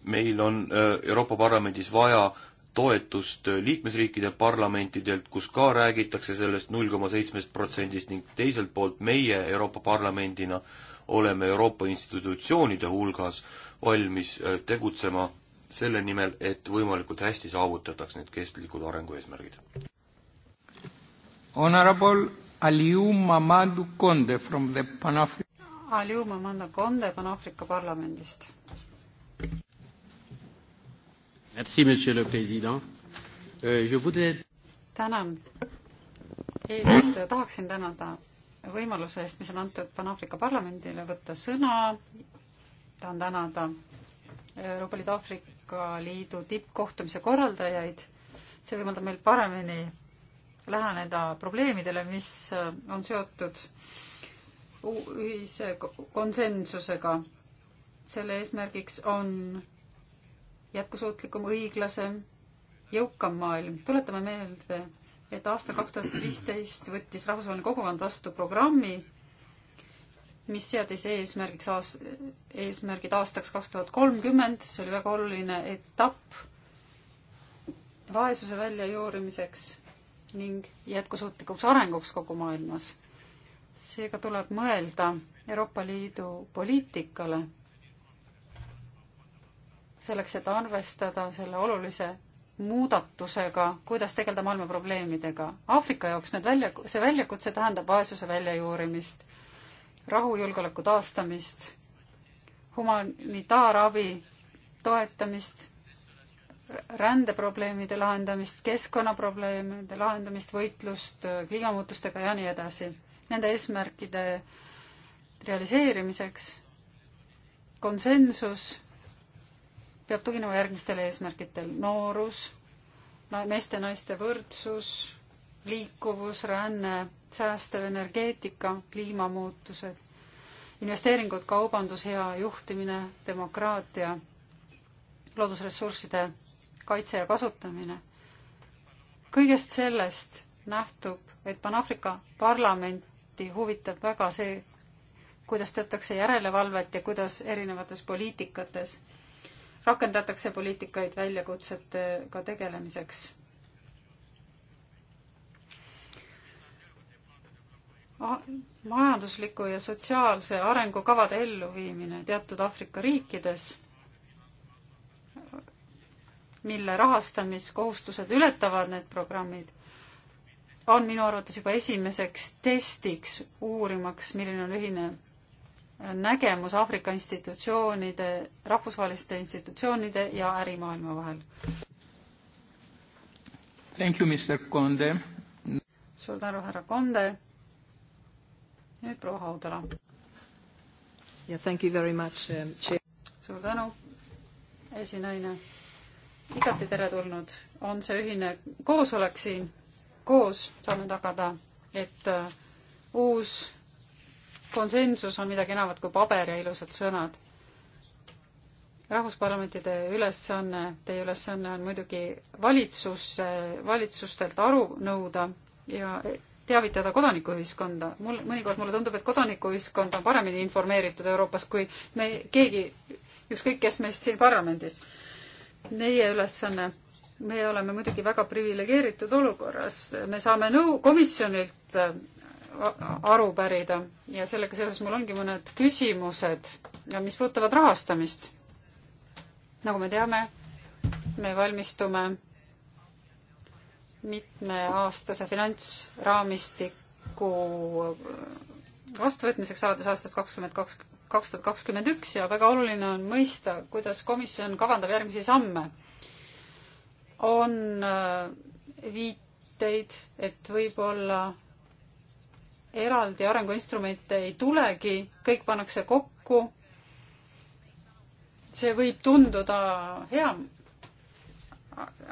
meil on äh, Euroopa Parlamendis vaja toetust liikmesriikide parlamentidelt, kus ka räägitakse sellest null koma seitsmest protsendist ning teiselt poolt meie Euroopa Parlamendina äh, oleme Euroopa institutsioonide hulgas valmis äh, tegutsema selle nimel, et võimalikult hästi saavutataks need kestlikud arengueesmärgid. Honorable Aliou Mamadou Konde from the Pan-Afri-. Aliou Mamadou Konde Pan-Aafrika Parlamendist. Merci, monsieur le president euh,. Je voudrais. tänan eesistuja, tahaksin tänada võimaluse eest, mis on antud Pan-Aafrika Parlamendile võtta sõna. tahan tänada Euroopa Liidu Aafrika Liidu tippkohtumise korraldajaid. see võimaldab meil paremini läheneda probleemidele, mis on seotud ühise konsensusega. selle eesmärgiks on jätkusuutlikum, õiglasem, jõukam maailm. tuletame meelde et aastal kaks tuhat viisteist võttis rahvusvaheline kogukond vastu programmi, mis seadis eesmärgiks aas-, eesmärgid aastaks kaks tuhat kolmkümmend, see oli väga oluline etapp vaesuse väljajuurimiseks ning jätkusuutlikuks arenguks kogu maailmas. seega tuleb mõelda Euroopa Liidu poliitikale selleks, et arvestada selle olulise muudatusega, kuidas tegeleda maailma probleemidega. Aafrika jaoks need välja, see väljakutse tähendab vaesuse väljajuurimist, rahu, julgeoleku taastamist, humanitaarabi toetamist, rändeprobleemide lahendamist, keskkonnaprobleemide lahendamist, võitlust äh, kliimamuutustega ja nii edasi. Nende eesmärkide realiseerimiseks konsensus peab tuginema järgmistele eesmärkidele. noorus, meeste, naiste võrdsus, liikuvus, ränne, säästev energeetika, kliimamuutused, investeeringud, kaubandus, hea juhtimine, demokraatia, loodusressursside kaitse ja kasutamine. kõigest sellest nähtub, et Pan-Aafrika parlamenti huvitab väga see, kuidas teatakse järelevalvet ja kuidas erinevates poliitikates rakendatakse poliitikaid väljakutsetega tegelemiseks. majandusliku ja sotsiaalse arengukavade elluviimine teatud Aafrika riikides, mille rahastamiskohustused ületavad need programmid, on minu arvates juba esimeseks testiks uurimaks, milline on ühine nägemus Aafrika institutsioonide, rahvusvaheliste institutsioonide ja ärimaailma vahel. Thank you, Mr Konde. suur tänu, härra Konde. nüüd proua Haudala. Yeah, thank you very much um,. suur tänu, esinaine. igati teretulnud on see ühine koosolek siin, koos saame tagada, et uh, uus konsensus on midagi enamat kui paber ja ilusad sõnad. rahvusparlamentide ülesanne, teie ülesanne on muidugi valitsus, valitsustelt aru nõuda ja teavitada kodanikuühiskonda. mul, mõnikord mulle tundub, et kodanikuühiskond on paremini informeeritud Euroopas kui me, keegi, ükskõik kes meist siin parlamendis. meie ülesanne me oleme muidugi väga priviligeeritud olukorras, me saame nõu komisjonilt aru pärida ja sellega seoses mul ongi mõned küsimused, mis puudutavad rahastamist. nagu me teame, me valmistume mitmeaastase finantsraamistiku vastuvõtmiseks alates aastast kakskümmend kaks, kaks tuhat kakskümmend üks ja väga oluline on mõista, kuidas komisjon kavandab järgmisi samme. on äh, viiteid, et võib-olla eraldi arenguinstrumente ei tulegi, kõik pannakse kokku. see võib tunduda hea,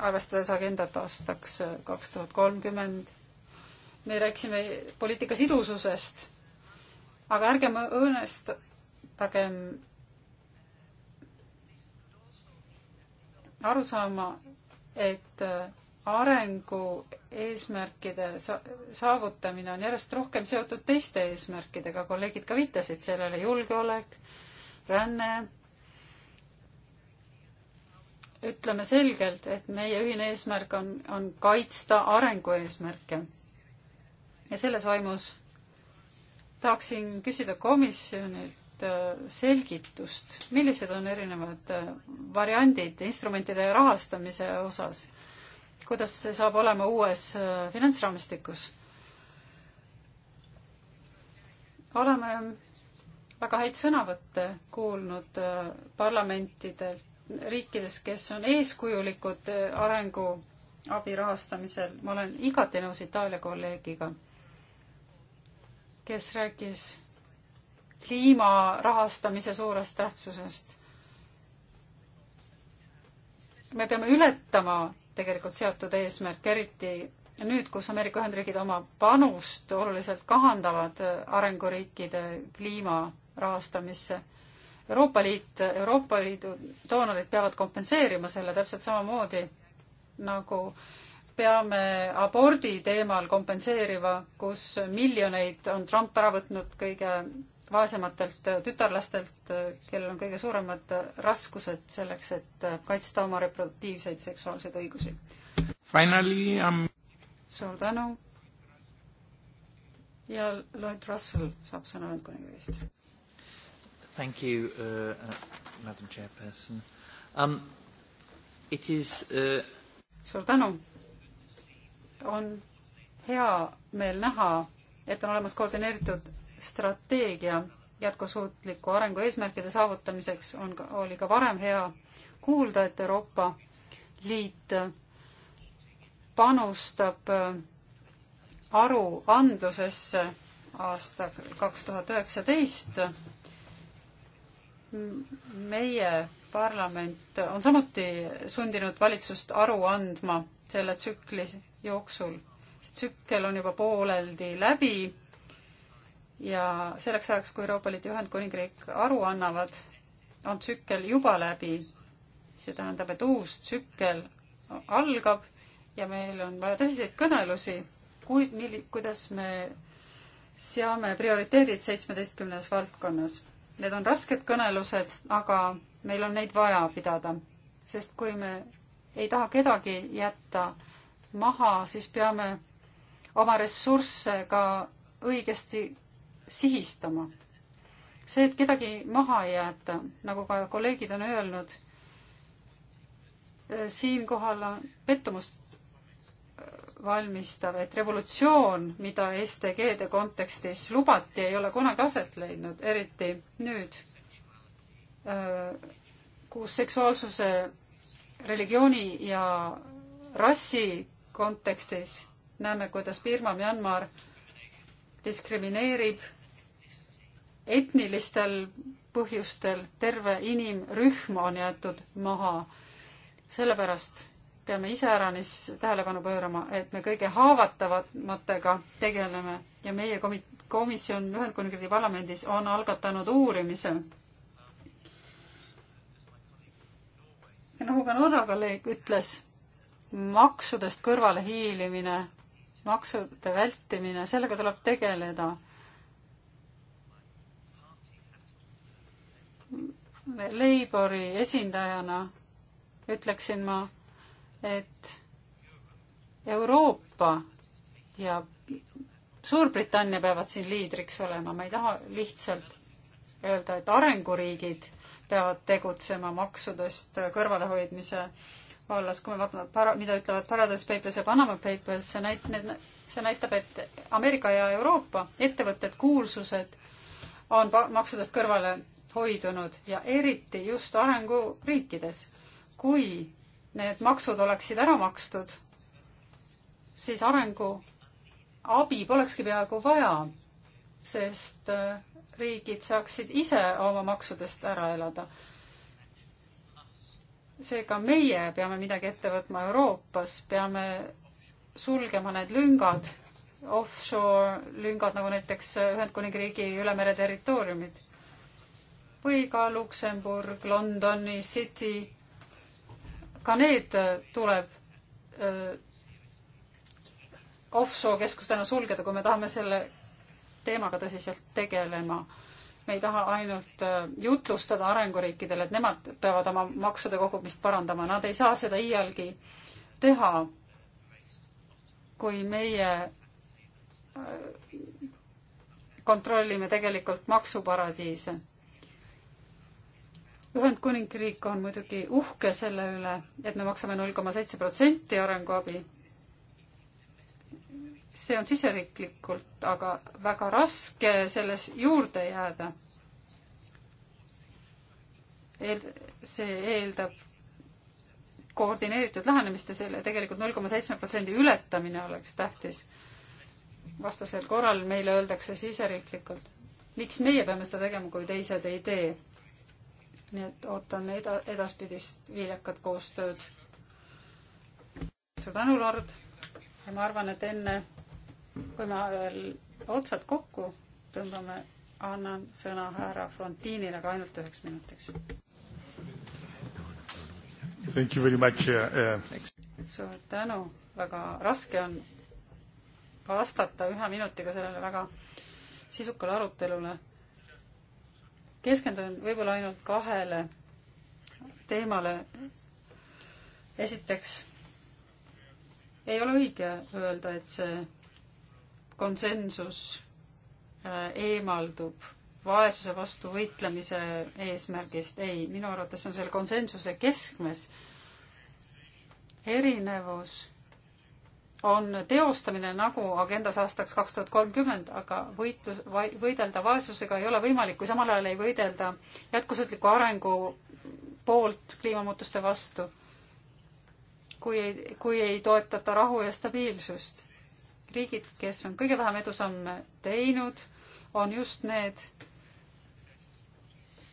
arvestades agendat aastaks äh, kaks tuhat kolmkümmend. me rääkisime poliitika sidususest, aga ärgem õõnestagem arusaama, et äh, arengu eesmärkide saavutamine on järjest rohkem seotud teiste eesmärkidega, kolleegid ka viitasid sellele, julgeolek, ränne. ütleme selgelt, et meie ühine eesmärk on, on kaitsta arengu eesmärke. ja selles vaimus tahaksin küsida komisjonilt, äh, selgitust, millised on erinevad äh, variandid instrumentide rahastamise osas? kuidas see saab olema uues äh, finantsraamistikus? oleme väga häid sõnavõtte kuulnud äh, parlamentidelt, riikides, kes on eeskujulikud äh, arenguabi rahastamisel. ma olen igati nõus Itaalia kolleegiga, kes rääkis kliima rahastamise suurest tähtsusest. me peame ületama tegelikult seatud eesmärk, eriti nüüd, kus Ameerika Ühendriigid oma panust oluliselt kahandavad arenguriikide kliima rahastamisse. Euroopa Liit, Euroopa Liidu doonorid peavad kompenseerima selle täpselt samamoodi, nagu peame abordi teemal kompenseerima, kus miljoneid on Trump ära võtnud kõige vaesematelt äh, tütarlastelt, äh, kellel on kõige suuremad äh, raskused selleks, et kaitsta oma reproduktiivseid seksuaalseid õigusi. Finally um... suur tänu. ja Lloyd Russell saab sõna Ühendkuningriigist. Thank you uh,, uh, madam chairperson um,. It is uh... suur tänu. on hea meel näha, et on olemas koordineeritud strateegia jätkusuutliku arengu eesmärkide saavutamiseks on, oli ka varem hea kuulda, et Euroopa Liit panustab äh, aruandlusesse aasta kaks tuhat üheksateist. meie parlament on samuti sundinud valitsust aru andma selle tsükli jooksul. see tsükkel on juba pooleldi läbi ja selleks ajaks, kui Euroopa Liit ja Ühendkuningriik aru annavad, on tsükkel juba läbi. see tähendab, et uus tsükkel algab ja meil on vaja tõsiseid kõnelusi, kuid milli-, kuidas me seame prioriteedid seitsmeteistkümnes valdkonnas. Need on rasked kõnelused, aga meil on neid vaja pidada, sest kui me ei taha kedagi jätta maha, siis peame oma ressursse ka õigesti sihistama. see, et kedagi maha ei jäeta, nagu ka kolleegid on öelnud, eh, siinkohal on pettumust eh, valmistav, et revolutsioon, mida STG-de kontekstis lubati, ei ole kunagi aset leidnud, eriti nüüd, eh, kus seksuaalsuse, religiooni ja rassi kontekstis näeme, kuidas Birma, Myanmar diskrimineerib etnilistel põhjustel terve inimrühm on jäetud maha. sellepärast peame iseäranis tähelepanu pöörama, et me kõige haavatavamatega tegeleme ja meie komi-, komisjon Ühendkuningriigi parlamendis on algatanud uurimise. ja nagu ka Norra kolleeg ütles, maksudest kõrvalehiilimine, maksude vältimine, sellega tuleb tegeleda Leibori esindajana ütleksin ma, et Euroopa ja Suurbritannia peavad siin liidriks olema, ma ei taha lihtsalt öelda, et arenguriigid peavad tegutsema maksudest kõrvalehoidmise vallas, kui me vaatame para-, mida ütlevad Paradise Papers ja Panama Papers, see näit-, need, see näitab, et Ameerika ja Euroopa ettevõtted, kuulsused on pa-, maksudest kõrvale hoidunud ja eriti just arenguriikides. kui need maksud oleksid ära makstud, siis arenguabi polekski peaaegu vaja, sest äh, riigid saaksid ise oma maksudest ära elada. seega meie peame midagi ette võtma Euroopas, peame sulgema need lüngad, offshore lüngad, nagu näiteks äh, Ühendkuningriigi ülemere territooriumid või ka Luksemburg, Londoni City, ka need tuleb äh, offshore keskustena sulgeda, kui me tahame selle teemaga tõsiselt tegelema. me ei taha ainult äh, jutlustada arenguriikidele, et nemad peavad oma maksude kogumist parandama, nad ei saa seda iialgi teha, kui meie äh, kontrollime tegelikult maksuparadiise Ühendkuningriik on muidugi uhke selle üle, et me maksame null koma seitse protsenti arenguabi. see on siseriiklikult aga väga raske selles juurde jääda. see eeldab koordineeritud lähenemist ja selle tegelikult null koma seitsme protsendi ületamine oleks tähtis. vastasel korral meile öeldakse siseriiklikult, miks meie peame seda tegema, kui teised ei tee nii et ootame eda-, edaspidist viljakat koostööd. suur tänu, Lord! ja ma arvan, et enne, kui me veel äh, otsad kokku tõmbame, annan sõna härra Frontinile ka ainult üheks minutiks. Thank you very much uh,. Uh... suur tänu, väga raske on vastata ühe minutiga sellele väga sisukale arutelule keskendun võib-olla ainult kahele teemale. esiteks, ei ole õige öelda, et see konsensus äh, eemaldub vaesuse vastu võitlemise eesmärgist. ei, minu arvates on selle konsensuse keskmes erinevus on teostamine nagu agendas aastaks kaks tuhat kolmkümmend, aga võitlus, võidelda vaesusega ei ole võimalik, kui samal ajal ei võidelda jätkusuutliku arengu poolt kliimamuutuste vastu. kui ei, kui ei toetata rahu ja stabiilsust. riigid, kes on kõige vähem edusamme teinud, on just need,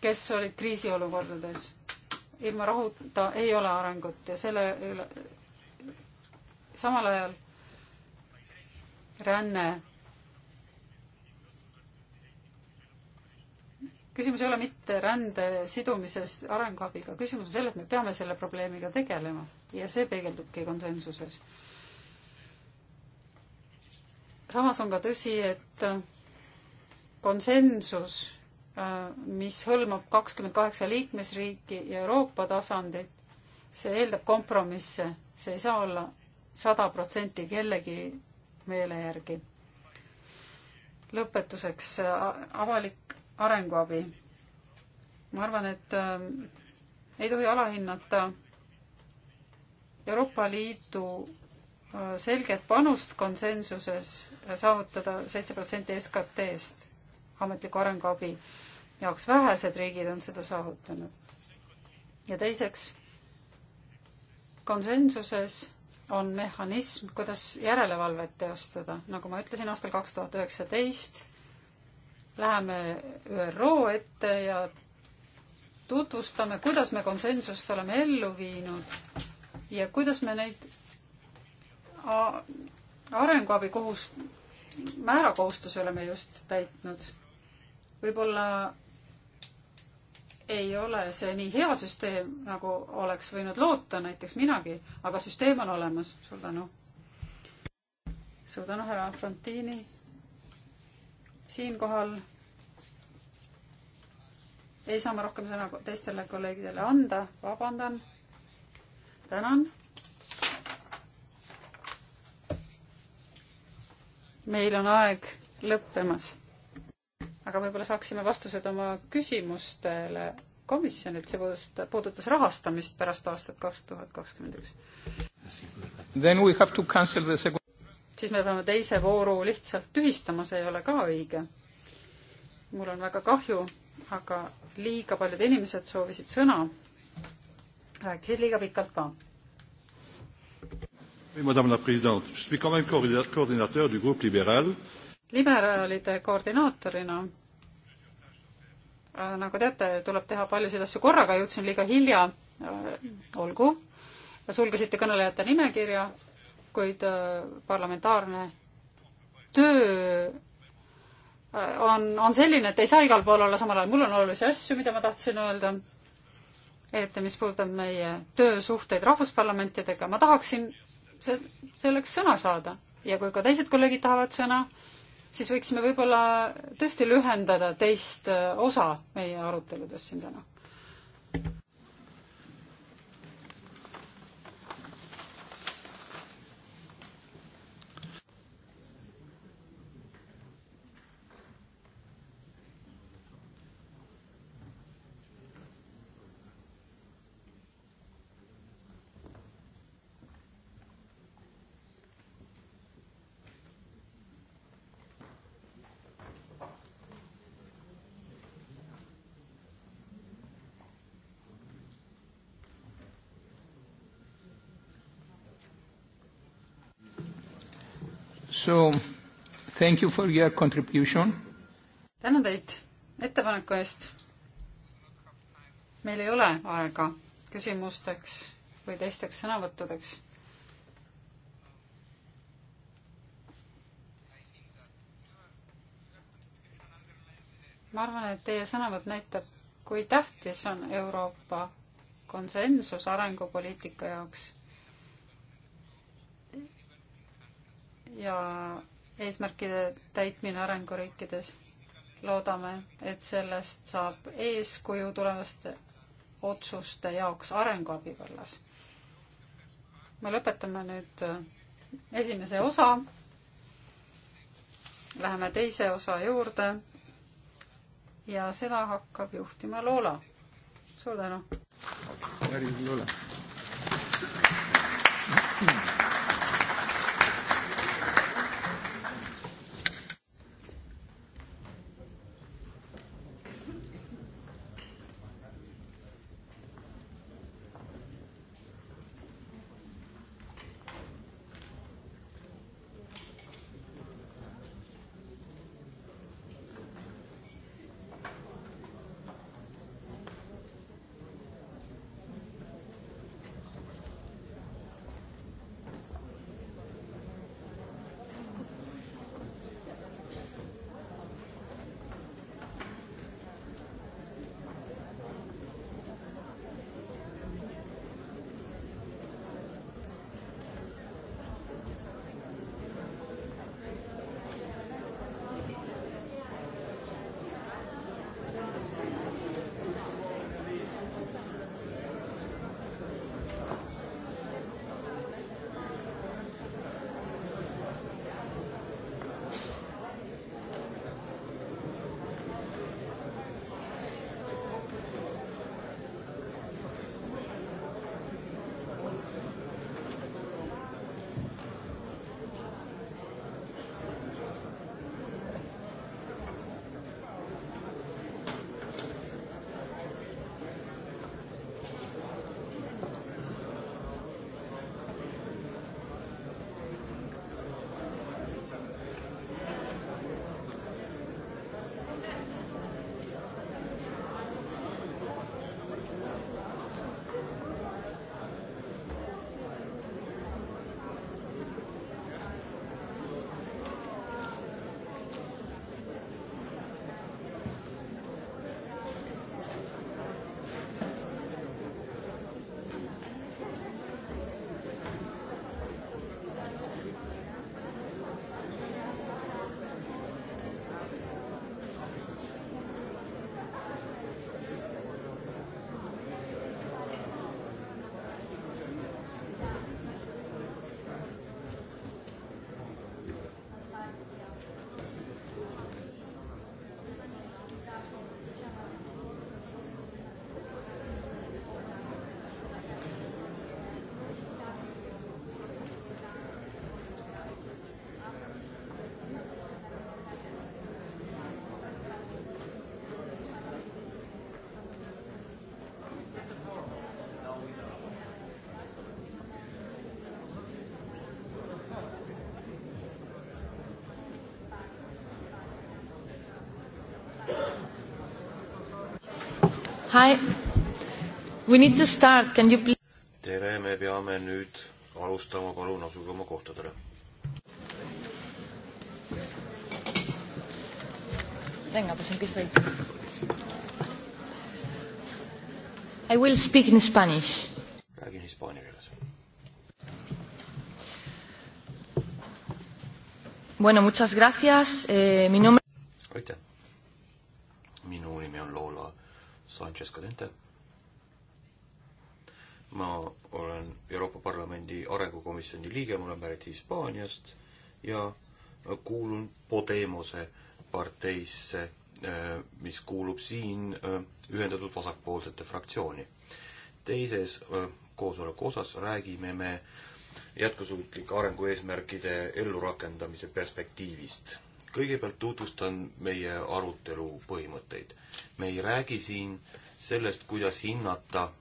kes olid kriisiolukordades. ilma rahuta ei ole arengut ja selle üle samal ajal ränne. küsimus ei ole mitte rände sidumises arenguabiga, küsimus on selles, et me peame selle probleemiga tegelema ja see peegeldubki konsensuses. samas on ka tõsi, et konsensus, mis hõlmab kakskümmend kaheksa liikmesriiki ja Euroopa tasandit, see eeldab kompromisse, see ei saa olla sada protsenti kellegi meele järgi. lõpetuseks äh, avalik arenguabi. ma arvan, et äh, ei tohi alahinnata Euroopa Liidu äh, selget panust konsensuses saavutada seitse protsenti SKT-st ametliku arenguabi jaoks. vähesed riigid on seda saavutanud. ja teiseks, konsensuses on mehhanism, kuidas järelevalvet teostada. nagu ma ütlesin, aastal kaks tuhat üheksateist läheme ÜRO ette ja tutvustame, kuidas me konsensust oleme ellu viinud ja kuidas me neid arenguabi kohust, määrakohustusi oleme just täitnud. võib-olla ei ole see nii hea süsteem, nagu oleks võinud loota, näiteks minagi, aga süsteem on olemas. suur tänu. suur tänu, härra Frontini. siinkohal ei saa ma rohkem sõna teistele kolleegidele anda, vabandan. tänan. meil on aeg lõppemas aga võib-olla saaksime vastused oma küsimustele komisjonilt, see puudutas, puudutas rahastamist pärast aastat kaks tuhat kakskümmend üks. siis me peame teise vooru lihtsalt tühistama, see ei ole ka õige. mul on väga kahju, aga liiga paljud inimesed soovisid sõna, rääkisid liiga pikalt ka. Madame la Présidente, je suis quand même coordinateur du groupe libéral euh, liberaalide koordinaatorina äh, nagu teate, tuleb teha paljusid asju korraga, jõudsin liiga hilja, äh, olgu, sulgesite kõnelejate nimekirja, kuid äh, parlamentaarne töö on, on selline, et ei saa igal pool olla samal ajal, mul on olulisi asju, mida ma tahtsin öelda, eriti mis puudutab meie töösuhteid rahvusparlamentidega, ma tahaksin selleks sõna saada ja kui ka teised kolleegid tahavad sõna, siis võiksime võib-olla tõesti lühendada teist äh, osa meie aruteludest siin täna So thank you for your contribution. tänan teid ettepaneku eest. meil ei ole aega küsimusteks või teisteks sõnavõttudeks. ma arvan, et teie sõnavõtt näitab, kui tähtis on Euroopa konsensus arengupoliitika jaoks ja eesmärkide täitmine arenguriikides. loodame, et sellest saab eeskuju tulevaste otsuste jaoks arenguabi vallas. me lõpetame nüüd esimese osa. Läheme teise osa juurde. ja seda hakkab juhtima Loola. suur tänu. järgmine Loola. Hi. We need to start, can you please? tere, me peame nüüd alustama, palun asuge oma kohtadele. Venga, pues empiezo yo. I will speak in Spanish. räägin hispaania keeles. Bueno, muchas gracias eh,. Mi nombre komisjoni liige, ma olen pärit Hispaaniast ja kuulun Podemose parteisse, eh, mis kuulub siin eh, ühendatud vasakpoolsete fraktsiooni. teises eh, koosoleku osas räägime me jätkusuutlike arengueesmärkide ellurakendamise perspektiivist. kõigepealt tutvustan meie arutelu põhimõtteid. me ei räägi siin sellest, kuidas hinnata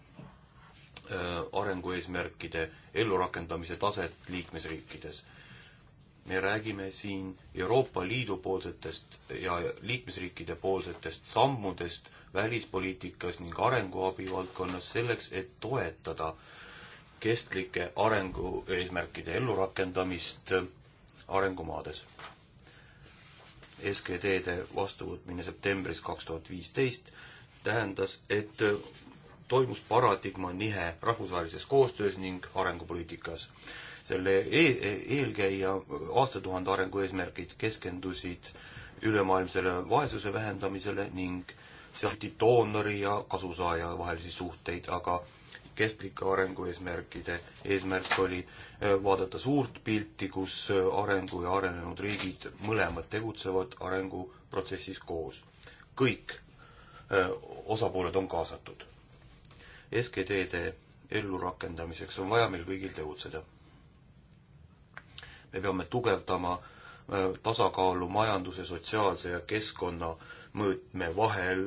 arengueesmärkide ellurakendamise taset liikmesriikides. me räägime siin Euroopa Liidu poolsetest ja liikmesriikide poolsetest sammudest välispoliitikas ning arenguabi valdkonnas selleks, et toetada kestlike arengueesmärkide ellurakendamist arengumaades. SGD-de vastuvõtmine septembris kaks tuhat viisteist tähendas, et toimus paradigma nihe rahvusvahelises koostöös ning arengupoliitikas. selle e-, e eelkäija aastatuhande arengu eesmärgid keskendusid ülemaailmsele vaesuse vähendamisele ning sealti doonori ja kasusaaja vahelisi suhteid, aga kestlike arengueesmärkide eesmärk oli e, vaadata suurt pilti, kus arengu ja arenenud riigid mõlemad tegutsevad arenguprotsessis koos. kõik e, osapooled on kaasatud. SKD-de ellurakendamiseks on vaja meil kõigil tegutseda. me peame tugevdama äh, tasakaalu majanduse, sotsiaalse ja keskkonna mõõtme vahel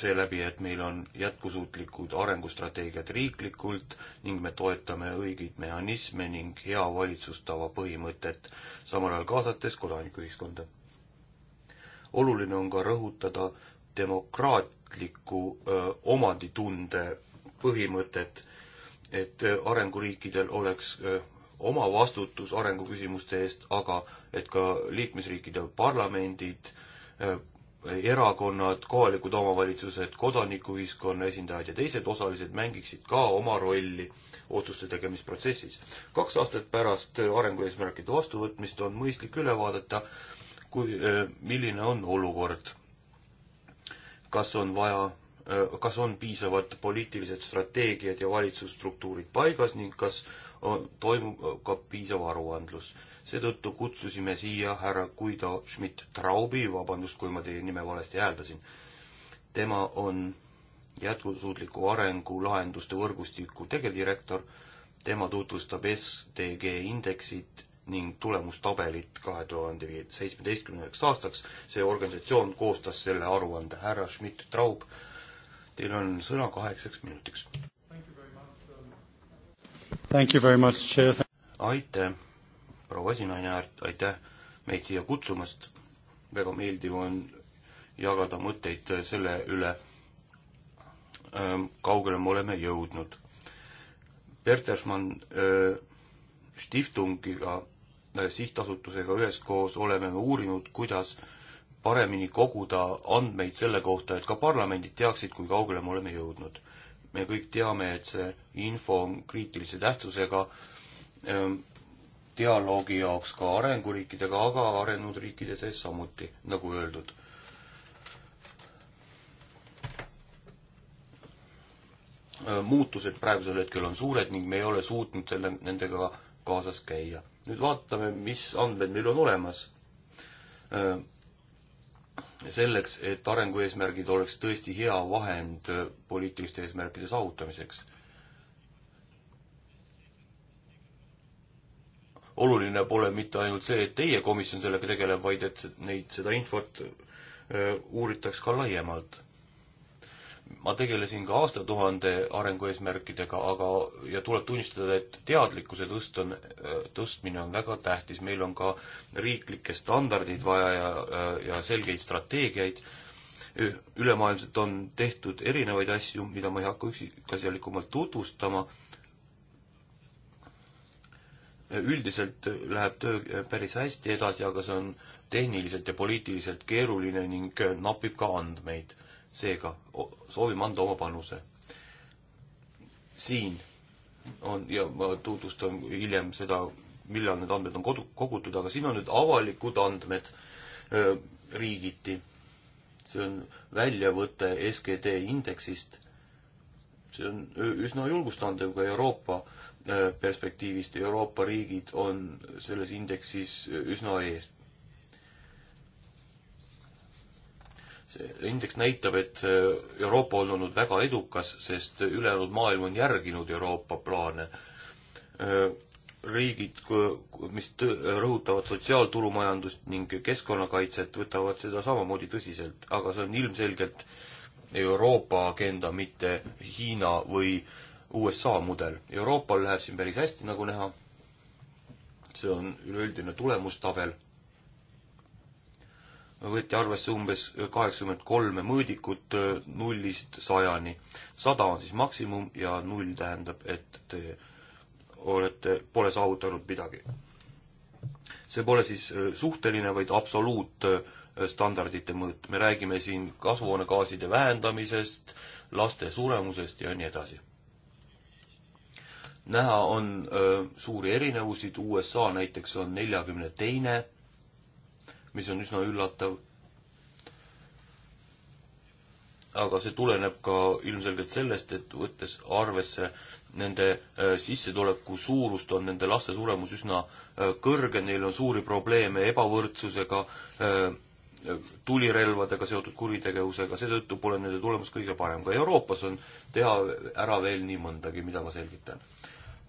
seeläbi, et meil on jätkusuutlikud arengustrateegiad riiklikult ning me toetame õigeid mehhanisme ning hea valitsustava põhimõtet, samal ajal kaasates kodanikuühiskonda. oluline on ka rõhutada demokraat-, riikliku öö, omanditunde põhimõtet, et arenguriikidel oleks öö, oma vastutus arenguküsimuste eest, aga et ka liikmesriikide parlamendid, erakonnad, kohalikud omavalitsused, kodanikuühiskonna esindajad ja teised osalised mängiksid ka oma rolli otsuste tegemisprotsessis. kaks aastat pärast arengueesmärkide vastuvõtmist on mõistlik üle vaadata, kui, milline on olukord kas on vaja, kas on piisavad poliitilised strateegiad ja valitsusstruktuurid paigas ning kas on, toimub ka piisav aruandlus. seetõttu kutsusime siia härra Guido Schmidt-Traubi, vabandust, kui ma teie nime valesti hääldasin. tema on jätkusuutliku arengu lahenduste võrgustiku tegevdirektor, tema tutvustab SDG indeksit ning tulemustabelit kahe tuhande seitsmeteistkümnendaks aastaks. see organisatsioon koostas selle aruande. härra Schmidt-Traub, teil on sõna kaheksaks minutiks. aitäh, proua esinaine, aitäh meid siia kutsumast. väga meeldiv on jagada mõtteid selle üle, ähm, kaugele me oleme jõudnud. Bertelsmann äh, Stiftungiga Äh, sihtasutusega üheskoos oleme me uurinud, kuidas paremini koguda andmeid selle kohta, et ka parlamendid teaksid, kui kaugele me oleme jõudnud. me kõik teame, et see info on kriitilise tähtsusega ähm, dialoogi jaoks ka arenguriikidega, aga arenenud riikide sees samuti, nagu öeldud äh, muutused praegusel hetkel on suured ning me ei ole suutnud selle, nendega kaasas käia nüüd vaatame, mis andmed meil on olemas. Äh, selleks, et arengueesmärgid oleks tõesti hea vahend äh, poliitiliste eesmärkide saavutamiseks. oluline pole mitte ainult see, et teie komisjon sellega tegeleb, vaid et neid, seda infot äh, uuritaks ka laiemalt ma tegelesin ka aastatuhande arengueesmärkidega, aga, ja tuleb tunnistada, et teadlikkuse tõst on, tõstmine on väga tähtis, meil on ka riiklikke standardeid vaja ja, ja selgeid strateegiaid, ülemaailmselt on tehtud erinevaid asju, mida ma ei hakka üksikasjalikumalt tutvustama, üldiselt läheb töö päris hästi edasi, aga see on tehniliselt ja poliitiliselt keeruline ning napib ka andmeid seega soovime anda oma panuse. siin on ja ma tutvustan hiljem seda, millal need andmed on kodu, kogutud, aga siin on nüüd avalikud andmed öö, riigiti. see on väljavõte SKD indeksist. see on üsna julgustandev ka Euroopa öö, perspektiivist. Euroopa riigid on selles indeksis üsna ees see indeks näitab, et äh, Euroopa on olnud väga edukas, sest ülejäänud maailm on järginud Euroopa plaane. Äh, riigid, mis rõhutavad sotsiaalturumajandust ning keskkonnakaitset, võtavad seda samamoodi tõsiselt, aga see on ilmselgelt Euroopa agenda, mitte Hiina või USA mudel. Euroopal läheb siin päris hästi, nagu näha. see on üleüldine tulemustabel võeti arvesse umbes kaheksakümmend kolme mõõdikut äh, nullist sajani. sada on siis maksimum ja null tähendab, et te olete, pole saavutanud midagi. see pole siis äh, suhteline, vaid absoluutstandardite äh, mõõt. me räägime siin kasvuhoonegaaside vähendamisest, laste suremusest ja nii edasi. näha on öö, suuri erinevusid, USA näiteks on neljakümne teine mis on üsna üllatav. aga see tuleneb ka ilmselgelt sellest, et võttes arvesse nende äh, sissetuleku suurust, on nende laste suremus üsna äh, kõrge, neil on suuri probleeme ebavõrdsusega, äh, tulirelvadega seotud kuritegevusega, seetõttu pole nende tulemus kõige parem. ka Euroopas on teha ära veel nii mõndagi, mida ma selgitan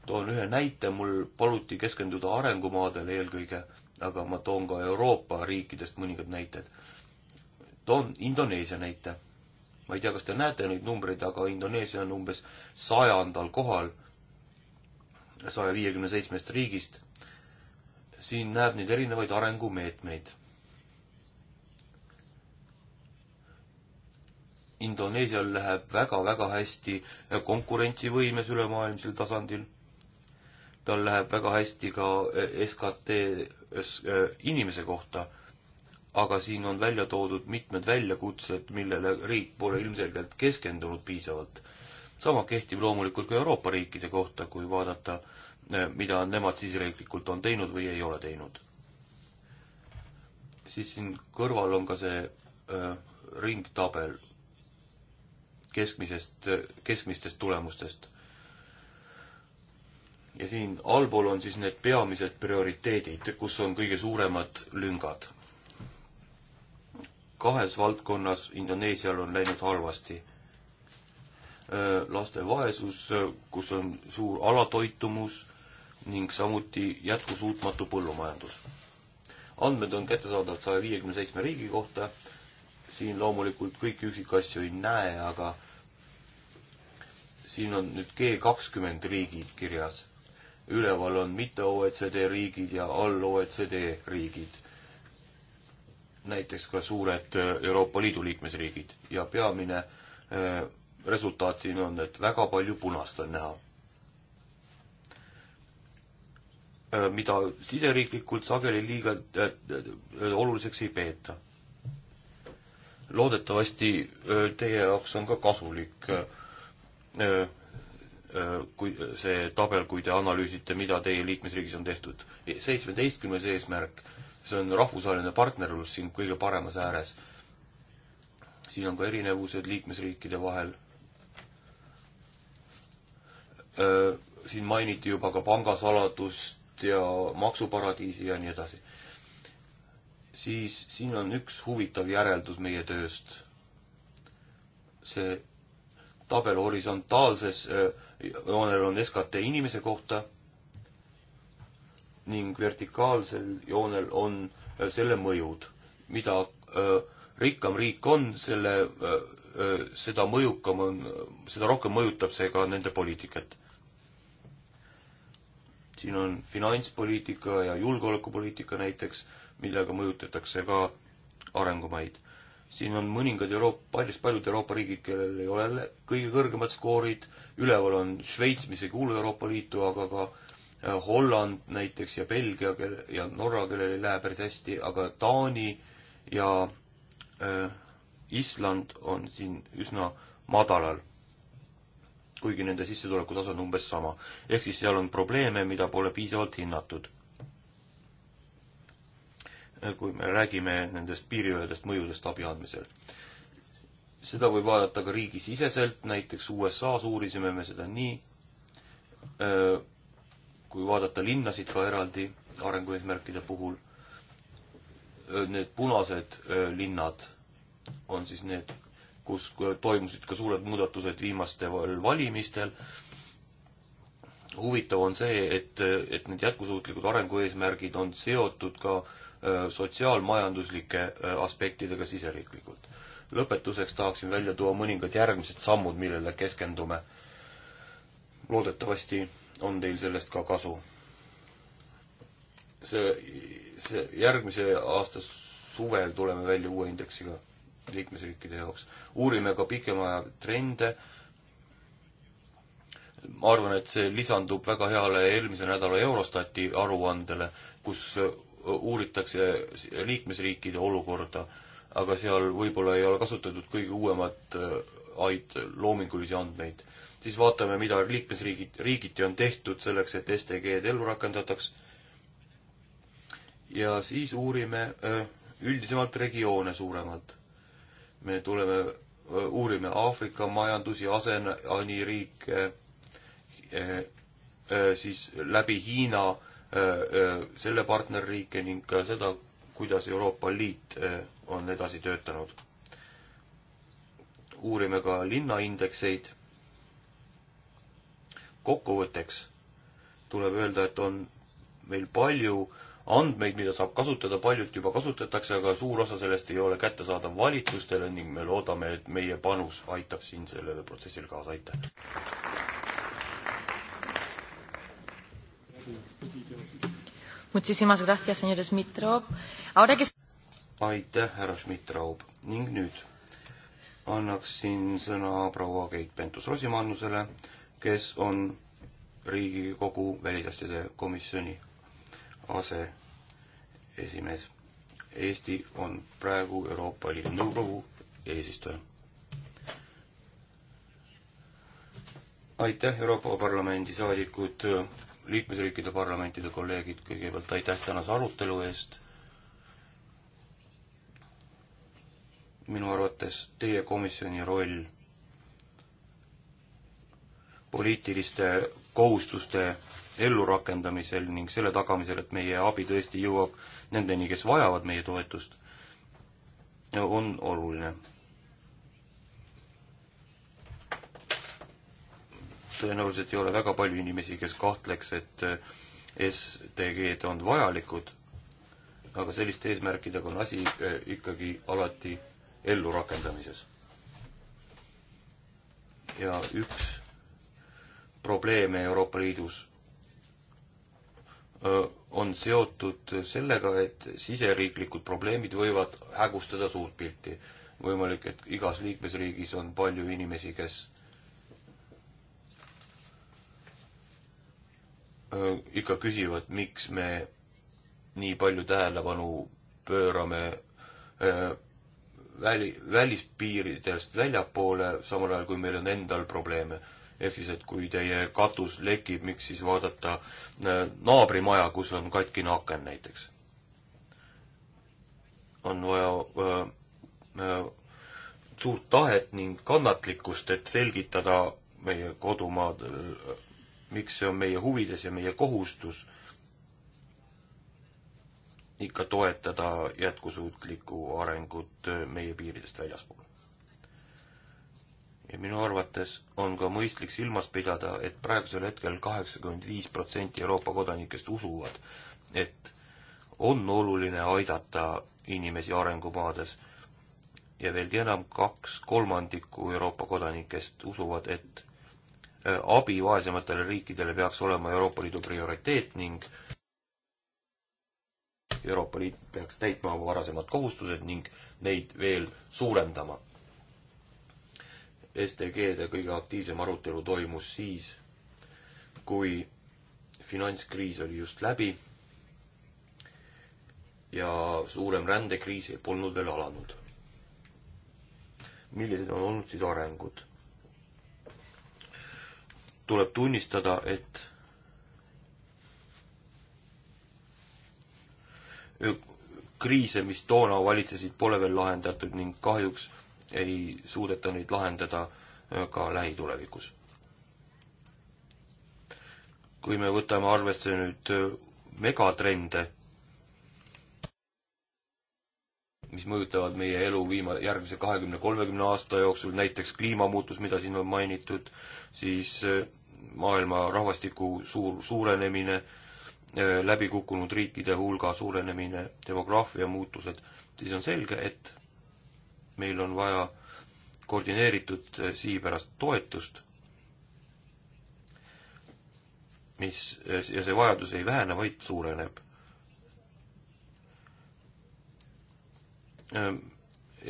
toon ühe näite, mul paluti keskenduda arengumaadele eelkõige aga ma toon ka Euroopa riikidest mõningad näited. toon Indoneesia näite. ma ei tea, kas te näete neid numbreid, aga Indoneesia on umbes sajandal kohal saja viiekümne seitsmest riigist. siin näeb nüüd erinevaid arengumeetmeid. Indoneesial läheb väga-väga hästi konkurentsivõimes ülemaailmsel tasandil tal läheb väga hästi ka e, SKT e, inimese kohta, aga siin on välja toodud mitmed väljakutsed, millele riik pole ilmselgelt keskendunud piisavalt. sama kehtib loomulikult ka Euroopa riikide kohta, kui vaadata, e, mida nemad siseriiklikult on teinud või ei ole teinud. siis siin kõrval on ka see ringtabel keskmisest, keskmistest tulemustest ja siin allpool on siis need peamised prioriteedid, kus on kõige suuremad lüngad. kahes valdkonnas Indoneesial on läinud halvasti. laste vaesus, kus on suur alatoitumus ning samuti jätkusuutmatu põllumajandus. andmed on kättesaadavad saja viiekümne seitsme riigi kohta, siin loomulikult kõiki üksikasju ei näe, aga siin on nüüd G kakskümmend riigid kirjas üleval on mitte OECD riigid ja all OECD riigid. näiteks ka suured äh, Euroopa Liidu liikmesriigid ja peamine äh, resultaat siin on, et väga palju punast on näha. Äh, mida siseriiklikult sageli liiga oluliseks ei peeta. loodetavasti teie jaoks on ka kasulik Äh, kui see tabel, kui te analüüsite, mida teie liikmesriigis on tehtud. E, seitsmeteistkümnes eesmärk, see on rahvusvaheline partnerlus siin kõige paremas ääres. siin on ka erinevused liikmesriikide vahel. Äh, siin mainiti juba ka pangasaladust ja maksuparadiisi ja nii edasi. siis siin on üks huvitav järeldus meie tööst. see tabel horisontaalses öö, äh, joonel on SKT inimese kohta ning vertikaalsel joonel on äh, selle mõjud. mida äh, rikkam riik on, selle, äh, seda mõjukam on, seda rohkem mõjutab see ka nende poliitikat. siin on finantspoliitika ja julgeolekupoliitika näiteks, millega mõjutatakse ka arengumaid siin on mõningad Euroopa, paljud, paljud Euroopa riigid, kellel ei ole kõige kõrgemad skoorid, üleval on Šveits, mis ei kuulu Euroopa Liitu, aga ka äh, Holland näiteks ja Belgia kelle, ja Norra, kellel ei lähe päris hästi, aga Taani ja äh, Island on siin üsna madalal. kuigi nende sissetulekutasand on umbes sama. ehk siis seal on probleeme, mida pole piisavalt hinnatud Äh, kui me räägime nendest piiriüledest mõjudest abi andmisel. seda võib vaadata ka riigisiseselt, näiteks USA-s uurisime me seda nii, äh, kui vaadata linnasid ka eraldi arengueesmärkide puhul, äh, need punased linnad on siis need, kus toimusid ka suured muudatused viimastel valimistel. huvitav on see, et, et need jätkusuutlikud arengueesmärgid on seotud ka äh, Äh, sotsiaalmajanduslike äh, aspektidega siseriiklikult. lõpetuseks tahaksin välja tuua mõningad järgmised sammud, millele keskendume. loodetavasti on teil sellest ka kasu. see, see järgmise aasta suvel tuleme välja uue indeksiga liikmesriikide jaoks. uurime ka pikema aja trende, ma arvan, et see lisandub väga heale eelmise nädala Eurostati aruandele, kus uuritakse liikmesriikide olukorda, aga seal võib-olla ei ole kasutatud kõige uuemat äh, aid loomingulisi andmeid. siis vaatame, mida liikmesriigid, riigiti on tehtud selleks, et STG-d ellu rakendataks. ja siis uurime äh, üldisemalt regioone suuremalt. me tuleme, äh, uurime Aafrika majandusi, asenani riike, siis läbi Hiina Äh, äh, selle partnerriike ning ka seda, kuidas Euroopa Liit äh, on edasi töötanud. uurime ka linnaindekseid. kokkuvõtteks tuleb öelda, et on meil palju andmeid, mida saab kasutada, paljut juba kasutatakse, aga suur osa sellest ei ole kättesaadav valitsustele ning me loodame, et meie panus aitab siin sellele protsessile kaasa, aitäh! Muchísimas gracias, señor Smitrov. Ahora que... aitäh, härra Smitrov ning nüüd annaksin sõna proua Keit Pentus-Rosimannusele, kes on Riigikogu välisasjade komisjoni aseesimees. Eesti on praegu Euroopa Liidu Nõukogu eesistuja. aitäh, Euroopa Parlamendi saadikud liikmesriikide parlamentide kolleegid, kõigepealt aitäh tänase arutelu eest. minu arvates teie komisjoni roll poliitiliste kohustuste ellurakendamisel ning selle tagamisel, et meie abi tõesti jõuab nendeni, kes vajavad meie toetust, on oluline tõenäoliselt ei ole väga palju inimesi, kes kahtleks, et eh, STG-d on vajalikud, aga selliste eesmärkidega on asi eh, ikkagi alati ellurakendamises. ja üks probleeme Euroopa Liidus eh, on seotud sellega, et siseriiklikud probleemid võivad hägustada suurt pilti. võimalik, et igas liikmesriigis on palju inimesi, kes Äh, ikka küsivad, miks me nii palju tähelepanu pöörame äh, väli, välispiiridest väljapoole, samal ajal kui meil on endal probleeme. ehk siis, et kui teie katus lekib, miks siis vaadata äh, naabrimaja, kus on katkine aken näiteks? on vaja äh, äh, suurt tahet ning kannatlikkust, et selgitada meie kodumaadel miks see on meie huvides ja meie kohustus ikka toetada jätkusuutlikku arengut äh, meie piiridest väljaspool. ja minu arvates on ka mõistlik silmas pidada, et praegusel hetkel kaheksakümmend viis protsenti Euroopa kodanikest usuvad, et on oluline aidata inimesi arengumaades ja veelgi enam, kaks kolmandikku Euroopa kodanikest usuvad, et Äh, abi vaesematele riikidele peaks olema Euroopa Liidu prioriteet ning Euroopa Liit peaks täitma oma varasemad kohustused ning neid veel suurendama. STG-de kõige aktiivsem arutelu toimus siis, kui finantskriis oli just läbi ja suurem rändekriis polnud veel alanud. millised on olnud siis arengud? tuleb tunnistada, et kriise, mis toona valitsesid, pole veel lahendatud ning kahjuks ei suudeta neid lahendada ka lähitulevikus. kui me võtame arvesse nüüd megatrende, mis mõjutavad meie elu viima-, järgmise kahekümne, kolmekümne aasta jooksul, näiteks kliimamuutus, mida siin on mainitud, siis eh, maailma rahvastiku suur, suurenemine, eh, läbikukkunud riikide hulga suurenemine, demograafia muutused, siis on selge, et meil on vaja koordineeritud eh, sihipärast toetust, mis, ja see vajadus ei vähene, vaid suureneb. Ehm,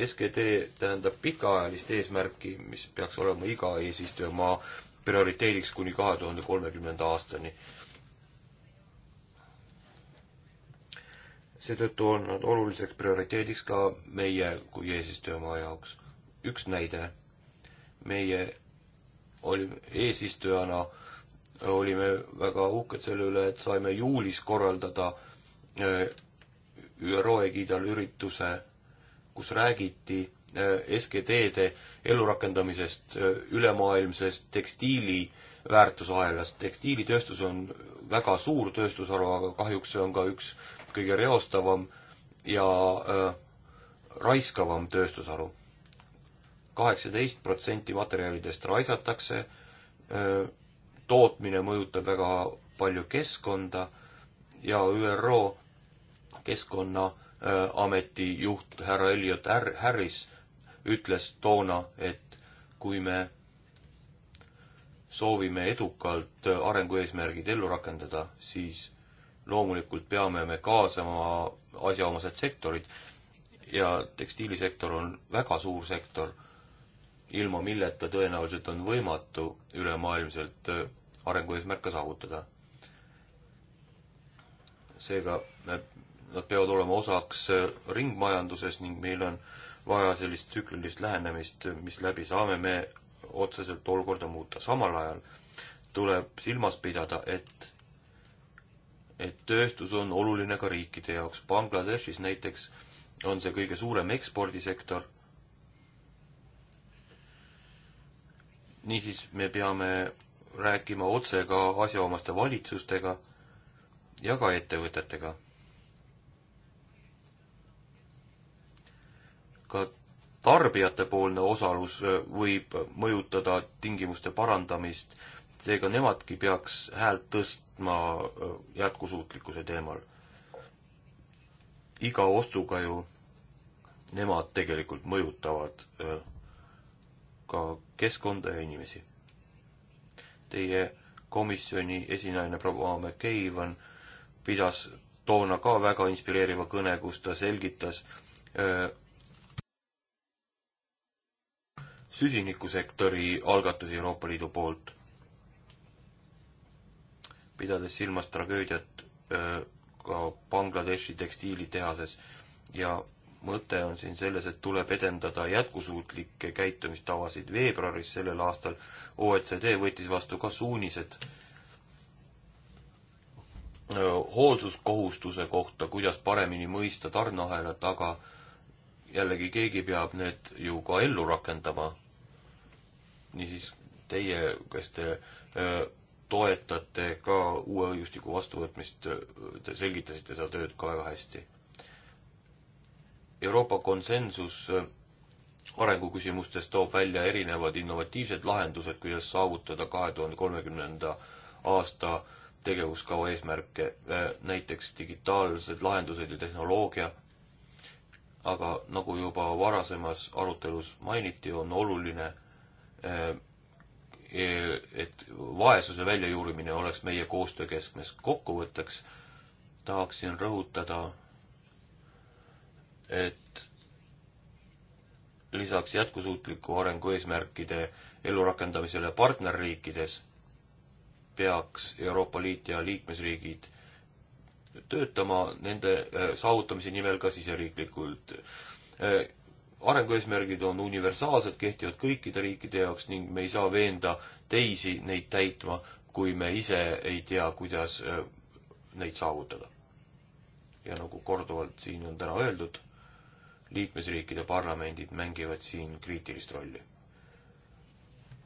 SKD tähendab pikaajalist eesmärki, mis peaks olema iga eesistujamaa prioriteediks kuni kahe tuhande kolmekümnenda aastani. seetõttu on nad oluliseks prioriteediks ka meie kui eesistujamaa jaoks. üks näide, meie olime eesistujana, olime väga uhked selle üle, et saime juulis korraldada ÜRO egiidal ürituse kus räägiti äh, SGD-de ellurakendamisest äh, ülemaailmses tekstiili väärtusahelas. tekstiilitööstus on väga suur tööstusharu, aga kahjuks see on ka üks kõige reostavam ja äh, raiskavam tööstusharu. kaheksateist protsenti materjalidest raisatakse äh,, tootmine mõjutab väga palju keskkonda ja ÜRO keskkonna äh, Äh, ameti juht härra Elliot Harris ütles toona, et kui me soovime edukalt äh, arengueesmärgid ellu rakendada, siis loomulikult peame me kaasama asjaomased sektorid ja tekstiilisektor on väga suur sektor, ilma milleta tõenäoliselt on võimatu ülemaailmselt äh, arengueesmärke saavutada. seega me nad peavad olema osaks äh, ringmajanduses ning meil on vaja sellist tsüklilist lähenemist, mis läbi saame me otseselt olukorda muuta. samal ajal tuleb silmas pidada, et, et tööstus on oluline ka riikide jaoks. Bangladeshis näiteks on see kõige suurem ekspordisektor. niisiis, me peame rääkima otse ka asjaomaste valitsustega ja ka ettevõtetega tarbijatepoolne osalus äh, võib mõjutada tingimuste parandamist, seega nemadki peaks häält tõstma äh, jätkusuutlikkuse teemal. iga ostuga ju nemad tegelikult mõjutavad äh, ka keskkonda ja inimesi. Teie komisjoni esinaine proua McCabe pidas toona ka väga inspireeriva kõne, kus ta selgitas süsinikusektori algatusi Euroopa Liidu poolt, pidades silmas tragöödiat äh, ka Bangladeshi tekstiilitehases ja mõte on siin selles, et tuleb edendada jätkusuutlikke käitumistavasid. veebruaris sellel aastal OECD võttis vastu ka suunised äh, hoolsuskohustuse kohta, kuidas paremini mõista tarneahelat, aga jällegi keegi peab need ju ka ellu rakendama niisiis teie, kas te äh, toetate ka uue õigustiku vastuvõtmist, äh, te selgitasite seda tööd ka väga hästi. Euroopa konsensus äh, arenguküsimustes toob välja erinevad innovatiivsed lahendused, kuidas saavutada kahe tuhande kolmekümnenda aasta tegevuskava eesmärke, näiteks digitaalsed lahendused ja tehnoloogia. aga nagu juba varasemas arutelus mainiti, on oluline Äh, eh, et vaesuse väljajuurimine oleks meie koostöö keskmes. kokkuvõtteks tahaksin rõhutada, et lisaks jätkusuutliku arengu eesmärkide ellurakendamisele partnerriikides peaks Euroopa Liit ja liikmesriigid töötama nende äh, saavutamise nimel ka siseriiklikult. Äh, arengueesmärgid on universaalsed, kehtivad kõikide riikide jaoks ning me ei saa veenda teisi neid täitma, kui me ise ei tea, kuidas äh, neid saavutada. ja nagu korduvalt siin on täna öeldud, liikmesriikide parlamendid mängivad siin kriitilist rolli.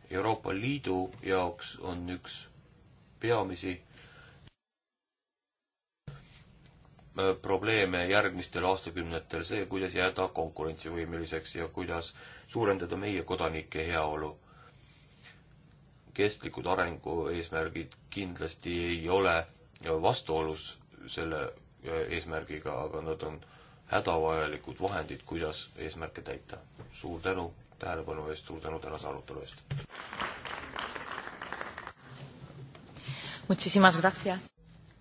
Euroopa Liidu jaoks on üks peamisi Äh, probleeme järgmistel aastakümnetel, see, kuidas jääda konkurentsivõimeliseks ja kuidas suurendada meie kodanike heaolu. kestlikud arengueesmärgid kindlasti ei ole vastuolus selle äh, eesmärgiga, aga nad on hädavajalikud vahendid, kuidas eesmärke täita. suur tänu tähelepanu eest, suur tänu tänase arutelu eest!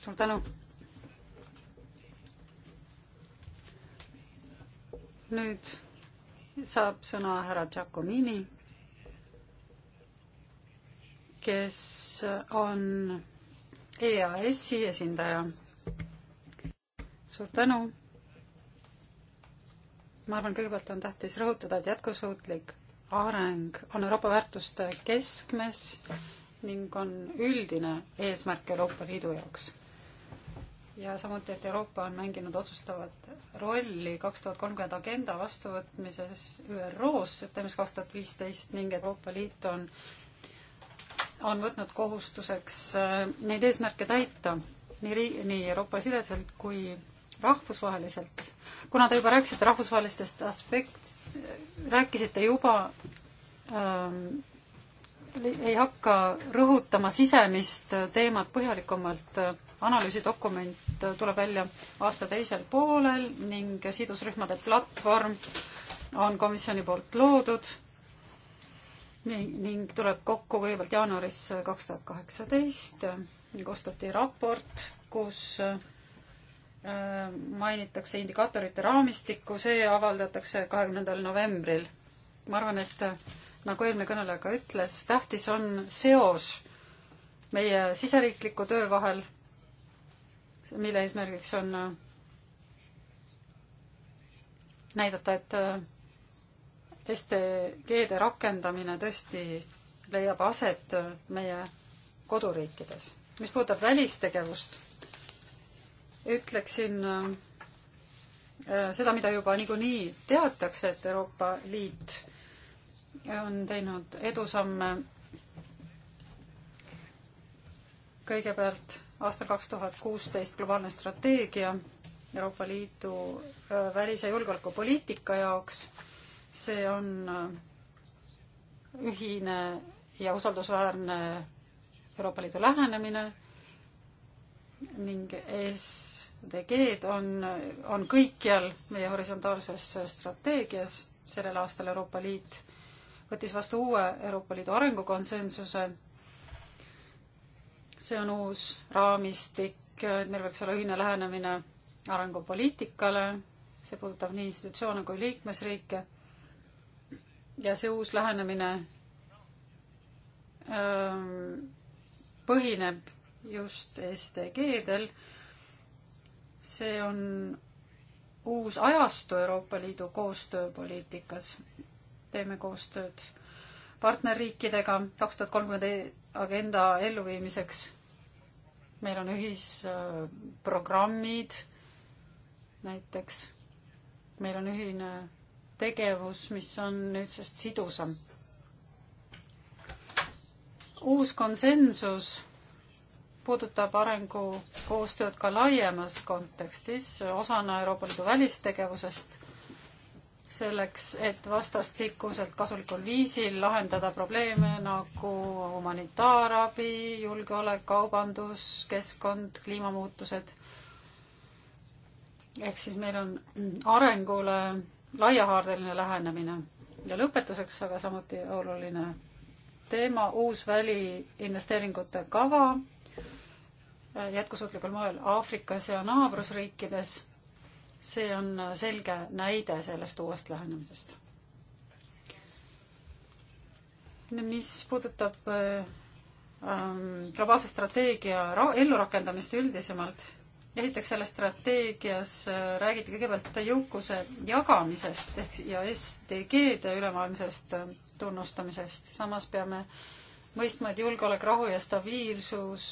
suur tänu! nüüd saab sõna härra Giacomini, kes on EAS-i esindaja. suur tänu. ma arvan, kõigepealt on tähtis rõhutada, et jätkusuutlik areng on Euroopa väärtuste keskmes ning on üldine eesmärk Euroopa Liidu jaoks ja samuti, et Euroopa on mänginud otsustavat rolli kaks tuhat kolmkümmend agenda vastuvõtmises ÜRO-s septembris kaks tuhat viisteist ning Euroopa Liit on, on võtnud kohustuseks äh, neid eesmärke täita nii riigi, nii Euroopa sideselt kui rahvusvaheliselt. kuna te juba rääkisite rahvusvahelistest aspekt-, rääkisite juba ähm, ei hakka rõhutama sisemist teemat põhjalikumalt, äh, analüüsidokument tuleb välja aasta teisel poolel ning sidusrühmade platvorm on komisjoni poolt loodud ning, ning tuleb kokku kõigepealt jaanuaris kaks tuhat kaheksateist koostati raport, kus äh, mainitakse indikaatorite raamistikku, see avaldatakse kahekümnendal novembril. ma arvan, et äh, nagu eelmine kõneleja ka ütles, tähtis on seos meie siseriikliku töö vahel mille eesmärgiks on äh, näidata, et äh, STG-de rakendamine tõesti leiab aset äh, meie koduriikides. mis puudutab välistegevust, ütleksin seda, mida juba niikuinii teatakse, et Euroopa Liit on teinud edusamme kõigepealt aasta kaks tuhat kuusteist globaalne strateegia Euroopa Liidu äh, välis- ja julgeolekupoliitika jaoks. see on äh, ühine ja usaldusväärne Euroopa Liidu lähenemine ning SDG-d on, on kõikjal meie horisontaalses strateegias. sellel aastal Euroopa Liit võttis vastu uue Euroopa Liidu arengukonsensuse see on uus raamistik, et meil võiks olla ühine lähenemine arengupoliitikale, see puudutab nii institutsioone kui liikmesriike. ja see uus lähenemine öö, ähm, põhineb just STG-del. see on uus ajastu Euroopa Liidu koostööpoliitikas. teeme koostööd partnerriikidega, kaks tuhat kolmkümmend agenda elluviimiseks. meil on ühisprogrammid näiteks, meil on ühine tegevus, mis on nüüdsest sidusam. uus konsensus puudutab arengukoostööd ka laiemas kontekstis osana Euroopa Liidu välistegevusest selleks, et vastastikuselt kasulikul viisil lahendada probleeme nagu humanitaarabi, julgeolek, kaubandus, keskkond, kliimamuutused. ehk siis meil on arengule laiahaardeline lähenemine ja lõpetuseks aga samuti oluline teema, uus väliinvesteeringute kava jätkusuutlikul moel Aafrikas ja naabrusriikides see on selge näide sellest uuest lähenemisest. mis puudutab äh, ähm, globaalse strateegia ellurakendamist üldisemalt, esiteks selles strateegias äh, räägiti kõigepealt jõukuse jagamisest ehk ja SDG-de ülemaailmsest äh, tunnustamisest, samas peame mõistma, et julgeolek, rahu ja stabiilsus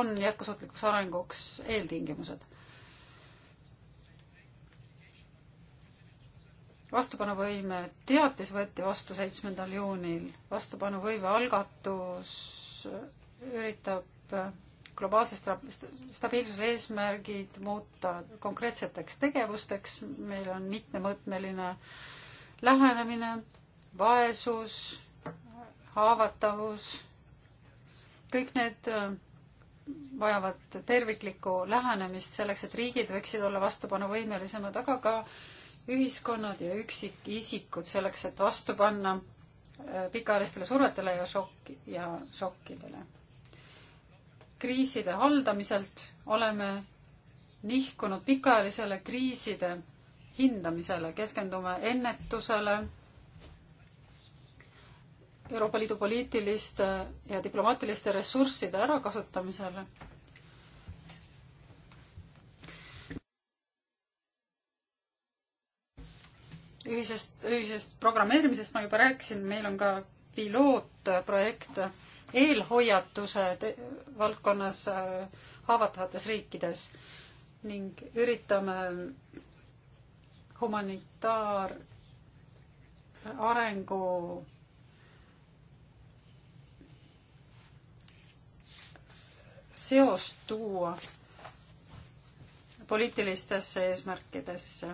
on jätkusuutlikuks arenguks eeltingimused vastupanuvõime teatis võeti vastu seitsmendal juunil. vastupanuvõime algatus üritab globaalse sta-, stabiilsuse eesmärgid muuta konkreetseteks tegevusteks, meil on mitmemõõtmeline lähenemine, vaesus, haavatavus, kõik need äh, vajavad terviklikku lähenemist selleks, et riigid võiksid olla vastupanuvõimelisemad, aga ka äh, ühiskonnad ja üksikisikud selleks, et vastu panna äh, pikaajalistele survetele ja šokki ja šokkidele. kriiside haldamiselt oleme nihkunud pikaajalisele kriiside hindamisele, keskendume ennetusele, Euroopa Liidu poliitiliste ja diplomaatiliste ressursside ärakasutamisele ühisest, ühisest programmeerimisest ma juba rääkisin, meil on ka pilootprojekt eelhoiatuse valdkonnas äh, haavatavates riikides ning üritame humanitaararengu seost tuua poliitilistesse eesmärkidesse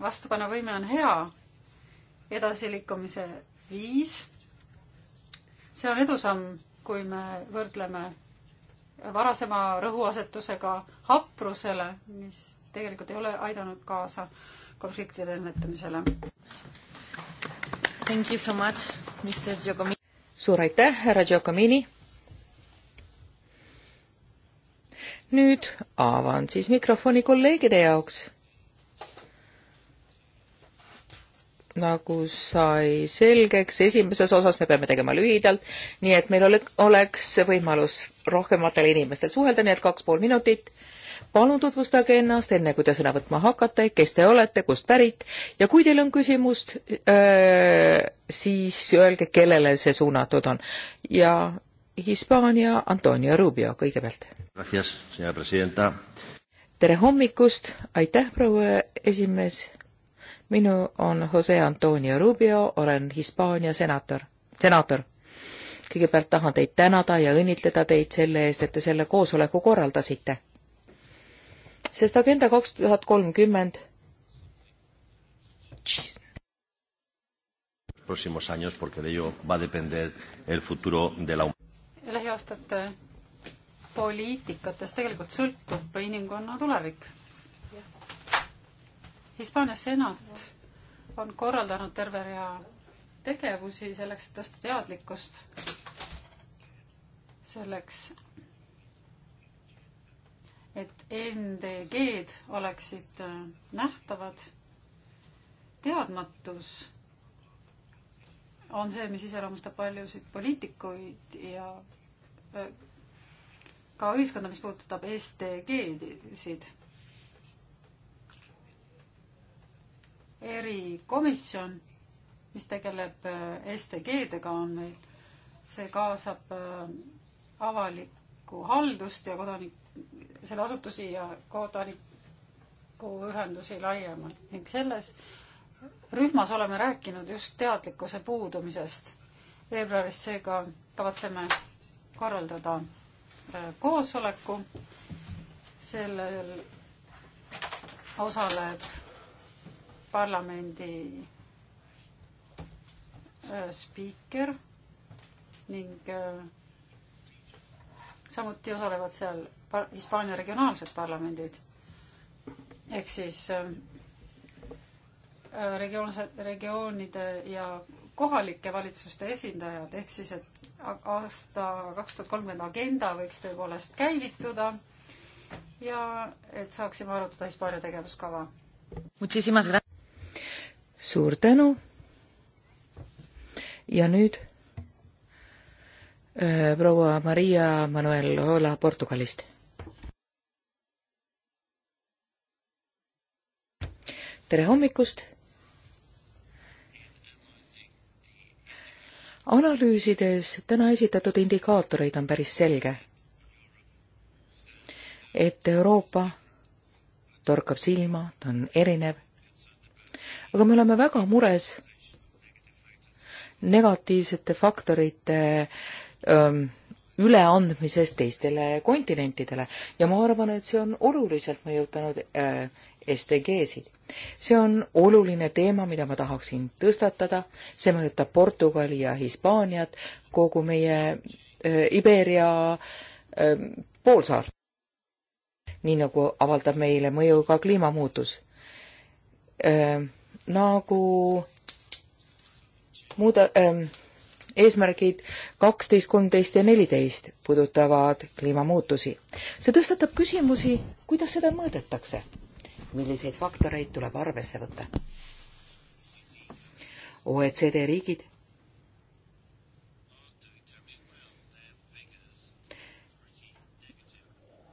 vastupanuvõime on hea. edasiliikumise viis. see on edusamm, kui me võrdleme varasema rõhuasetusega haprusele, mis tegelikult ei ole aidanud kaasa konfliktide ennetamisele. Thank you so much, Mr Giacomini. suur aitäh, härra Giacomini. nüüd avan siis mikrofoni kolleegide jaoks. nagu sai selgeks esimeses osas, me peame tegema lühidalt, nii et meil oleks võimalus rohkematel inimestel suhelda, nii et kaks pool minutit. palun tutvustage ennast, enne kui te sõna võtma hakkate, kes te olete, kust pärit ja kui teil on küsimust, äh, siis öelge, kellele see suunatud on. ja Hispaania Antonio Rubio kõigepealt. tere hommikust, aitäh, proua esimees minu on Jose Antonio Rubio, olen Hispaania senator, senaator. kõigepealt tahan teid tänada ja õnnitleda teid selle eest, et te selle koosoleku korraldasite. sest Agenda kaks tuhat kolmkümmend próximos años porque de ello va a depender el futuro de la lähiaastate poliitikatest tegelikult sõltub inimkonna tulevik Hispaania senat on korraldanud terve rea tegevusi selleks, et tõsta teadlikkust, selleks, et NDG-d oleksid äh, nähtavad. teadmatus on see, mis iseloomustab paljusid poliitikuid ja äh, ka ühiskonda, mis puudutab STG-sid erikomisjon, mis tegeleb äh, STG-dega, on meil. see kaasab äh, avalikku haldust ja kodanik, selle asutusi ja kodanikuühendusi laiemalt ning selles rühmas oleme rääkinud just teadlikkuse puudumisest. veebruaris seega kavatseme korraldada äh, koosoleku sellel osaleb parlamendi äh, spiiker ning äh, samuti osalevad seal Hispaania regionaalsed parlamendid ehk siis äh, regioonsed, regioonide ja kohalike valitsuste esindajad, ehk siis, et aasta kaks tuhat kolmkümmend agenda võiks tõepoolest käivituda ja et saaksime arutada Hispaania tegevuskava suur tänu. ja nüüd äh, proua Maria Manuel Ola Portugalist. tere hommikust. analüüsides täna esitatud indikaatoreid on päris selge, et Euroopa torkab silma, ta on erinev aga me oleme väga mures negatiivsete faktorite öö, ähm, üleandmisest teistele kontinentidele ja ma arvan, et see on oluliselt mõjutanud äh, STG-sid. see on oluline teema, mida ma tahaksin tõstatada, see mõjutab Portugali ja Hispaaniat, kogu meie äh, Iberia äh, poolsaart. nii nagu avaldab meile mõju ka kliimamuutus äh, nagu muuda- ähm,, eesmärgid kaksteist, kolmteist ja neliteist puudutavad kliimamuutusi. see tõstatab küsimusi, kuidas seda mõõdetakse, milliseid faktoreid tuleb arvesse võtta. OECD riigid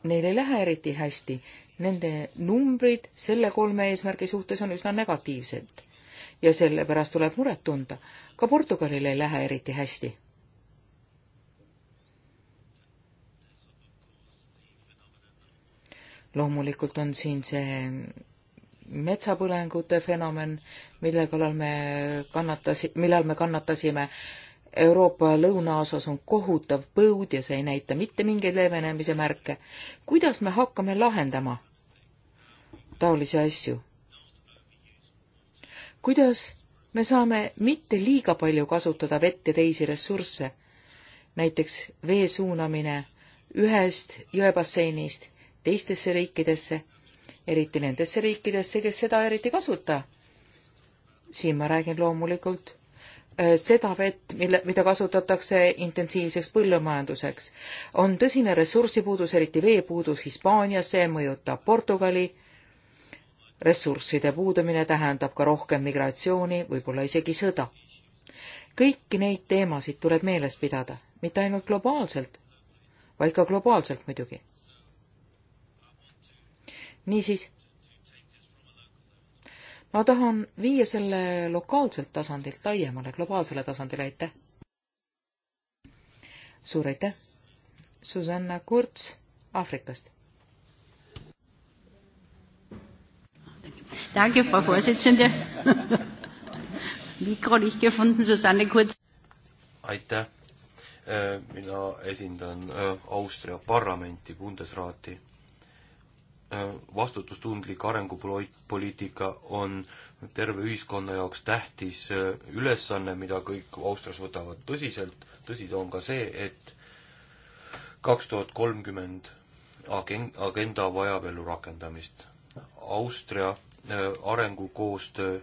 Neil ei lähe eriti hästi, nende numbrid selle kolme eesmärgi suhtes on üsna negatiivsed ja sellepärast tuleb muret tunda. ka Portugalil ei lähe eriti hästi. loomulikult on siin see metsapõlengute fenomen, mille kallal me kannatas-, millal me kannatasime Euroopa lõunaosas on kohutav põud ja see ei näita mitte mingeid leevenemise märke. kuidas me hakkame lahendama taolisi asju? kuidas me saame mitte liiga palju kasutada vett ja teisi ressursse, näiteks vee suunamine ühest jõebasseinist teistesse riikidesse, eriti nendesse riikidesse, kes seda eriti ei kasuta. siin ma räägin loomulikult Äh, seda vett, mille, mida kasutatakse intensiivseks põllumajanduseks. on tõsine ressursipuudus, eriti veepuudus Hispaanias, see mõjutab Portugali. ressursside puudumine tähendab ka rohkem migratsiooni, võib-olla isegi sõda. kõiki neid teemasid tuleb meeles pidada, mitte ainult globaalselt, vaid ka globaalselt muidugi. niisiis, ma tahan viia selle lokaalselt tasandilt laiemale globaalsele tasandile, aitäh! suur aitäh! Susanna Kurts Aafrikast. Danke, Frau Vorsitzende. Mikro nicht gefunden, Susanne Kurz. aitäh! Äh, mina esindan äh, Austria parlamenti, Bundesrati Äh, vastutustundlik arengupoliitika on terve ühiskonna jaoks tähtis äh, ülesanne, mida kõik Austrias võtavad tõsiselt. tõsi ta on ka see, et kaks tuhat kolmkümmend agenda vajab ellu rakendamist. Austria äh, arengukoostöö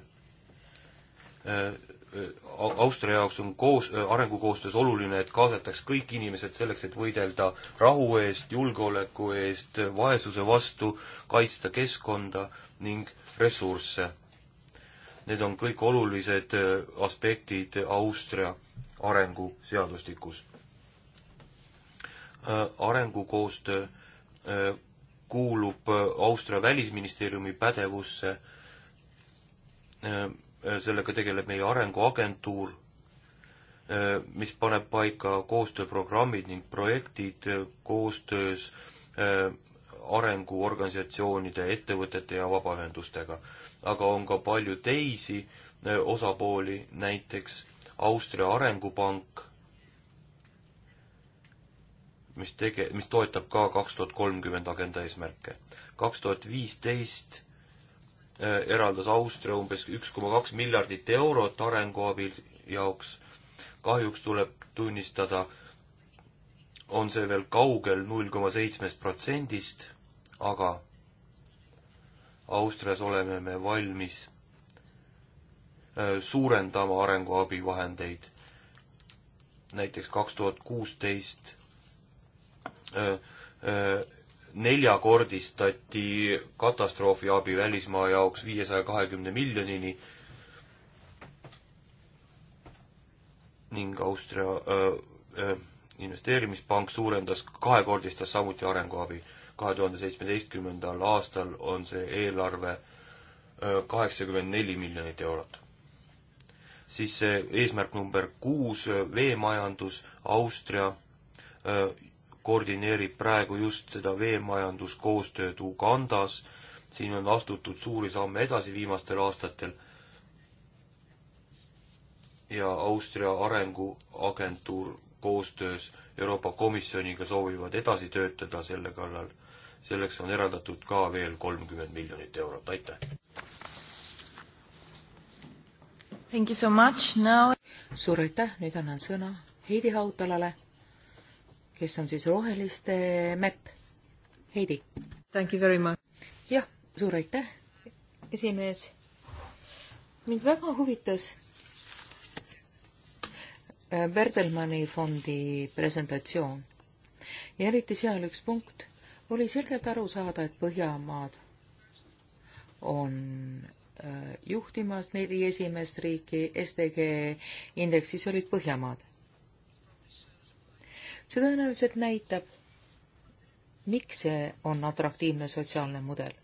Austria jaoks on koos, arengukoostöös oluline, et kaasataks kõik inimesed selleks, et võidelda rahu eest, julgeoleku eest, vaesuse vastu, kaitsta keskkonda ning ressursse. Need on kõik olulised äh, aspektid Austria arenguseadustikus. Äh, arengukoostöö äh, kuulub Austria välisministeeriumi pädevusse Äh, sellega tegeleb meie arenguagentuur, äh, mis paneb paika koostööprogrammid ning projektid äh, koostöös arenguorganisatsioonide, ettevõtete ja vabaühendustega. aga on ka palju teisi osapooli, näiteks Austria Arengupank, mis tege-, mis toetab ka kaks tuhat kolmkümmend agenda eesmärke. kaks tuhat viisteist Äh, eraldas Austria umbes üks koma kaks miljardit eurot arenguabi jaoks. kahjuks tuleb tunnistada, on see veel kaugel null koma seitsmest protsendist, aga Austrias oleme me valmis äh, suurendama arenguabivahendeid. näiteks kaks tuhat kuusteist äh, neljakordistati katastroofiabi välismaa jaoks viiesaja kahekümne miljonini ning Austria äh, investeerimispank suurendas, kahekordistas samuti arenguabi. kahe tuhande seitsmeteistkümnendal aastal on see eelarve kaheksakümmend neli miljonit eurot. siis see eesmärk number kuus, veemajandus, Austria äh, koordineerib praegu just seda veemajanduskoostööd Ugandas, siin on astutud suuri samme edasi viimastel aastatel ja Austria Arenguagentuur koostöös Euroopa Komisjoniga soovivad edasi töötada selle kallal. selleks on eraldatud ka veel kolmkümmend miljonit eurot, aitäh! Thank you so much, now suur aitäh, nüüd annan sõna Heidi Hautalale kes on siis roheliste MEP. Heidi. jah, suur aitäh, esimees. mind väga huvitas äh, Berdelmanni fondi presentatsioon ja eriti seal üks punkt oli selgelt aru saada, et Põhjamaad on äh, juhtimas neli esimest riiki, STG indeksis olid Põhjamaad see tõenäoliselt näitab, miks see on atraktiivne sotsiaalne mudel.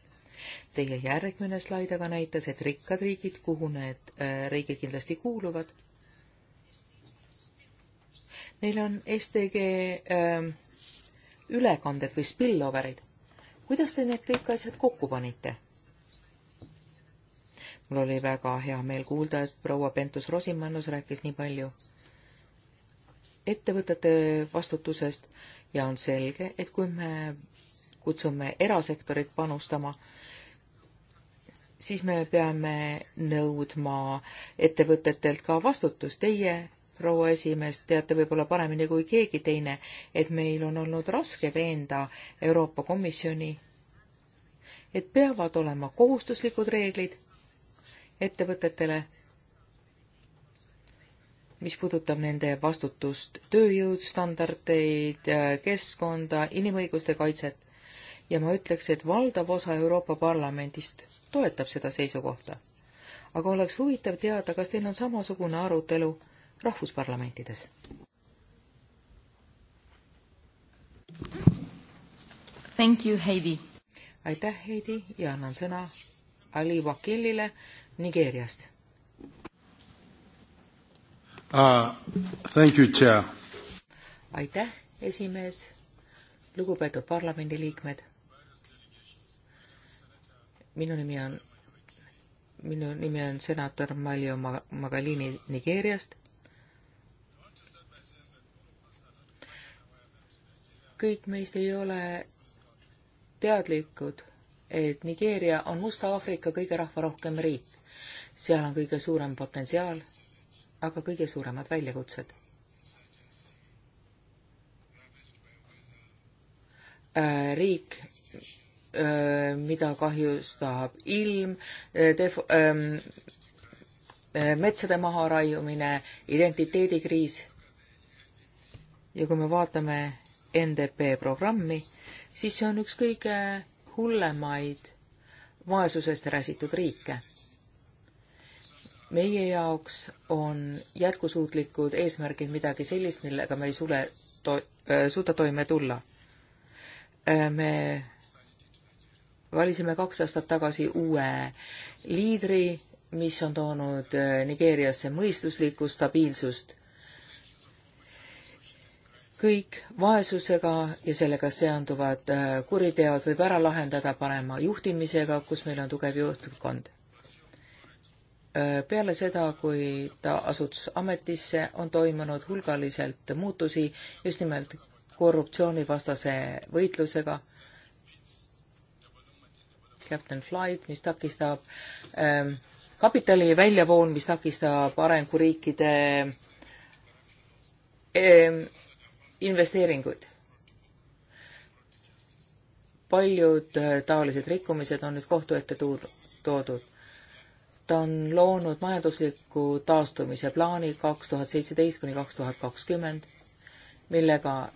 Teie järgmine slaid aga näitas, et rikkad riigid, kuhu need äh, riigid kindlasti kuuluvad, neil on STG äh, ülekanded või spilloverid. kuidas te need kõik asjad kokku panite? mul oli väga hea meel kuulda, et proua Pentus-Rosimannus rääkis nii palju ettevõtete vastutusest ja on selge, et kui me kutsume erasektorit panustama, siis me peame nõudma ettevõtetelt ka vastutust. Teie, proua esimees, teate võib-olla paremini kui keegi teine, et meil on olnud raske veenda Euroopa Komisjoni, et peavad olema kohustuslikud reeglid ettevõtetele mis puudutab nende vastutust, tööjõudstandardeid, keskkonda, inimõiguste kaitset ja ma ütleks, et valdav osa Euroopa Parlamendist toetab seda seisukohta. aga oleks huvitav teada, kas teil on samasugune arutelu rahvusparlamentides? Thank you, Heidi! aitäh, Heidi, ja annan sõna Ali Wakilile Nigeeriast uh,. Thank you, chair. aitäh, esimees. lugupeetud parlamendiliikmed. minu nimi on, minu nimi on senator Malio Magalini Nigeeriast. kõik meist ei ole teadlikud, et Nigeeria on Musta Aafrika kõige rahvarohkem riik. seal on kõige suurem potentsiaal aga kõige suuremad väljakutsed. Äh, riik, äh, mida kahjustab ilm, äh, def-, ähm, metsade maharaiumine, identiteedikriis ja kui me vaatame NDP programmi, siis see on üks kõige hullemaid vaesusest räsitud riike meie jaoks on jätkusuutlikud eesmärgid midagi sellist, millega me ei sule to-, äh, suuda toime tulla. Äh, me valisime kaks aastat tagasi uue liidri, mis on toonud äh, Nigeeriasse mõistuslikku stabiilsust. kõik vaesusega ja sellega seonduvad kuriteod võib ära lahendada parema juhtimisega, kus meil on tugev juhtkond Äh, peale seda, kui ta asus ametisse, on toimunud hulgaliselt muutusi just nimelt korruptsioonivastase võitlusega. Captain Flight, mis takistab ähm, kapitali väljavool, mis takistab arenguriikide ähm, investeeringuid. paljud äh, taolised rikkumised on nüüd kohtu ette tuud, toodud on loonud majandusliku taastumise plaani kaks tuhat seitseteist kuni kaks tuhat kakskümmend, millega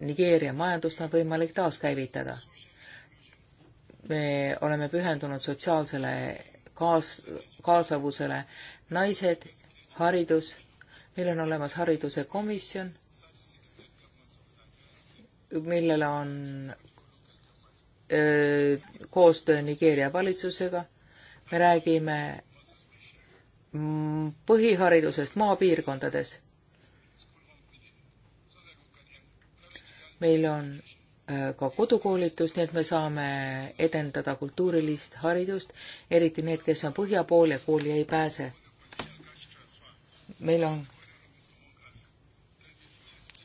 Nigeeria majandust on võimalik taaskäivitada. me oleme pühendunud sotsiaalsele kaas-, kaasavusele naised, haridus, meil on olemas hariduse komisjon, millel on öö, koostöö Nigeeria valitsusega me räägime mm, põhiharidusest maapiirkondades. meil on äh, ka kodukoolitus, nii et me saame edendada kultuurilist haridust, eriti need, kes on põhja pool ja kooli ei pääse. meil on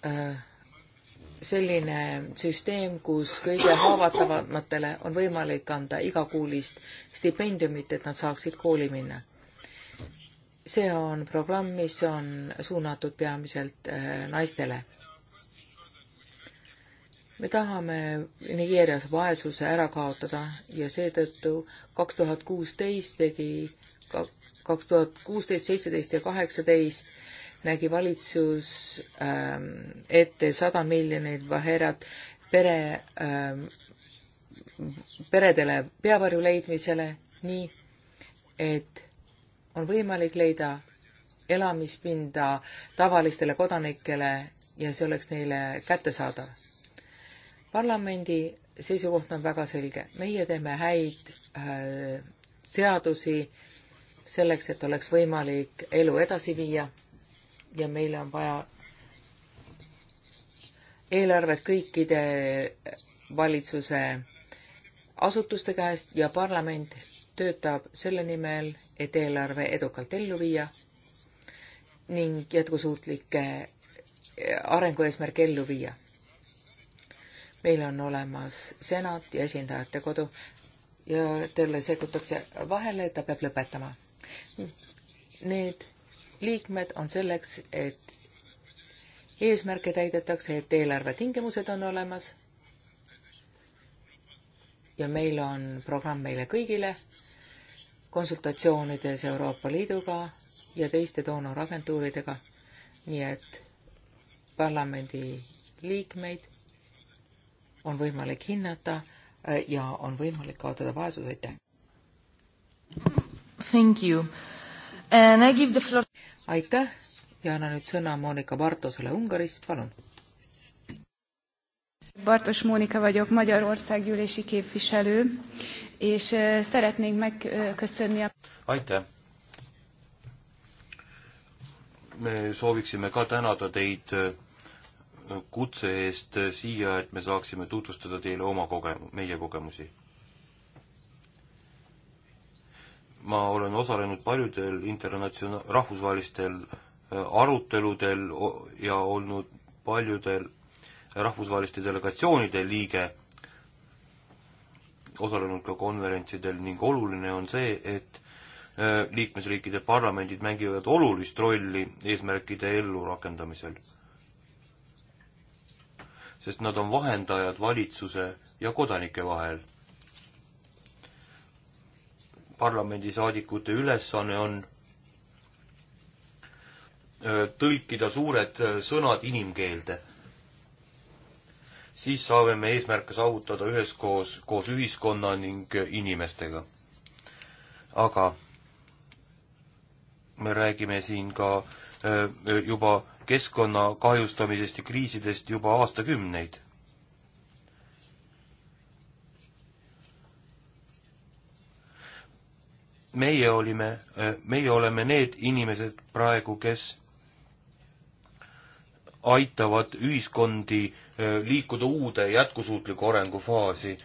äh, selline süsteem, kus kõige haavatavamatele on võimalik anda igakuulist stipendiumit, et nad saaksid kooli minna. see on programm, mis on suunatud peamiselt äh, naistele. me tahame Nigeerias vaesuse ära kaotada ja seetõttu kaks tuhat kuusteist tegi, kaks tuhat kuusteist, seitseteist ja kaheksateist nägi valitsus ähm, ette sada miljonit vaherat pere ähm,, peredele peavarju leidmisele, nii et on võimalik leida elamispinda tavalistele kodanikele ja see oleks neile kättesaadav. parlamendi seisukoht on väga selge, meie teeme häid äh, seadusi selleks, et oleks võimalik elu edasi viia ja meile on vaja eelarvet kõikide valitsuse asutuste käest ja parlament töötab selle nimel, et eelarve edukalt ellu viia ning jätkusuutlikke arengueesmärke ellu viia. meil on olemas senat ja esindajate kodu ja talle sekkutakse vahele, ta peab lõpetama. Need liikmed on selleks, et eesmärke täidetakse, et eelarve tingimused on olemas ja meil on programm meile kõigile, konsultatsioonides Euroopa Liiduga ja teiste doonoragentuuridega, nii et parlamendi liikmeid on võimalik hinnata äh, ja on võimalik kaotada vaesus, aitäh! Thank you. And I give the floor aitäh ja annan nüüd sõna Monika Bartosele Ungarist, palun. Bartos Mónika vagyok, Magyarország gyűlési képviselő, és szeretnénk megköszönni a... Aitäh! Me sooviksime ka tänada teid kutse eest siia, et me saaksime tutvustada teile oma koge-, meie kogemusi ma olen osalenud paljudel internatsiona-, rahvusvahelistel äh, aruteludel ja olnud paljudel rahvusvaheliste delegatsioonide liige, osalenud ka konverentsidel ning oluline on see, et äh, liikmesriikide parlamendid mängivad olulist rolli eesmärkide ellurakendamisel. sest nad on vahendajad valitsuse ja kodanike vahel parlamendisaadikute ülesanne on tõlkida suured sõnad inimkeelde. siis saame me eesmärke saavutada üheskoos, koos ühiskonna ning inimestega. aga me räägime siin ka juba keskkonna kahjustamisest ja kriisidest juba aastakümneid. meie olime, äh, meie oleme need inimesed praegu, kes aitavad ühiskondi äh, liikuda uude jätkusuutliku arengu faasi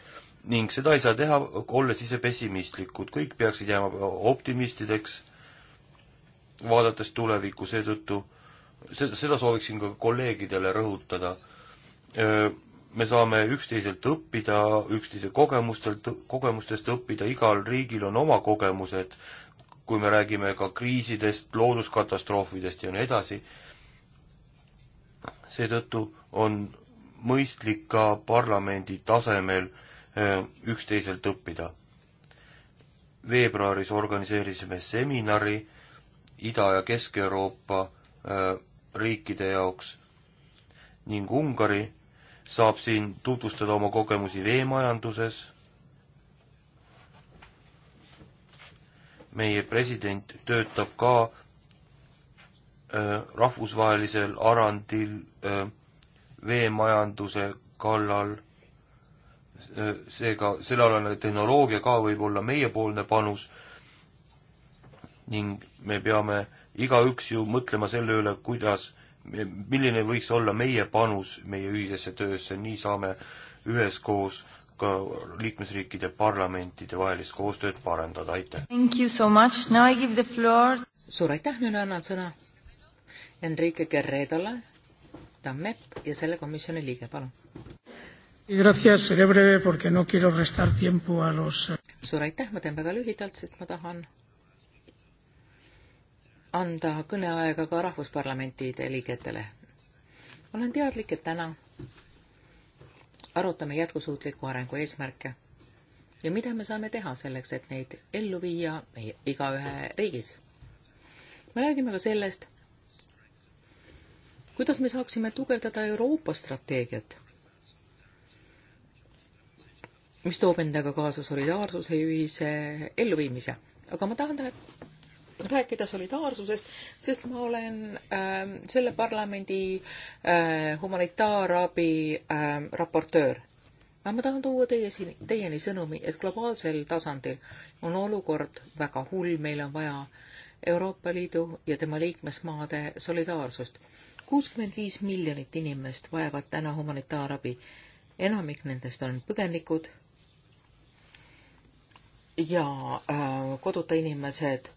ning seda ei saa teha, olles ise pessimistlikud, kõik peaksid jääma optimistideks, vaadates tulevikku, seetõttu seda, seda sooviksin ka kolleegidele rõhutada äh, me saame üksteiselt õppida, üksteise kogemustelt, kogemustest õppida, igal riigil on oma kogemused, kui me räägime ka kriisidest, looduskatastroofidest ja nii edasi. seetõttu on mõistlik ka parlamendi tasemel eh, üksteiselt õppida. veebruaris organiseerisime seminari Ida- ja Kesk-Euroopa eh, riikide jaoks ning Ungari saab siin tutvustada oma kogemusi veemajanduses. meie president töötab ka äh, rahvusvahelisel arandil äh, veemajanduse kallal äh,. seega sellealane tehnoloogia ka võib olla meiepoolne panus ning me peame igaüks ju mõtlema selle üle, kuidas milline võiks olla meie panus meie ühisesse töösse, nii saame üheskoos ka liikmesriikide parlamentide vahelist koostööd parandada, aitäh! suur aitäh, nüüd annan sõna Enrique Guerredole, ta on MEP ja selle komisjoni liige, palun! suur aitäh, ma teen väga lühidalt, sest ma tahan anda kõneaega ka rahvusparlamentide liigetele. olen teadlik, et täna arutame jätkusuutliku arengu eesmärke ja mida me saame teha selleks, et neid ellu viia meie igaühe riigis. me räägime ka sellest, kuidas me saaksime tugevdada Euroopa strateegiat, mis toob endaga kaasa solidaarsuse ühise elluviimise. aga ma tahan rääkida solidaarsusest, sest ma olen äh, selle parlamendi äh, humanitaarabi äh, raportöör. aga ma tahan tuua teie siin, teieni sõnumi, et globaalsel tasandil on olukord väga hull, meil on vaja Euroopa Liidu ja tema liikmesmaade solidaarsust. kuuskümmend viis miljonit inimest vajavad täna humanitaarabi. enamik nendest on põgenikud ja äh, koduta inimesed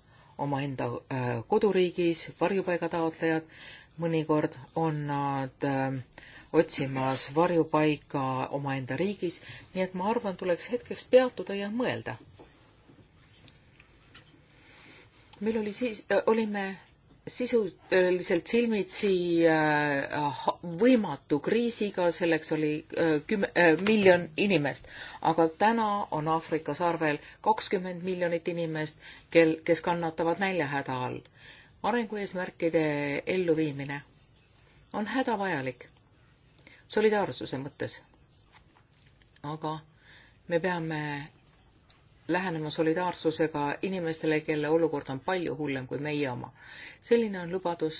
omaenda äh, koduriigis, varjupaigataotlejad, mõnikord on nad äh, otsimas varjupaika omaenda riigis, nii et ma arvan, tuleks hetkeks peatuda ja mõelda. meil oli siis, äh, olime sisuliselt silmitsi äh, ah, võimatu kriisiga, selleks oli äh, kümme, äh, miljon inimest. aga täna on Aafrika sarvel kakskümmend miljonit inimest, kel, kes kannatavad näljahäda all. arengueesmärkide elluviimine on hädavajalik solidaarsuse mõttes. aga me peame lähenema solidaarsusega inimestele, kelle olukord on palju hullem kui meie oma. selline on lubadus,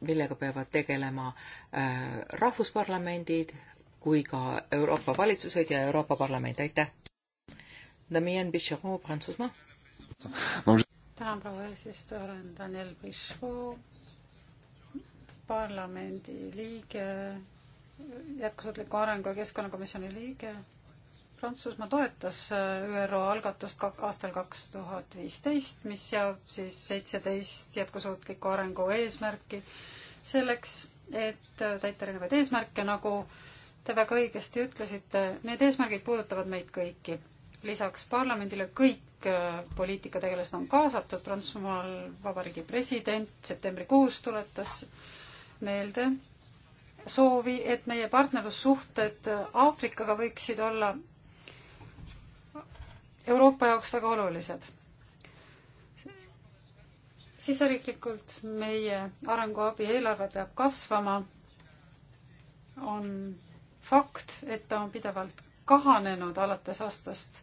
millega peavad tegelema äh, rahvusparlamendid kui ka Euroopa valitsused ja Euroopa Parlament, aitäh! Damien Bichot, Prantsusmaa. tänan, proua eesistuja, olen Daniel Bichot, parlamendi liige, jätkusuutliku arengu ja keskkonnakomisjoni liige Prantsusmaa toetas äh, ÜRO algatust aastal kaks tuhat viisteist, mis seab siis seitseteist jätkusuutliku arengu eesmärki selleks, et äh, täita erinevaid eesmärke, nagu te väga õigesti ütlesite, need eesmärgid puudutavad meid kõiki. lisaks parlamendile kõik äh, poliitikategelased on kaasatud, Prantsusmaal vabariigi president septembrikuus tuletas meelde soovi, et meie partnerlussuhted Aafrikaga võiksid olla Euroopa jaoks väga olulised. siseriiklikult meie arenguabi eelarve peab kasvama. on fakt, et ta on pidevalt kahanenud alates aastast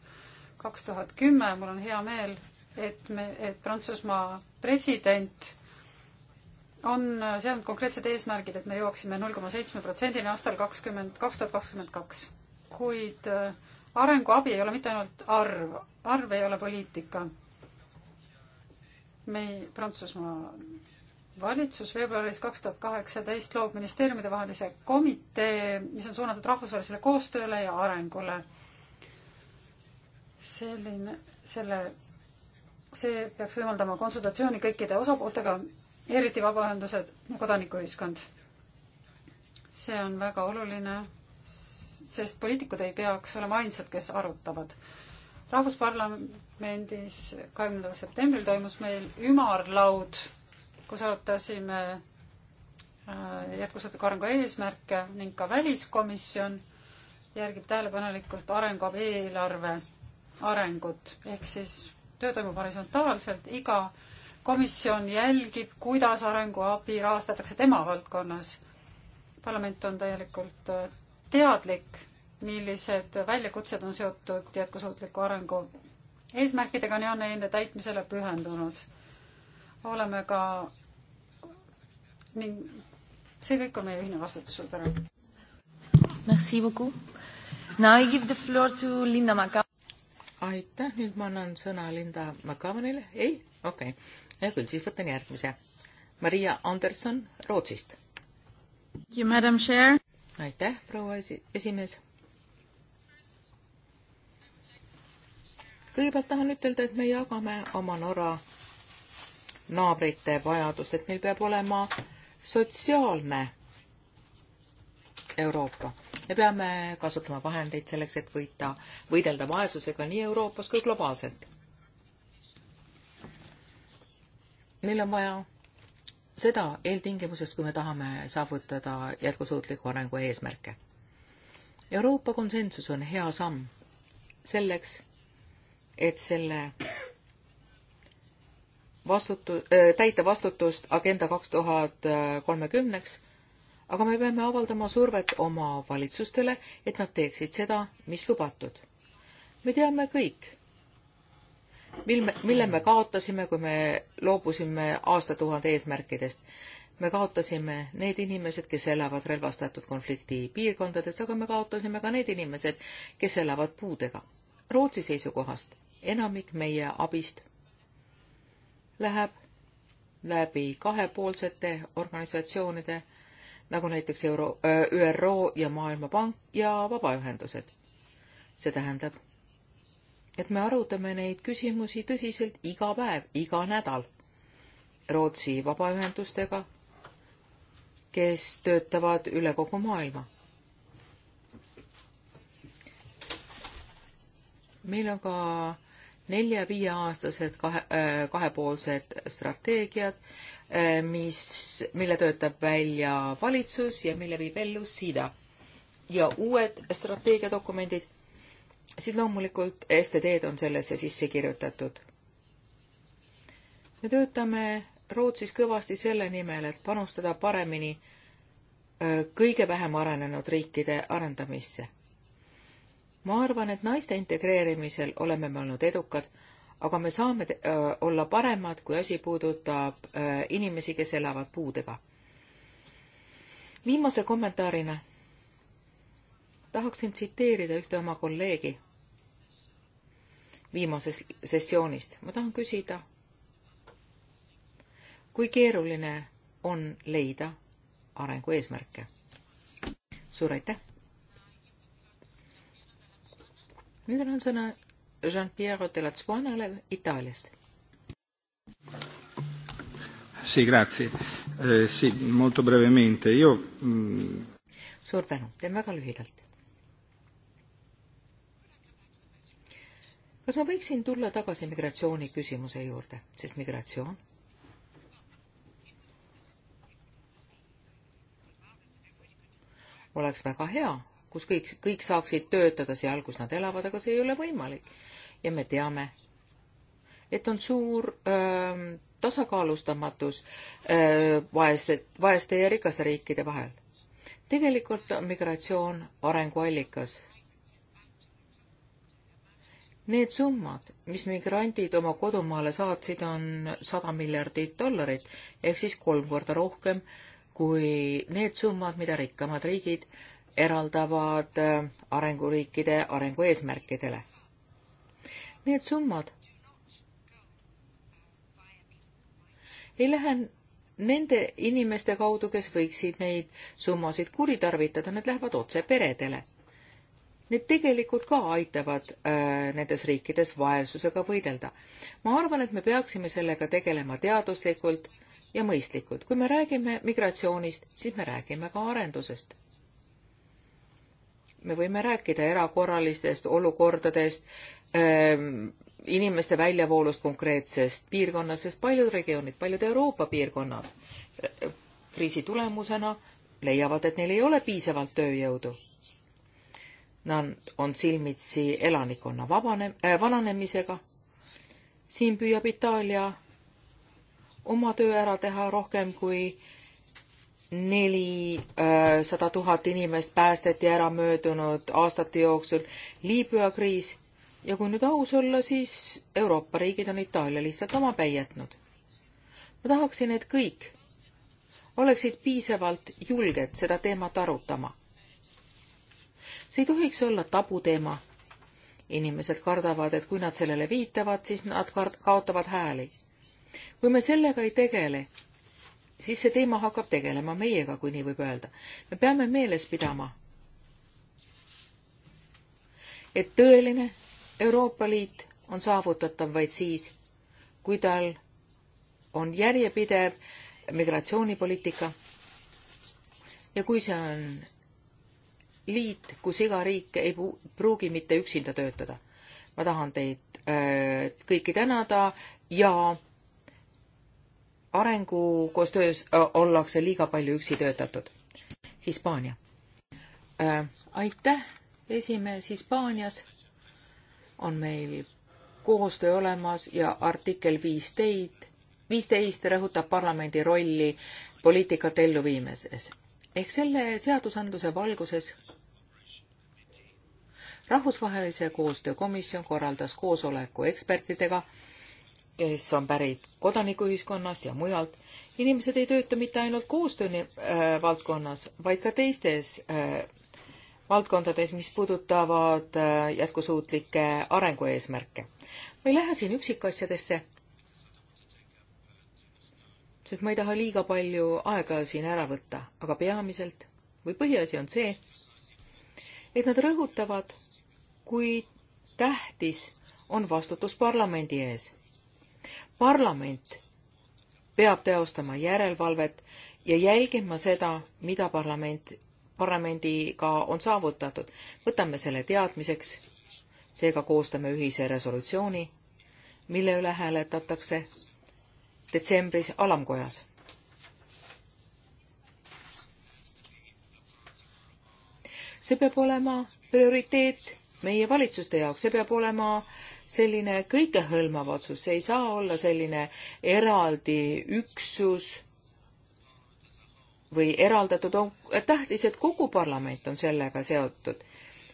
kaks tuhat kümme. mul on hea meel, et me, et Prantsusmaa president on seadnud konkreetsed eesmärgid, et me jõuaksime null koma seitsme protsendini aastal kakskümmend, kaks tuhat kakskümmend kaks. kuid äh, arenguabi ei ole mitte ainult arv, arv ei ole poliitika. meie Prantsusmaa valitsus veebruaris kaks tuhat kaheksateist loob ministeeriumidevahelise komitee, mis on suunatud rahvusvahelisele koostööle ja arengule. selline, selle, see peaks võimaldama konsultatsiooni kõikide osapooltega, eriti vabaühendused ja kodanikuühiskond. see on väga oluline sest poliitikud ei peaks olema ainsad, kes arutavad. rahvusparlamendis kahekümnendal septembril toimus meil ümarlaud, kus arutasime äh, jätkusuutliku arengu eesmärke ning ka väliskomisjon järgib tähelepanelikult arenguabi eelarve arengut, ehk siis töö toimub horisontaalselt, iga komisjon jälgib, kuidas arenguabi rahastatakse tema valdkonnas. parlament on täielikult äh, teadlik, millised väljakutsed on seotud jätkusuutliku arengu eesmärkidega ja on nende täitmisele pühendunud. oleme ka ning see kõik on meie ühine vastutus, suur tänu. Merci beaucoup. Now I give the floor to Linda Maca-. aitäh, nüüd ma annan sõna Linda Macamanile, ei, okei okay., hea küll, siis võtan järgmise. Maria Anderson Rootsist. Madam Chair aitäh, proua esimees. kõigepealt tahan ütelda, et me jagame oma Norra naabrite vajadust, et meil peab olema sotsiaalne Euroopa. me peame kasutama vahendeid selleks, et võita, võidelda vaesusega nii Euroopas kui globaalselt. meil on vaja seda eeltingimusest, kui me tahame saavutada jätkusuutliku arengu eesmärke. Euroopa konsensus on hea samm selleks, et selle vastutu- äh,, täita vastutust Agenda kaks tuhat kolmekümneks, aga me peame avaldama survet oma valitsustele, et nad teeksid seda, mis lubatud. me teame kõik, mil me, mille me kaotasime, kui me loobusime aastatuhande eesmärkidest. me kaotasime need inimesed, kes elavad relvastatud konflikti piirkondades, aga me kaotasime ka need inimesed, kes elavad puudega. Rootsi seisukohast enamik meie abist läheb läbi kahepoolsete organisatsioonide, nagu näiteks Euro-, ÜRO ja Maailmapank ja vabaühendused. see tähendab, et me arutame neid küsimusi tõsiselt iga päev, iga nädal Rootsi vabaühendustega, kes töötavad üle kogu maailma. meil on ka nelja-viieaastased kahe äh,, kahepoolsed strateegiad, äh, mis, mille töötab välja valitsus ja mille viib ellu SIDA. ja uued strateegiadokumendid siis loomulikult STD-d on sellesse sisse kirjutatud. me töötame Rootsis kõvasti selle nimel, et panustada paremini äh, kõige vähem arenenud riikide arendamisse. ma arvan, et naiste integreerimisel oleme me olnud edukad, aga me saame äh, olla paremad, kui asi puudutab äh, inimesi, kes elavad puudega. viimase kommentaarina tahaksin tsiteerida ühte oma kolleegi viimasest sessioonist. ma tahan küsida, kui keeruline on leida arengu eesmärke? suur aitäh! nüüd annan sõna Jean-Pierre de la Zuanale Itaaliast. Sì, grazie. Eh, sì, molto brevemente. Io... Mm... Suur tänu, teen väga lühidalt kas ma võiksin tulla tagasi migratsiooni küsimuse juurde, sest migratsioon oleks väga hea, kus kõik, kõik saaksid töötada seal, kus nad elavad, aga see ei ole võimalik. ja me teame, et on suur öö, ähm, tasakaalustamatus öö, äh, vaeste, vaeste ja rikaste riikide vahel. tegelikult on migratsioon arenguallikas Need summad, mis migrandid oma kodumaale saatsid, on sada miljardit dollarit ehk siis kolm korda rohkem kui need summad, mida rikkamad riigid eraldavad äh, arenguriikide arengu eesmärkidele. Need summad ei lähe nende inimeste kaudu, kes võiksid neid summasid kuritarvitada, need lähevad otse peredele need tegelikult ka aitavad äh, nendes riikides vaesusega võidelda. ma arvan, et me peaksime sellega tegelema teaduslikult ja mõistlikult. kui me räägime migratsioonist, siis me räägime ka arendusest. me võime rääkida erakorralistest olukordadest äh,, inimeste väljavoolust konkreetsest piirkonnast, sest paljud regioonid, paljud Euroopa piirkonnad äh, kriisi tulemusena leiavad, et neil ei ole piisavalt tööjõudu Nad on silmitsi elanikkonna vabane äh,, vananemisega. siin püüab Itaalia oma töö ära teha rohkem kui nelisada äh, tuhat inimest päästeti ära möödunud aastate jooksul Liibüa kriis ja kui nüüd aus olla, siis Euroopa riigid on Itaalia lihtsalt omapäi jätnud. ma tahaksin, et kõik oleksid piisavalt julged seda teemat arutama see ei tohiks olla tabuteema. inimesed kardavad, et kui nad sellele viitavad, siis nad kaotavad hääli. kui me sellega ei tegele, siis see teema hakkab tegelema meiega, kui nii võib öelda. me peame meeles pidama, et tõeline Euroopa Liit on saavutatav vaid siis, kui tal on järjepidev migratsioonipoliitika ja kui see on liit, kus iga riik ei pruugi mitte üksinda töötada. ma tahan teid öö, äh, kõiki tänada ja arengukoostöös äh, ollakse liiga palju üksi töötatud. Hispaania. Äh, aitäh, esimees, Hispaanias on meil koostöö olemas ja artikkel viisteid, viisteist rõhutab parlamendi rolli poliitikate elluviimises. ehk selle seadusandluse valguses rahvusvahelise koostöökomisjon korraldas koosoleku ekspertidega, kes on pärit kodanikuühiskonnast ja mujalt. inimesed ei tööta mitte ainult koostöö äh, valdkonnas, vaid ka teistes äh, valdkondades, mis puudutavad äh, jätkusuutlikke arengueesmärke. ma ei lähe siin üksikasjadesse, sest ma ei taha liiga palju aega siin ära võtta, aga peamiselt või põhiasi on see, et nad rõhutavad, kui tähtis on vastutus parlamendi ees. parlament peab teostama järelevalvet ja jälgima seda, mida parlament, parlamendiga on saavutatud. võtame selle teadmiseks, seega koostame ühise resolutsiooni, mille üle hääletatakse detsembris alamkojas see peab olema prioriteet meie valitsuste jaoks, see peab olema selline kõikehõlmav otsus, see ei saa olla selline eraldi üksus või eraldatud, on tähtis, et kogu parlament on sellega seotud.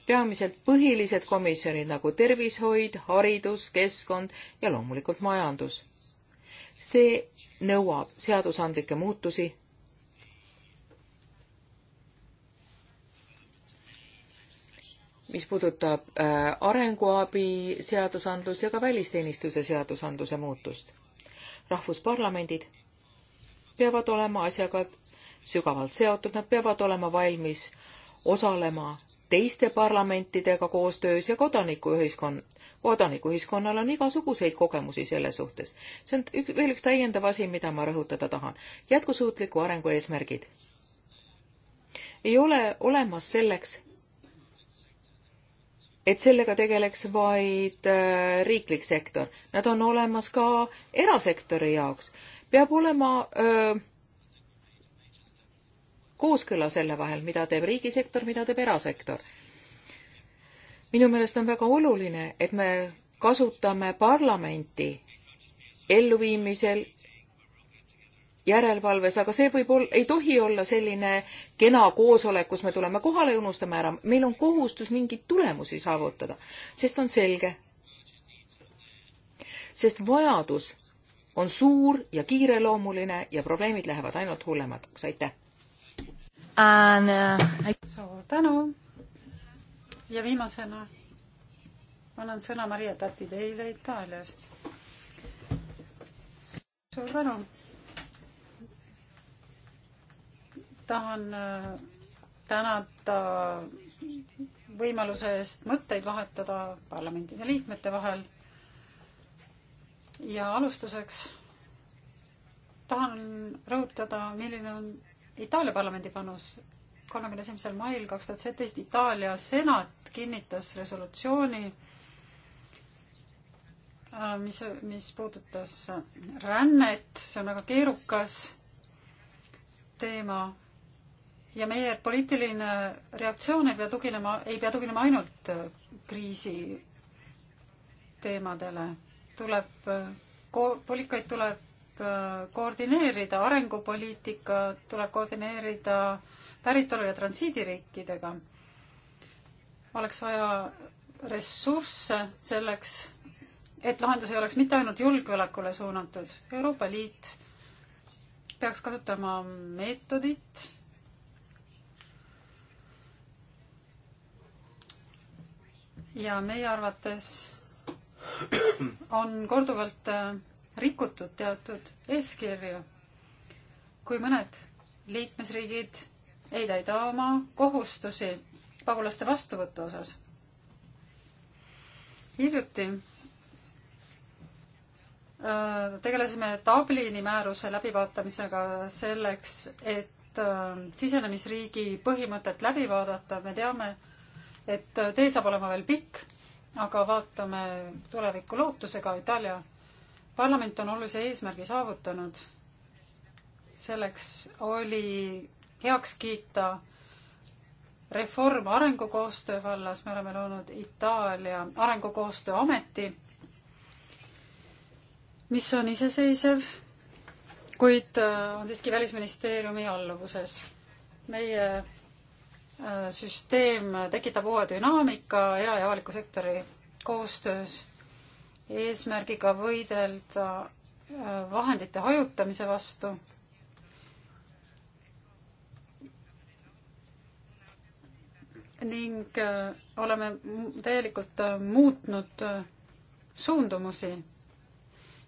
peamiselt põhilised komisjonid nagu tervishoid, haridus, keskkond ja loomulikult majandus. see nõuab seadusandlikke muutusi mis puudutab äh, arenguabi seadusandlus ja ka välisteenistuse seadusandluse muutust. rahvusparlamendid peavad olema asjaga sügavalt seotud, nad peavad olema valmis osalema teiste parlamentidega koostöös ja kodanikuühiskond, kodanikuühiskonnal on igasuguseid kogemusi selle suhtes. see on ük, veel üks täiendav asi, mida ma rõhutada tahan. jätkusuutliku arengu eesmärgid ei ole olemas selleks, et sellega tegeleks vaid äh, riiklik sektor. Nad on olemas ka erasektori jaoks. peab olema öö, äh, kooskõla selle vahel, mida teeb riigisektor, mida teeb erasektor. minu meelest on väga oluline, et me kasutame parlamenti elluviimisel järelevalves, aga see võib olla, ei tohi olla selline kena koosolek, kus me tuleme kohale ja unustame ära. meil on kohustus mingeid tulemusi saavutada, sest on selge. sest vajadus on suur ja kiireloomuline ja probleemid lähevad ainult hullemateks, aitäh! Uh, suur tänu ja viimasena annan sõna Maria Tati teile Itaaliast. suur tänu! tahan äh, tänada võimaluse eest mõtteid vahetada parlamendide liikmete vahel. ja alustuseks tahan rõhutada, milline on Itaalia parlamendi panus. kolmekümne esimesel mail kaks tuhat seitseteist Itaalia senat kinnitas resolutsiooni, äh, mis, mis puudutas rännet, see on väga keerukas teema ja meie poliitiline reaktsioon ei pea tuginema, ei pea tuginema ainult äh, kriisi teemadele. tuleb, äh, poliitikaid tuleb äh, koordineerida, arengupoliitika tuleb koordineerida päritolu- ja transiidiriikidega. oleks vaja ressursse selleks, et lahendus ei oleks mitte ainult julgeolekule suunatud. Euroopa Liit peaks kasutama meetodit ja meie arvates on korduvalt äh, rikutud teatud eeskirju, kui mõned liikmesriigid ei täida oma kohustusi pagulaste vastuvõtu osas. hiljuti äh, tegelesime Dublini määruse läbivaatamisega selleks, et äh, sisenemisriigi põhimõtet läbi vaadata, me teame, et tee saab olema veel pikk, aga vaatame tulevikku lootusega. Itaalia parlament on olulise eesmärgi saavutanud. selleks oli heaks kiita reform arengukoostöö vallas, me oleme loonud Itaalia Arengukoostöö Ameti, mis on iseseisev, kuid äh, on siiski Välisministeeriumi alluvuses. meie süsteem tekitab uue dünaamika era- ja avaliku sektori koostöös eesmärgiga võidelda äh, vahendite hajutamise vastu. ning äh, oleme täielikult äh, muutnud suundumusi.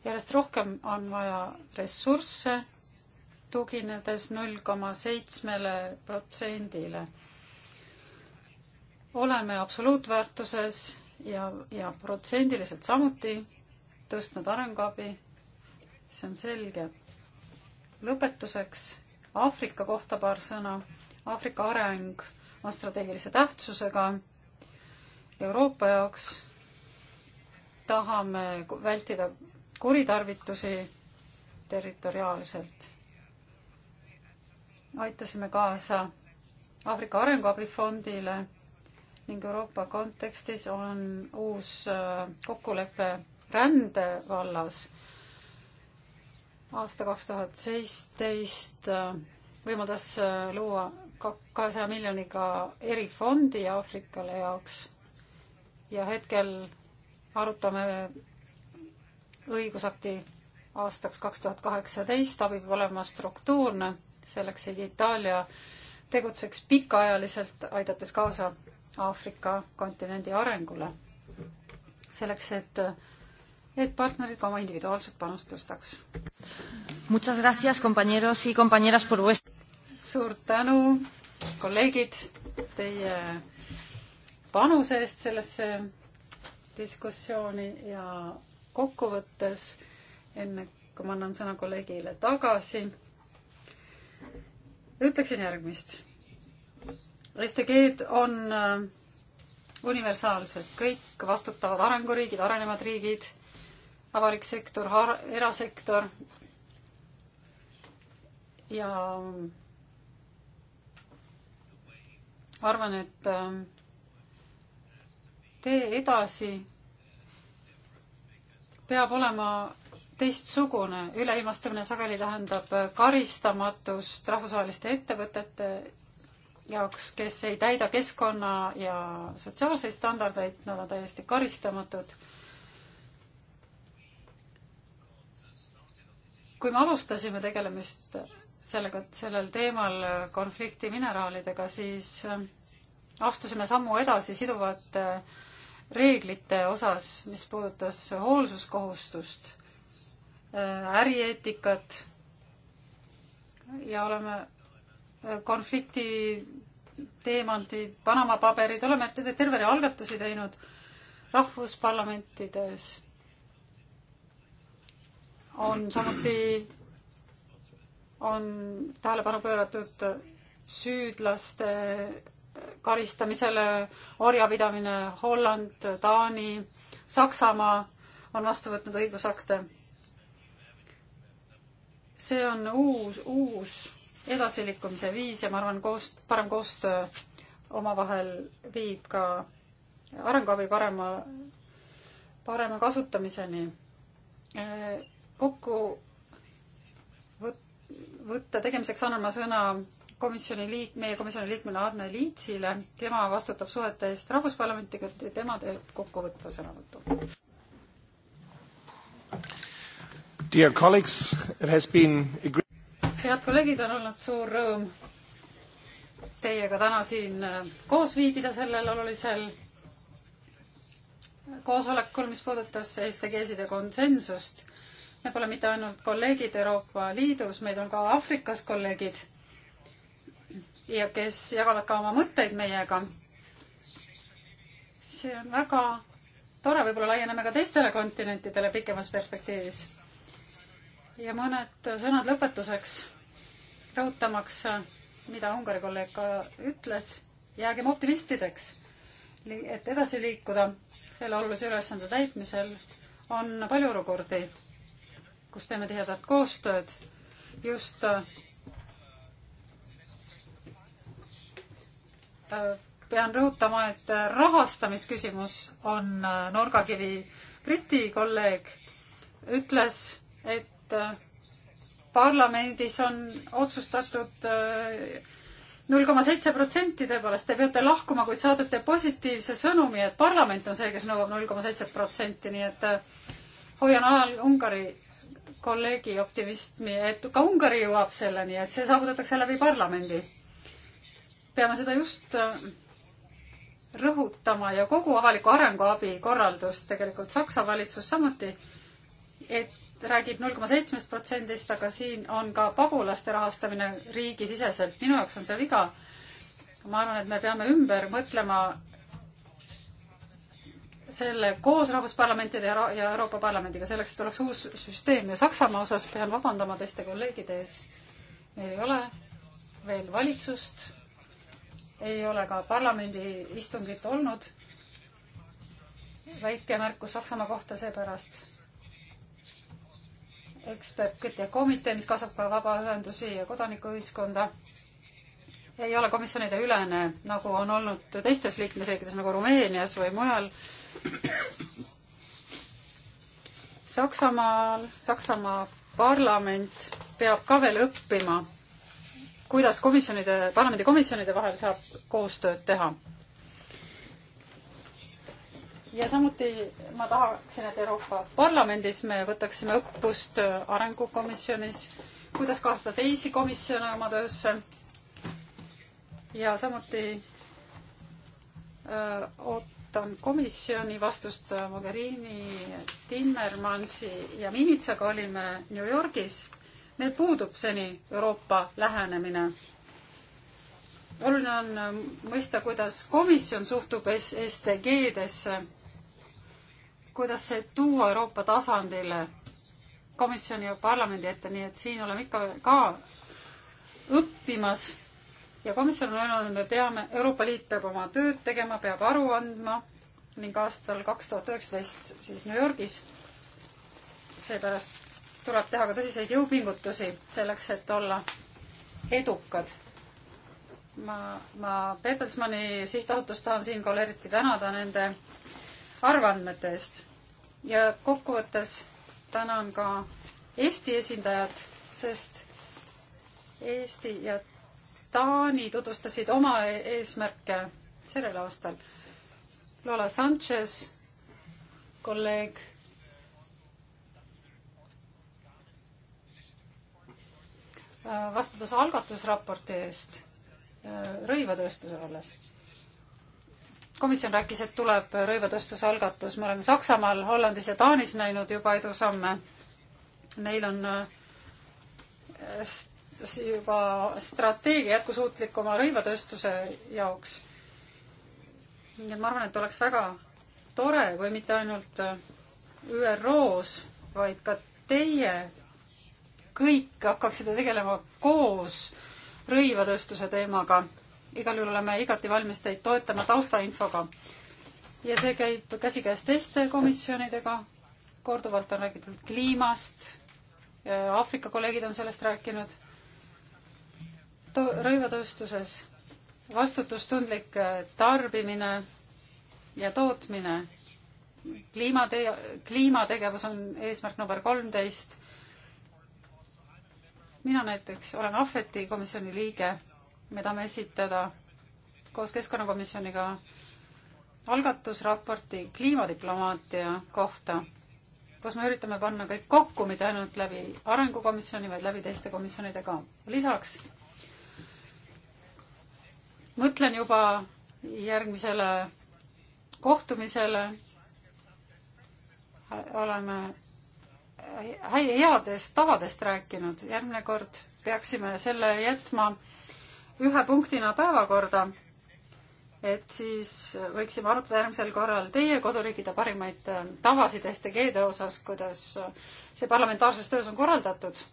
järjest rohkem on vaja ressursse, tuginedes null koma seitsmele protsendile oleme absoluutväärtuses ja, ja protsendiliselt samuti tõstnud arenguabi. see on selge. lõpetuseks Aafrika kohta paar sõna. Aafrika areng on strateegilise tähtsusega. Euroopa jaoks tahame vältida kuritarvitusi territoriaalselt. aitasime kaasa Aafrika Arenguabifondile ning Euroopa kontekstis on uus äh, kokkulepe rände vallas aasta kaks tuhat seitseteist äh, võimaldas äh, luua kahesaja miljoniga erifondi Aafrikale jaoks ja hetkel arutame õigusakti aastaks kaks tuhat kaheksateist, abi peab olema struktuurne, selleks et Itaalia tegutseks pikaajaliselt, aidates kaasa Aafrika kontinendi arengule. selleks, et, et partnerid ka oma individuaalset panust tõstaks. Muchas gracias, compañeros y compañeras por vuest-. suur tänu, kolleegid, teie panuse eest sellesse diskussiooni ja kokkuvõttes, enne kui ma annan sõna kolleegile tagasi, ütleksin järgmist SDG-d on äh, universaalsed, kõik vastutavad arenguriigid, arenevad riigid, avalik sektor, erasektor ja äh, arvan, et äh, tee edasi peab olema teistsugune, üleilmastumine sageli tähendab karistamatust rahvusvaheliste ettevõtete jaoks, kes ei täida keskkonna ja sotsiaalseid standardeid, nad on täiesti karistamatud. kui me alustasime tegelemist sellega, sellel teemal konflikti mineraalidega, siis äh, astusime sammu edasi siduvate äh, reeglite osas, mis puudutas hoolsuskohustust, äh, ärieetikat ja oleme konflikti teemandid, Panama paberid, oleme terve rea algatusi teinud rahvusparlamentides. on samuti, on tähelepanu pööratud süüdlaste karistamisele, orjapidamine Holland, Taani, Saksamaa on vastu võtnud õigusakte. see on uus, uus edasiliikumise viis ja ma arvan, koos, parem koostöö omavahel viib ka arenguabi parema, parema kasutamiseni. kokku võt-, võtte tegemiseks annan ma sõna komisjoni liik-, meie komisjoni liikmele Arne Liitsile, tema vastutab suhete eest Rahvusparlamentiga, tema teeb kokkuvõtva sõnavõtu. Dear colleagues, it has been agreed head kolleegid, on olnud suur rõõm teiega täna siin äh, koos viibida sellel olulisel koosolekul, mis puudutas STG-side konsensust. me pole mitte ainult kolleegid Euroopa Liidus, meid on ka Aafrikas kolleegid ja kes jagavad ka oma mõtteid meiega. see on väga tore, võib-olla laieneme ka teistele kontinentidele pikemas perspektiivis ja mõned sõnad lõpetuseks, rõhutamaks, mida Ungari kolleeg ka ütles, jäägem optimistideks, et edasi liikuda selle olulise ülesande täitmisel, on palju olukordi, kus teeme tihedat koostööd just äh, pean rõhutama, et rahastamisküsimus on äh, nurgakivi. Briti kolleeg ütles, et et äh, parlamendis on otsustatud äh, null koma seitse protsenti tõepoolest, te peate lahkuma, kuid saadate positiivse sõnumi, et parlament on see, kes nõuab null koma seitset protsenti, nii et äh, hoian alal Ungari kolleegi optimismi, et ka Ungari jõuab selleni, et see saavutatakse läbi parlamendi. peame seda just rõhutama ja kogu avaliku arenguabi korraldus, tegelikult Saksa valitsus samuti, et räägib null koma seitsmest protsendist, aga siin on ka pagulaste rahastamine riigisiseselt. minu jaoks on see viga. ma arvan, et me peame ümber mõtlema selle koos rahvusparlamentide ja, ja Euroopa Parlamendiga, selleks et oleks uus süsteem ja Saksamaa osas pean vabandama teiste kolleegide ees. meil ei ole veel valitsust, ei ole ka parlamendi istungit olnud. väike märkus Saksamaa kohta seepärast ekspertide komitee, mis kaasab ka vabaühendusi ja kodanikuühiskonda, ei ole komisjonide ülene, nagu on olnud teistes liikmesriikides nagu Rumeenias või mujal. Saksamaal, Saksamaa parlament peab ka veel õppima, kuidas komisjonide, parlamendikomisjonide vahel saab koostööd teha ja samuti ma tahaksin, et Euroopa Parlamendis me võtaksime õppust äh, arengukomisjonis, kuidas kaasata teisi komisjone oma töösse. ja samuti öö, äh, ootan komisjoni vastust äh, Mogherini, Timmermansi ja Mimitsaga olime New Yorgis. meil puudub seni Euroopa lähenemine oluline on mõista, kuidas komisjon suhtub SDG-desse kuidas see tuua Euroopa tasandile komisjoni ja parlamendi ette, nii et siin oleme ikka ka õppimas ja komisjon on öelnud, et me peame, Euroopa Liit peab oma tööd tegema, peab aru andma ning aastal kaks tuhat üheksateist siis New Yorgis. seepärast tuleb teha ka tõsiseid jõupingutusi selleks, et olla edukad. ma, ma Petersmani sihtasutust tahan siinkohal eriti tänada nende arvandmete eest. ja kokkuvõttes tänan ka Eesti esindajad, sest Eesti ja Taani tutvustasid oma eesmärke sellel aastal. Lola Sanchez, kolleeg äh, vastutas algatusraporti eest äh, rõivatööstusel alles komisjon rääkis, et tuleb rõivatööstuse algatus, me oleme Saksamaal, Hollandis ja Taanis näinud juba edusamme. Neil on äh, juba strateegia jätkusuutliku oma rõivatööstuse jaoks. nii et ma arvan, et oleks väga tore, kui mitte ainult äh, ÜRO-s, vaid ka teie kõik hakkaksite tegelema koos rõivatööstuse teemaga igal juhul oleme igati valmis teid toetama taustainfoga. ja see käib käsikäes teiste komisjonidega, korduvalt on räägitud kliimast, Aafrika kolleegid on sellest rääkinud, rõivatööstuses vastutustundlik äh, tarbimine ja tootmine, kliimate-, kliimategevus on eesmärk number kolmteist, mina näiteks olen Ahveti komisjoni liige me tahame esitada koos Keskkonnakomisjoniga algatusraporti kliimadiplomaatia kohta, kus me üritame panna kõik kokku, mitte ainult läbi Arengukomisjoni, vaid läbi teiste komisjonide ka. lisaks mõtlen juba järgmisele kohtumisele, oleme headest tavadest rääkinud, järgmine kord peaksime selle jätma ühe punktina päevakorda, et siis võiksime arutada järgmisel korral teie koduriikide parimaid äh, tavasid STG-de osas, kuidas äh, see parlamentaarses töös on korraldatud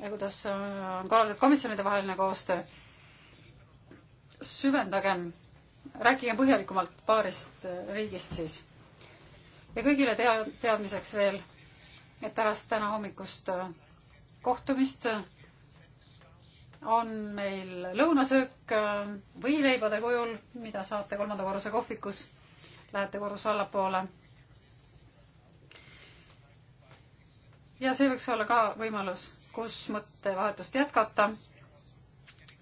ja kuidas äh, on korraldatud komisjonide vaheline koostöö. süvendagem, rääkigem põhjalikumalt paarist riigist siis. ja kõigile tea-, teadmiseks veel, et pärast täna hommikust kohtumist on meil lõunasöök äh, võileibade kujul, mida saate kolmanda korruse kohvikus. Lähete korruse allapoole. ja see võiks olla ka võimalus, kus mõttevahetust jätkata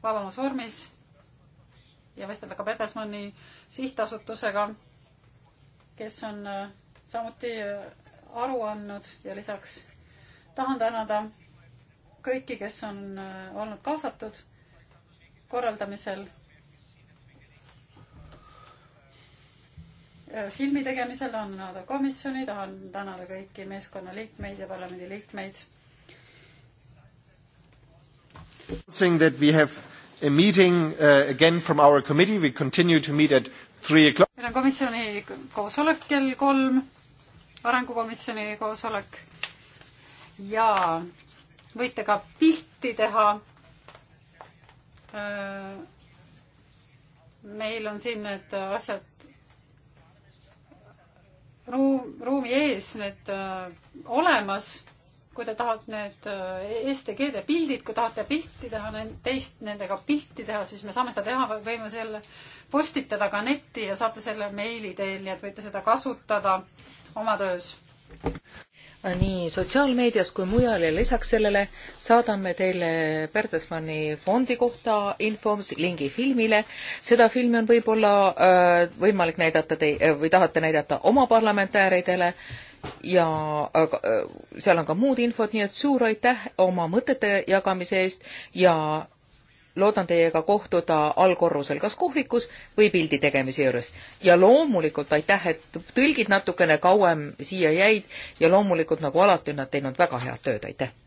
vabamas vormis ja vestelda ka Petersmanni sihtasutusega, kes on äh, samuti äh, aru andnud ja lisaks tahan tänada kõiki, kes on äh, olnud kaasatud korraldamisel, äh, filmi tegemisel on nad komisjoni, tahan tänada kõiki meeskonna liikmeid ja parlamendi liikmeid. Saying that we have a meeting uh, again from our committee, we continue to meet at three o'clock. meil on komisjoni koosolek kell kolm, arengukomisjoni koosolek ja võite ka pilti teha. Äh, meil on siin need asjad ruum, ruumi ees need äh, olemas kui te tahate need äh, STG-de pildid, kui tahate pilti teha, teist nendega pilti teha, siis me saame seda teha, võime selle postitada ka netti ja saate selle meili teel, nii et võite seda kasutada oma töös nii sotsiaalmeedias kui mujal ja lisaks sellele saadame teile Bertelsmanni fondi kohta info lingi filmile. seda filmi on võib-olla äh, võimalik näidata tei- äh, või tahate näidata oma parlamentääridele ja äh, seal on ka muud infot, nii et suur aitäh oma mõtete jagamise eest ja loodan teiega kohtuda allkorrusel, kas kohvikus või pildi tegemise juures. ja loomulikult aitäh, et tõlgid natukene kauem siia jäid ja loomulikult nagu alati on nad teinud väga head tööd, aitäh!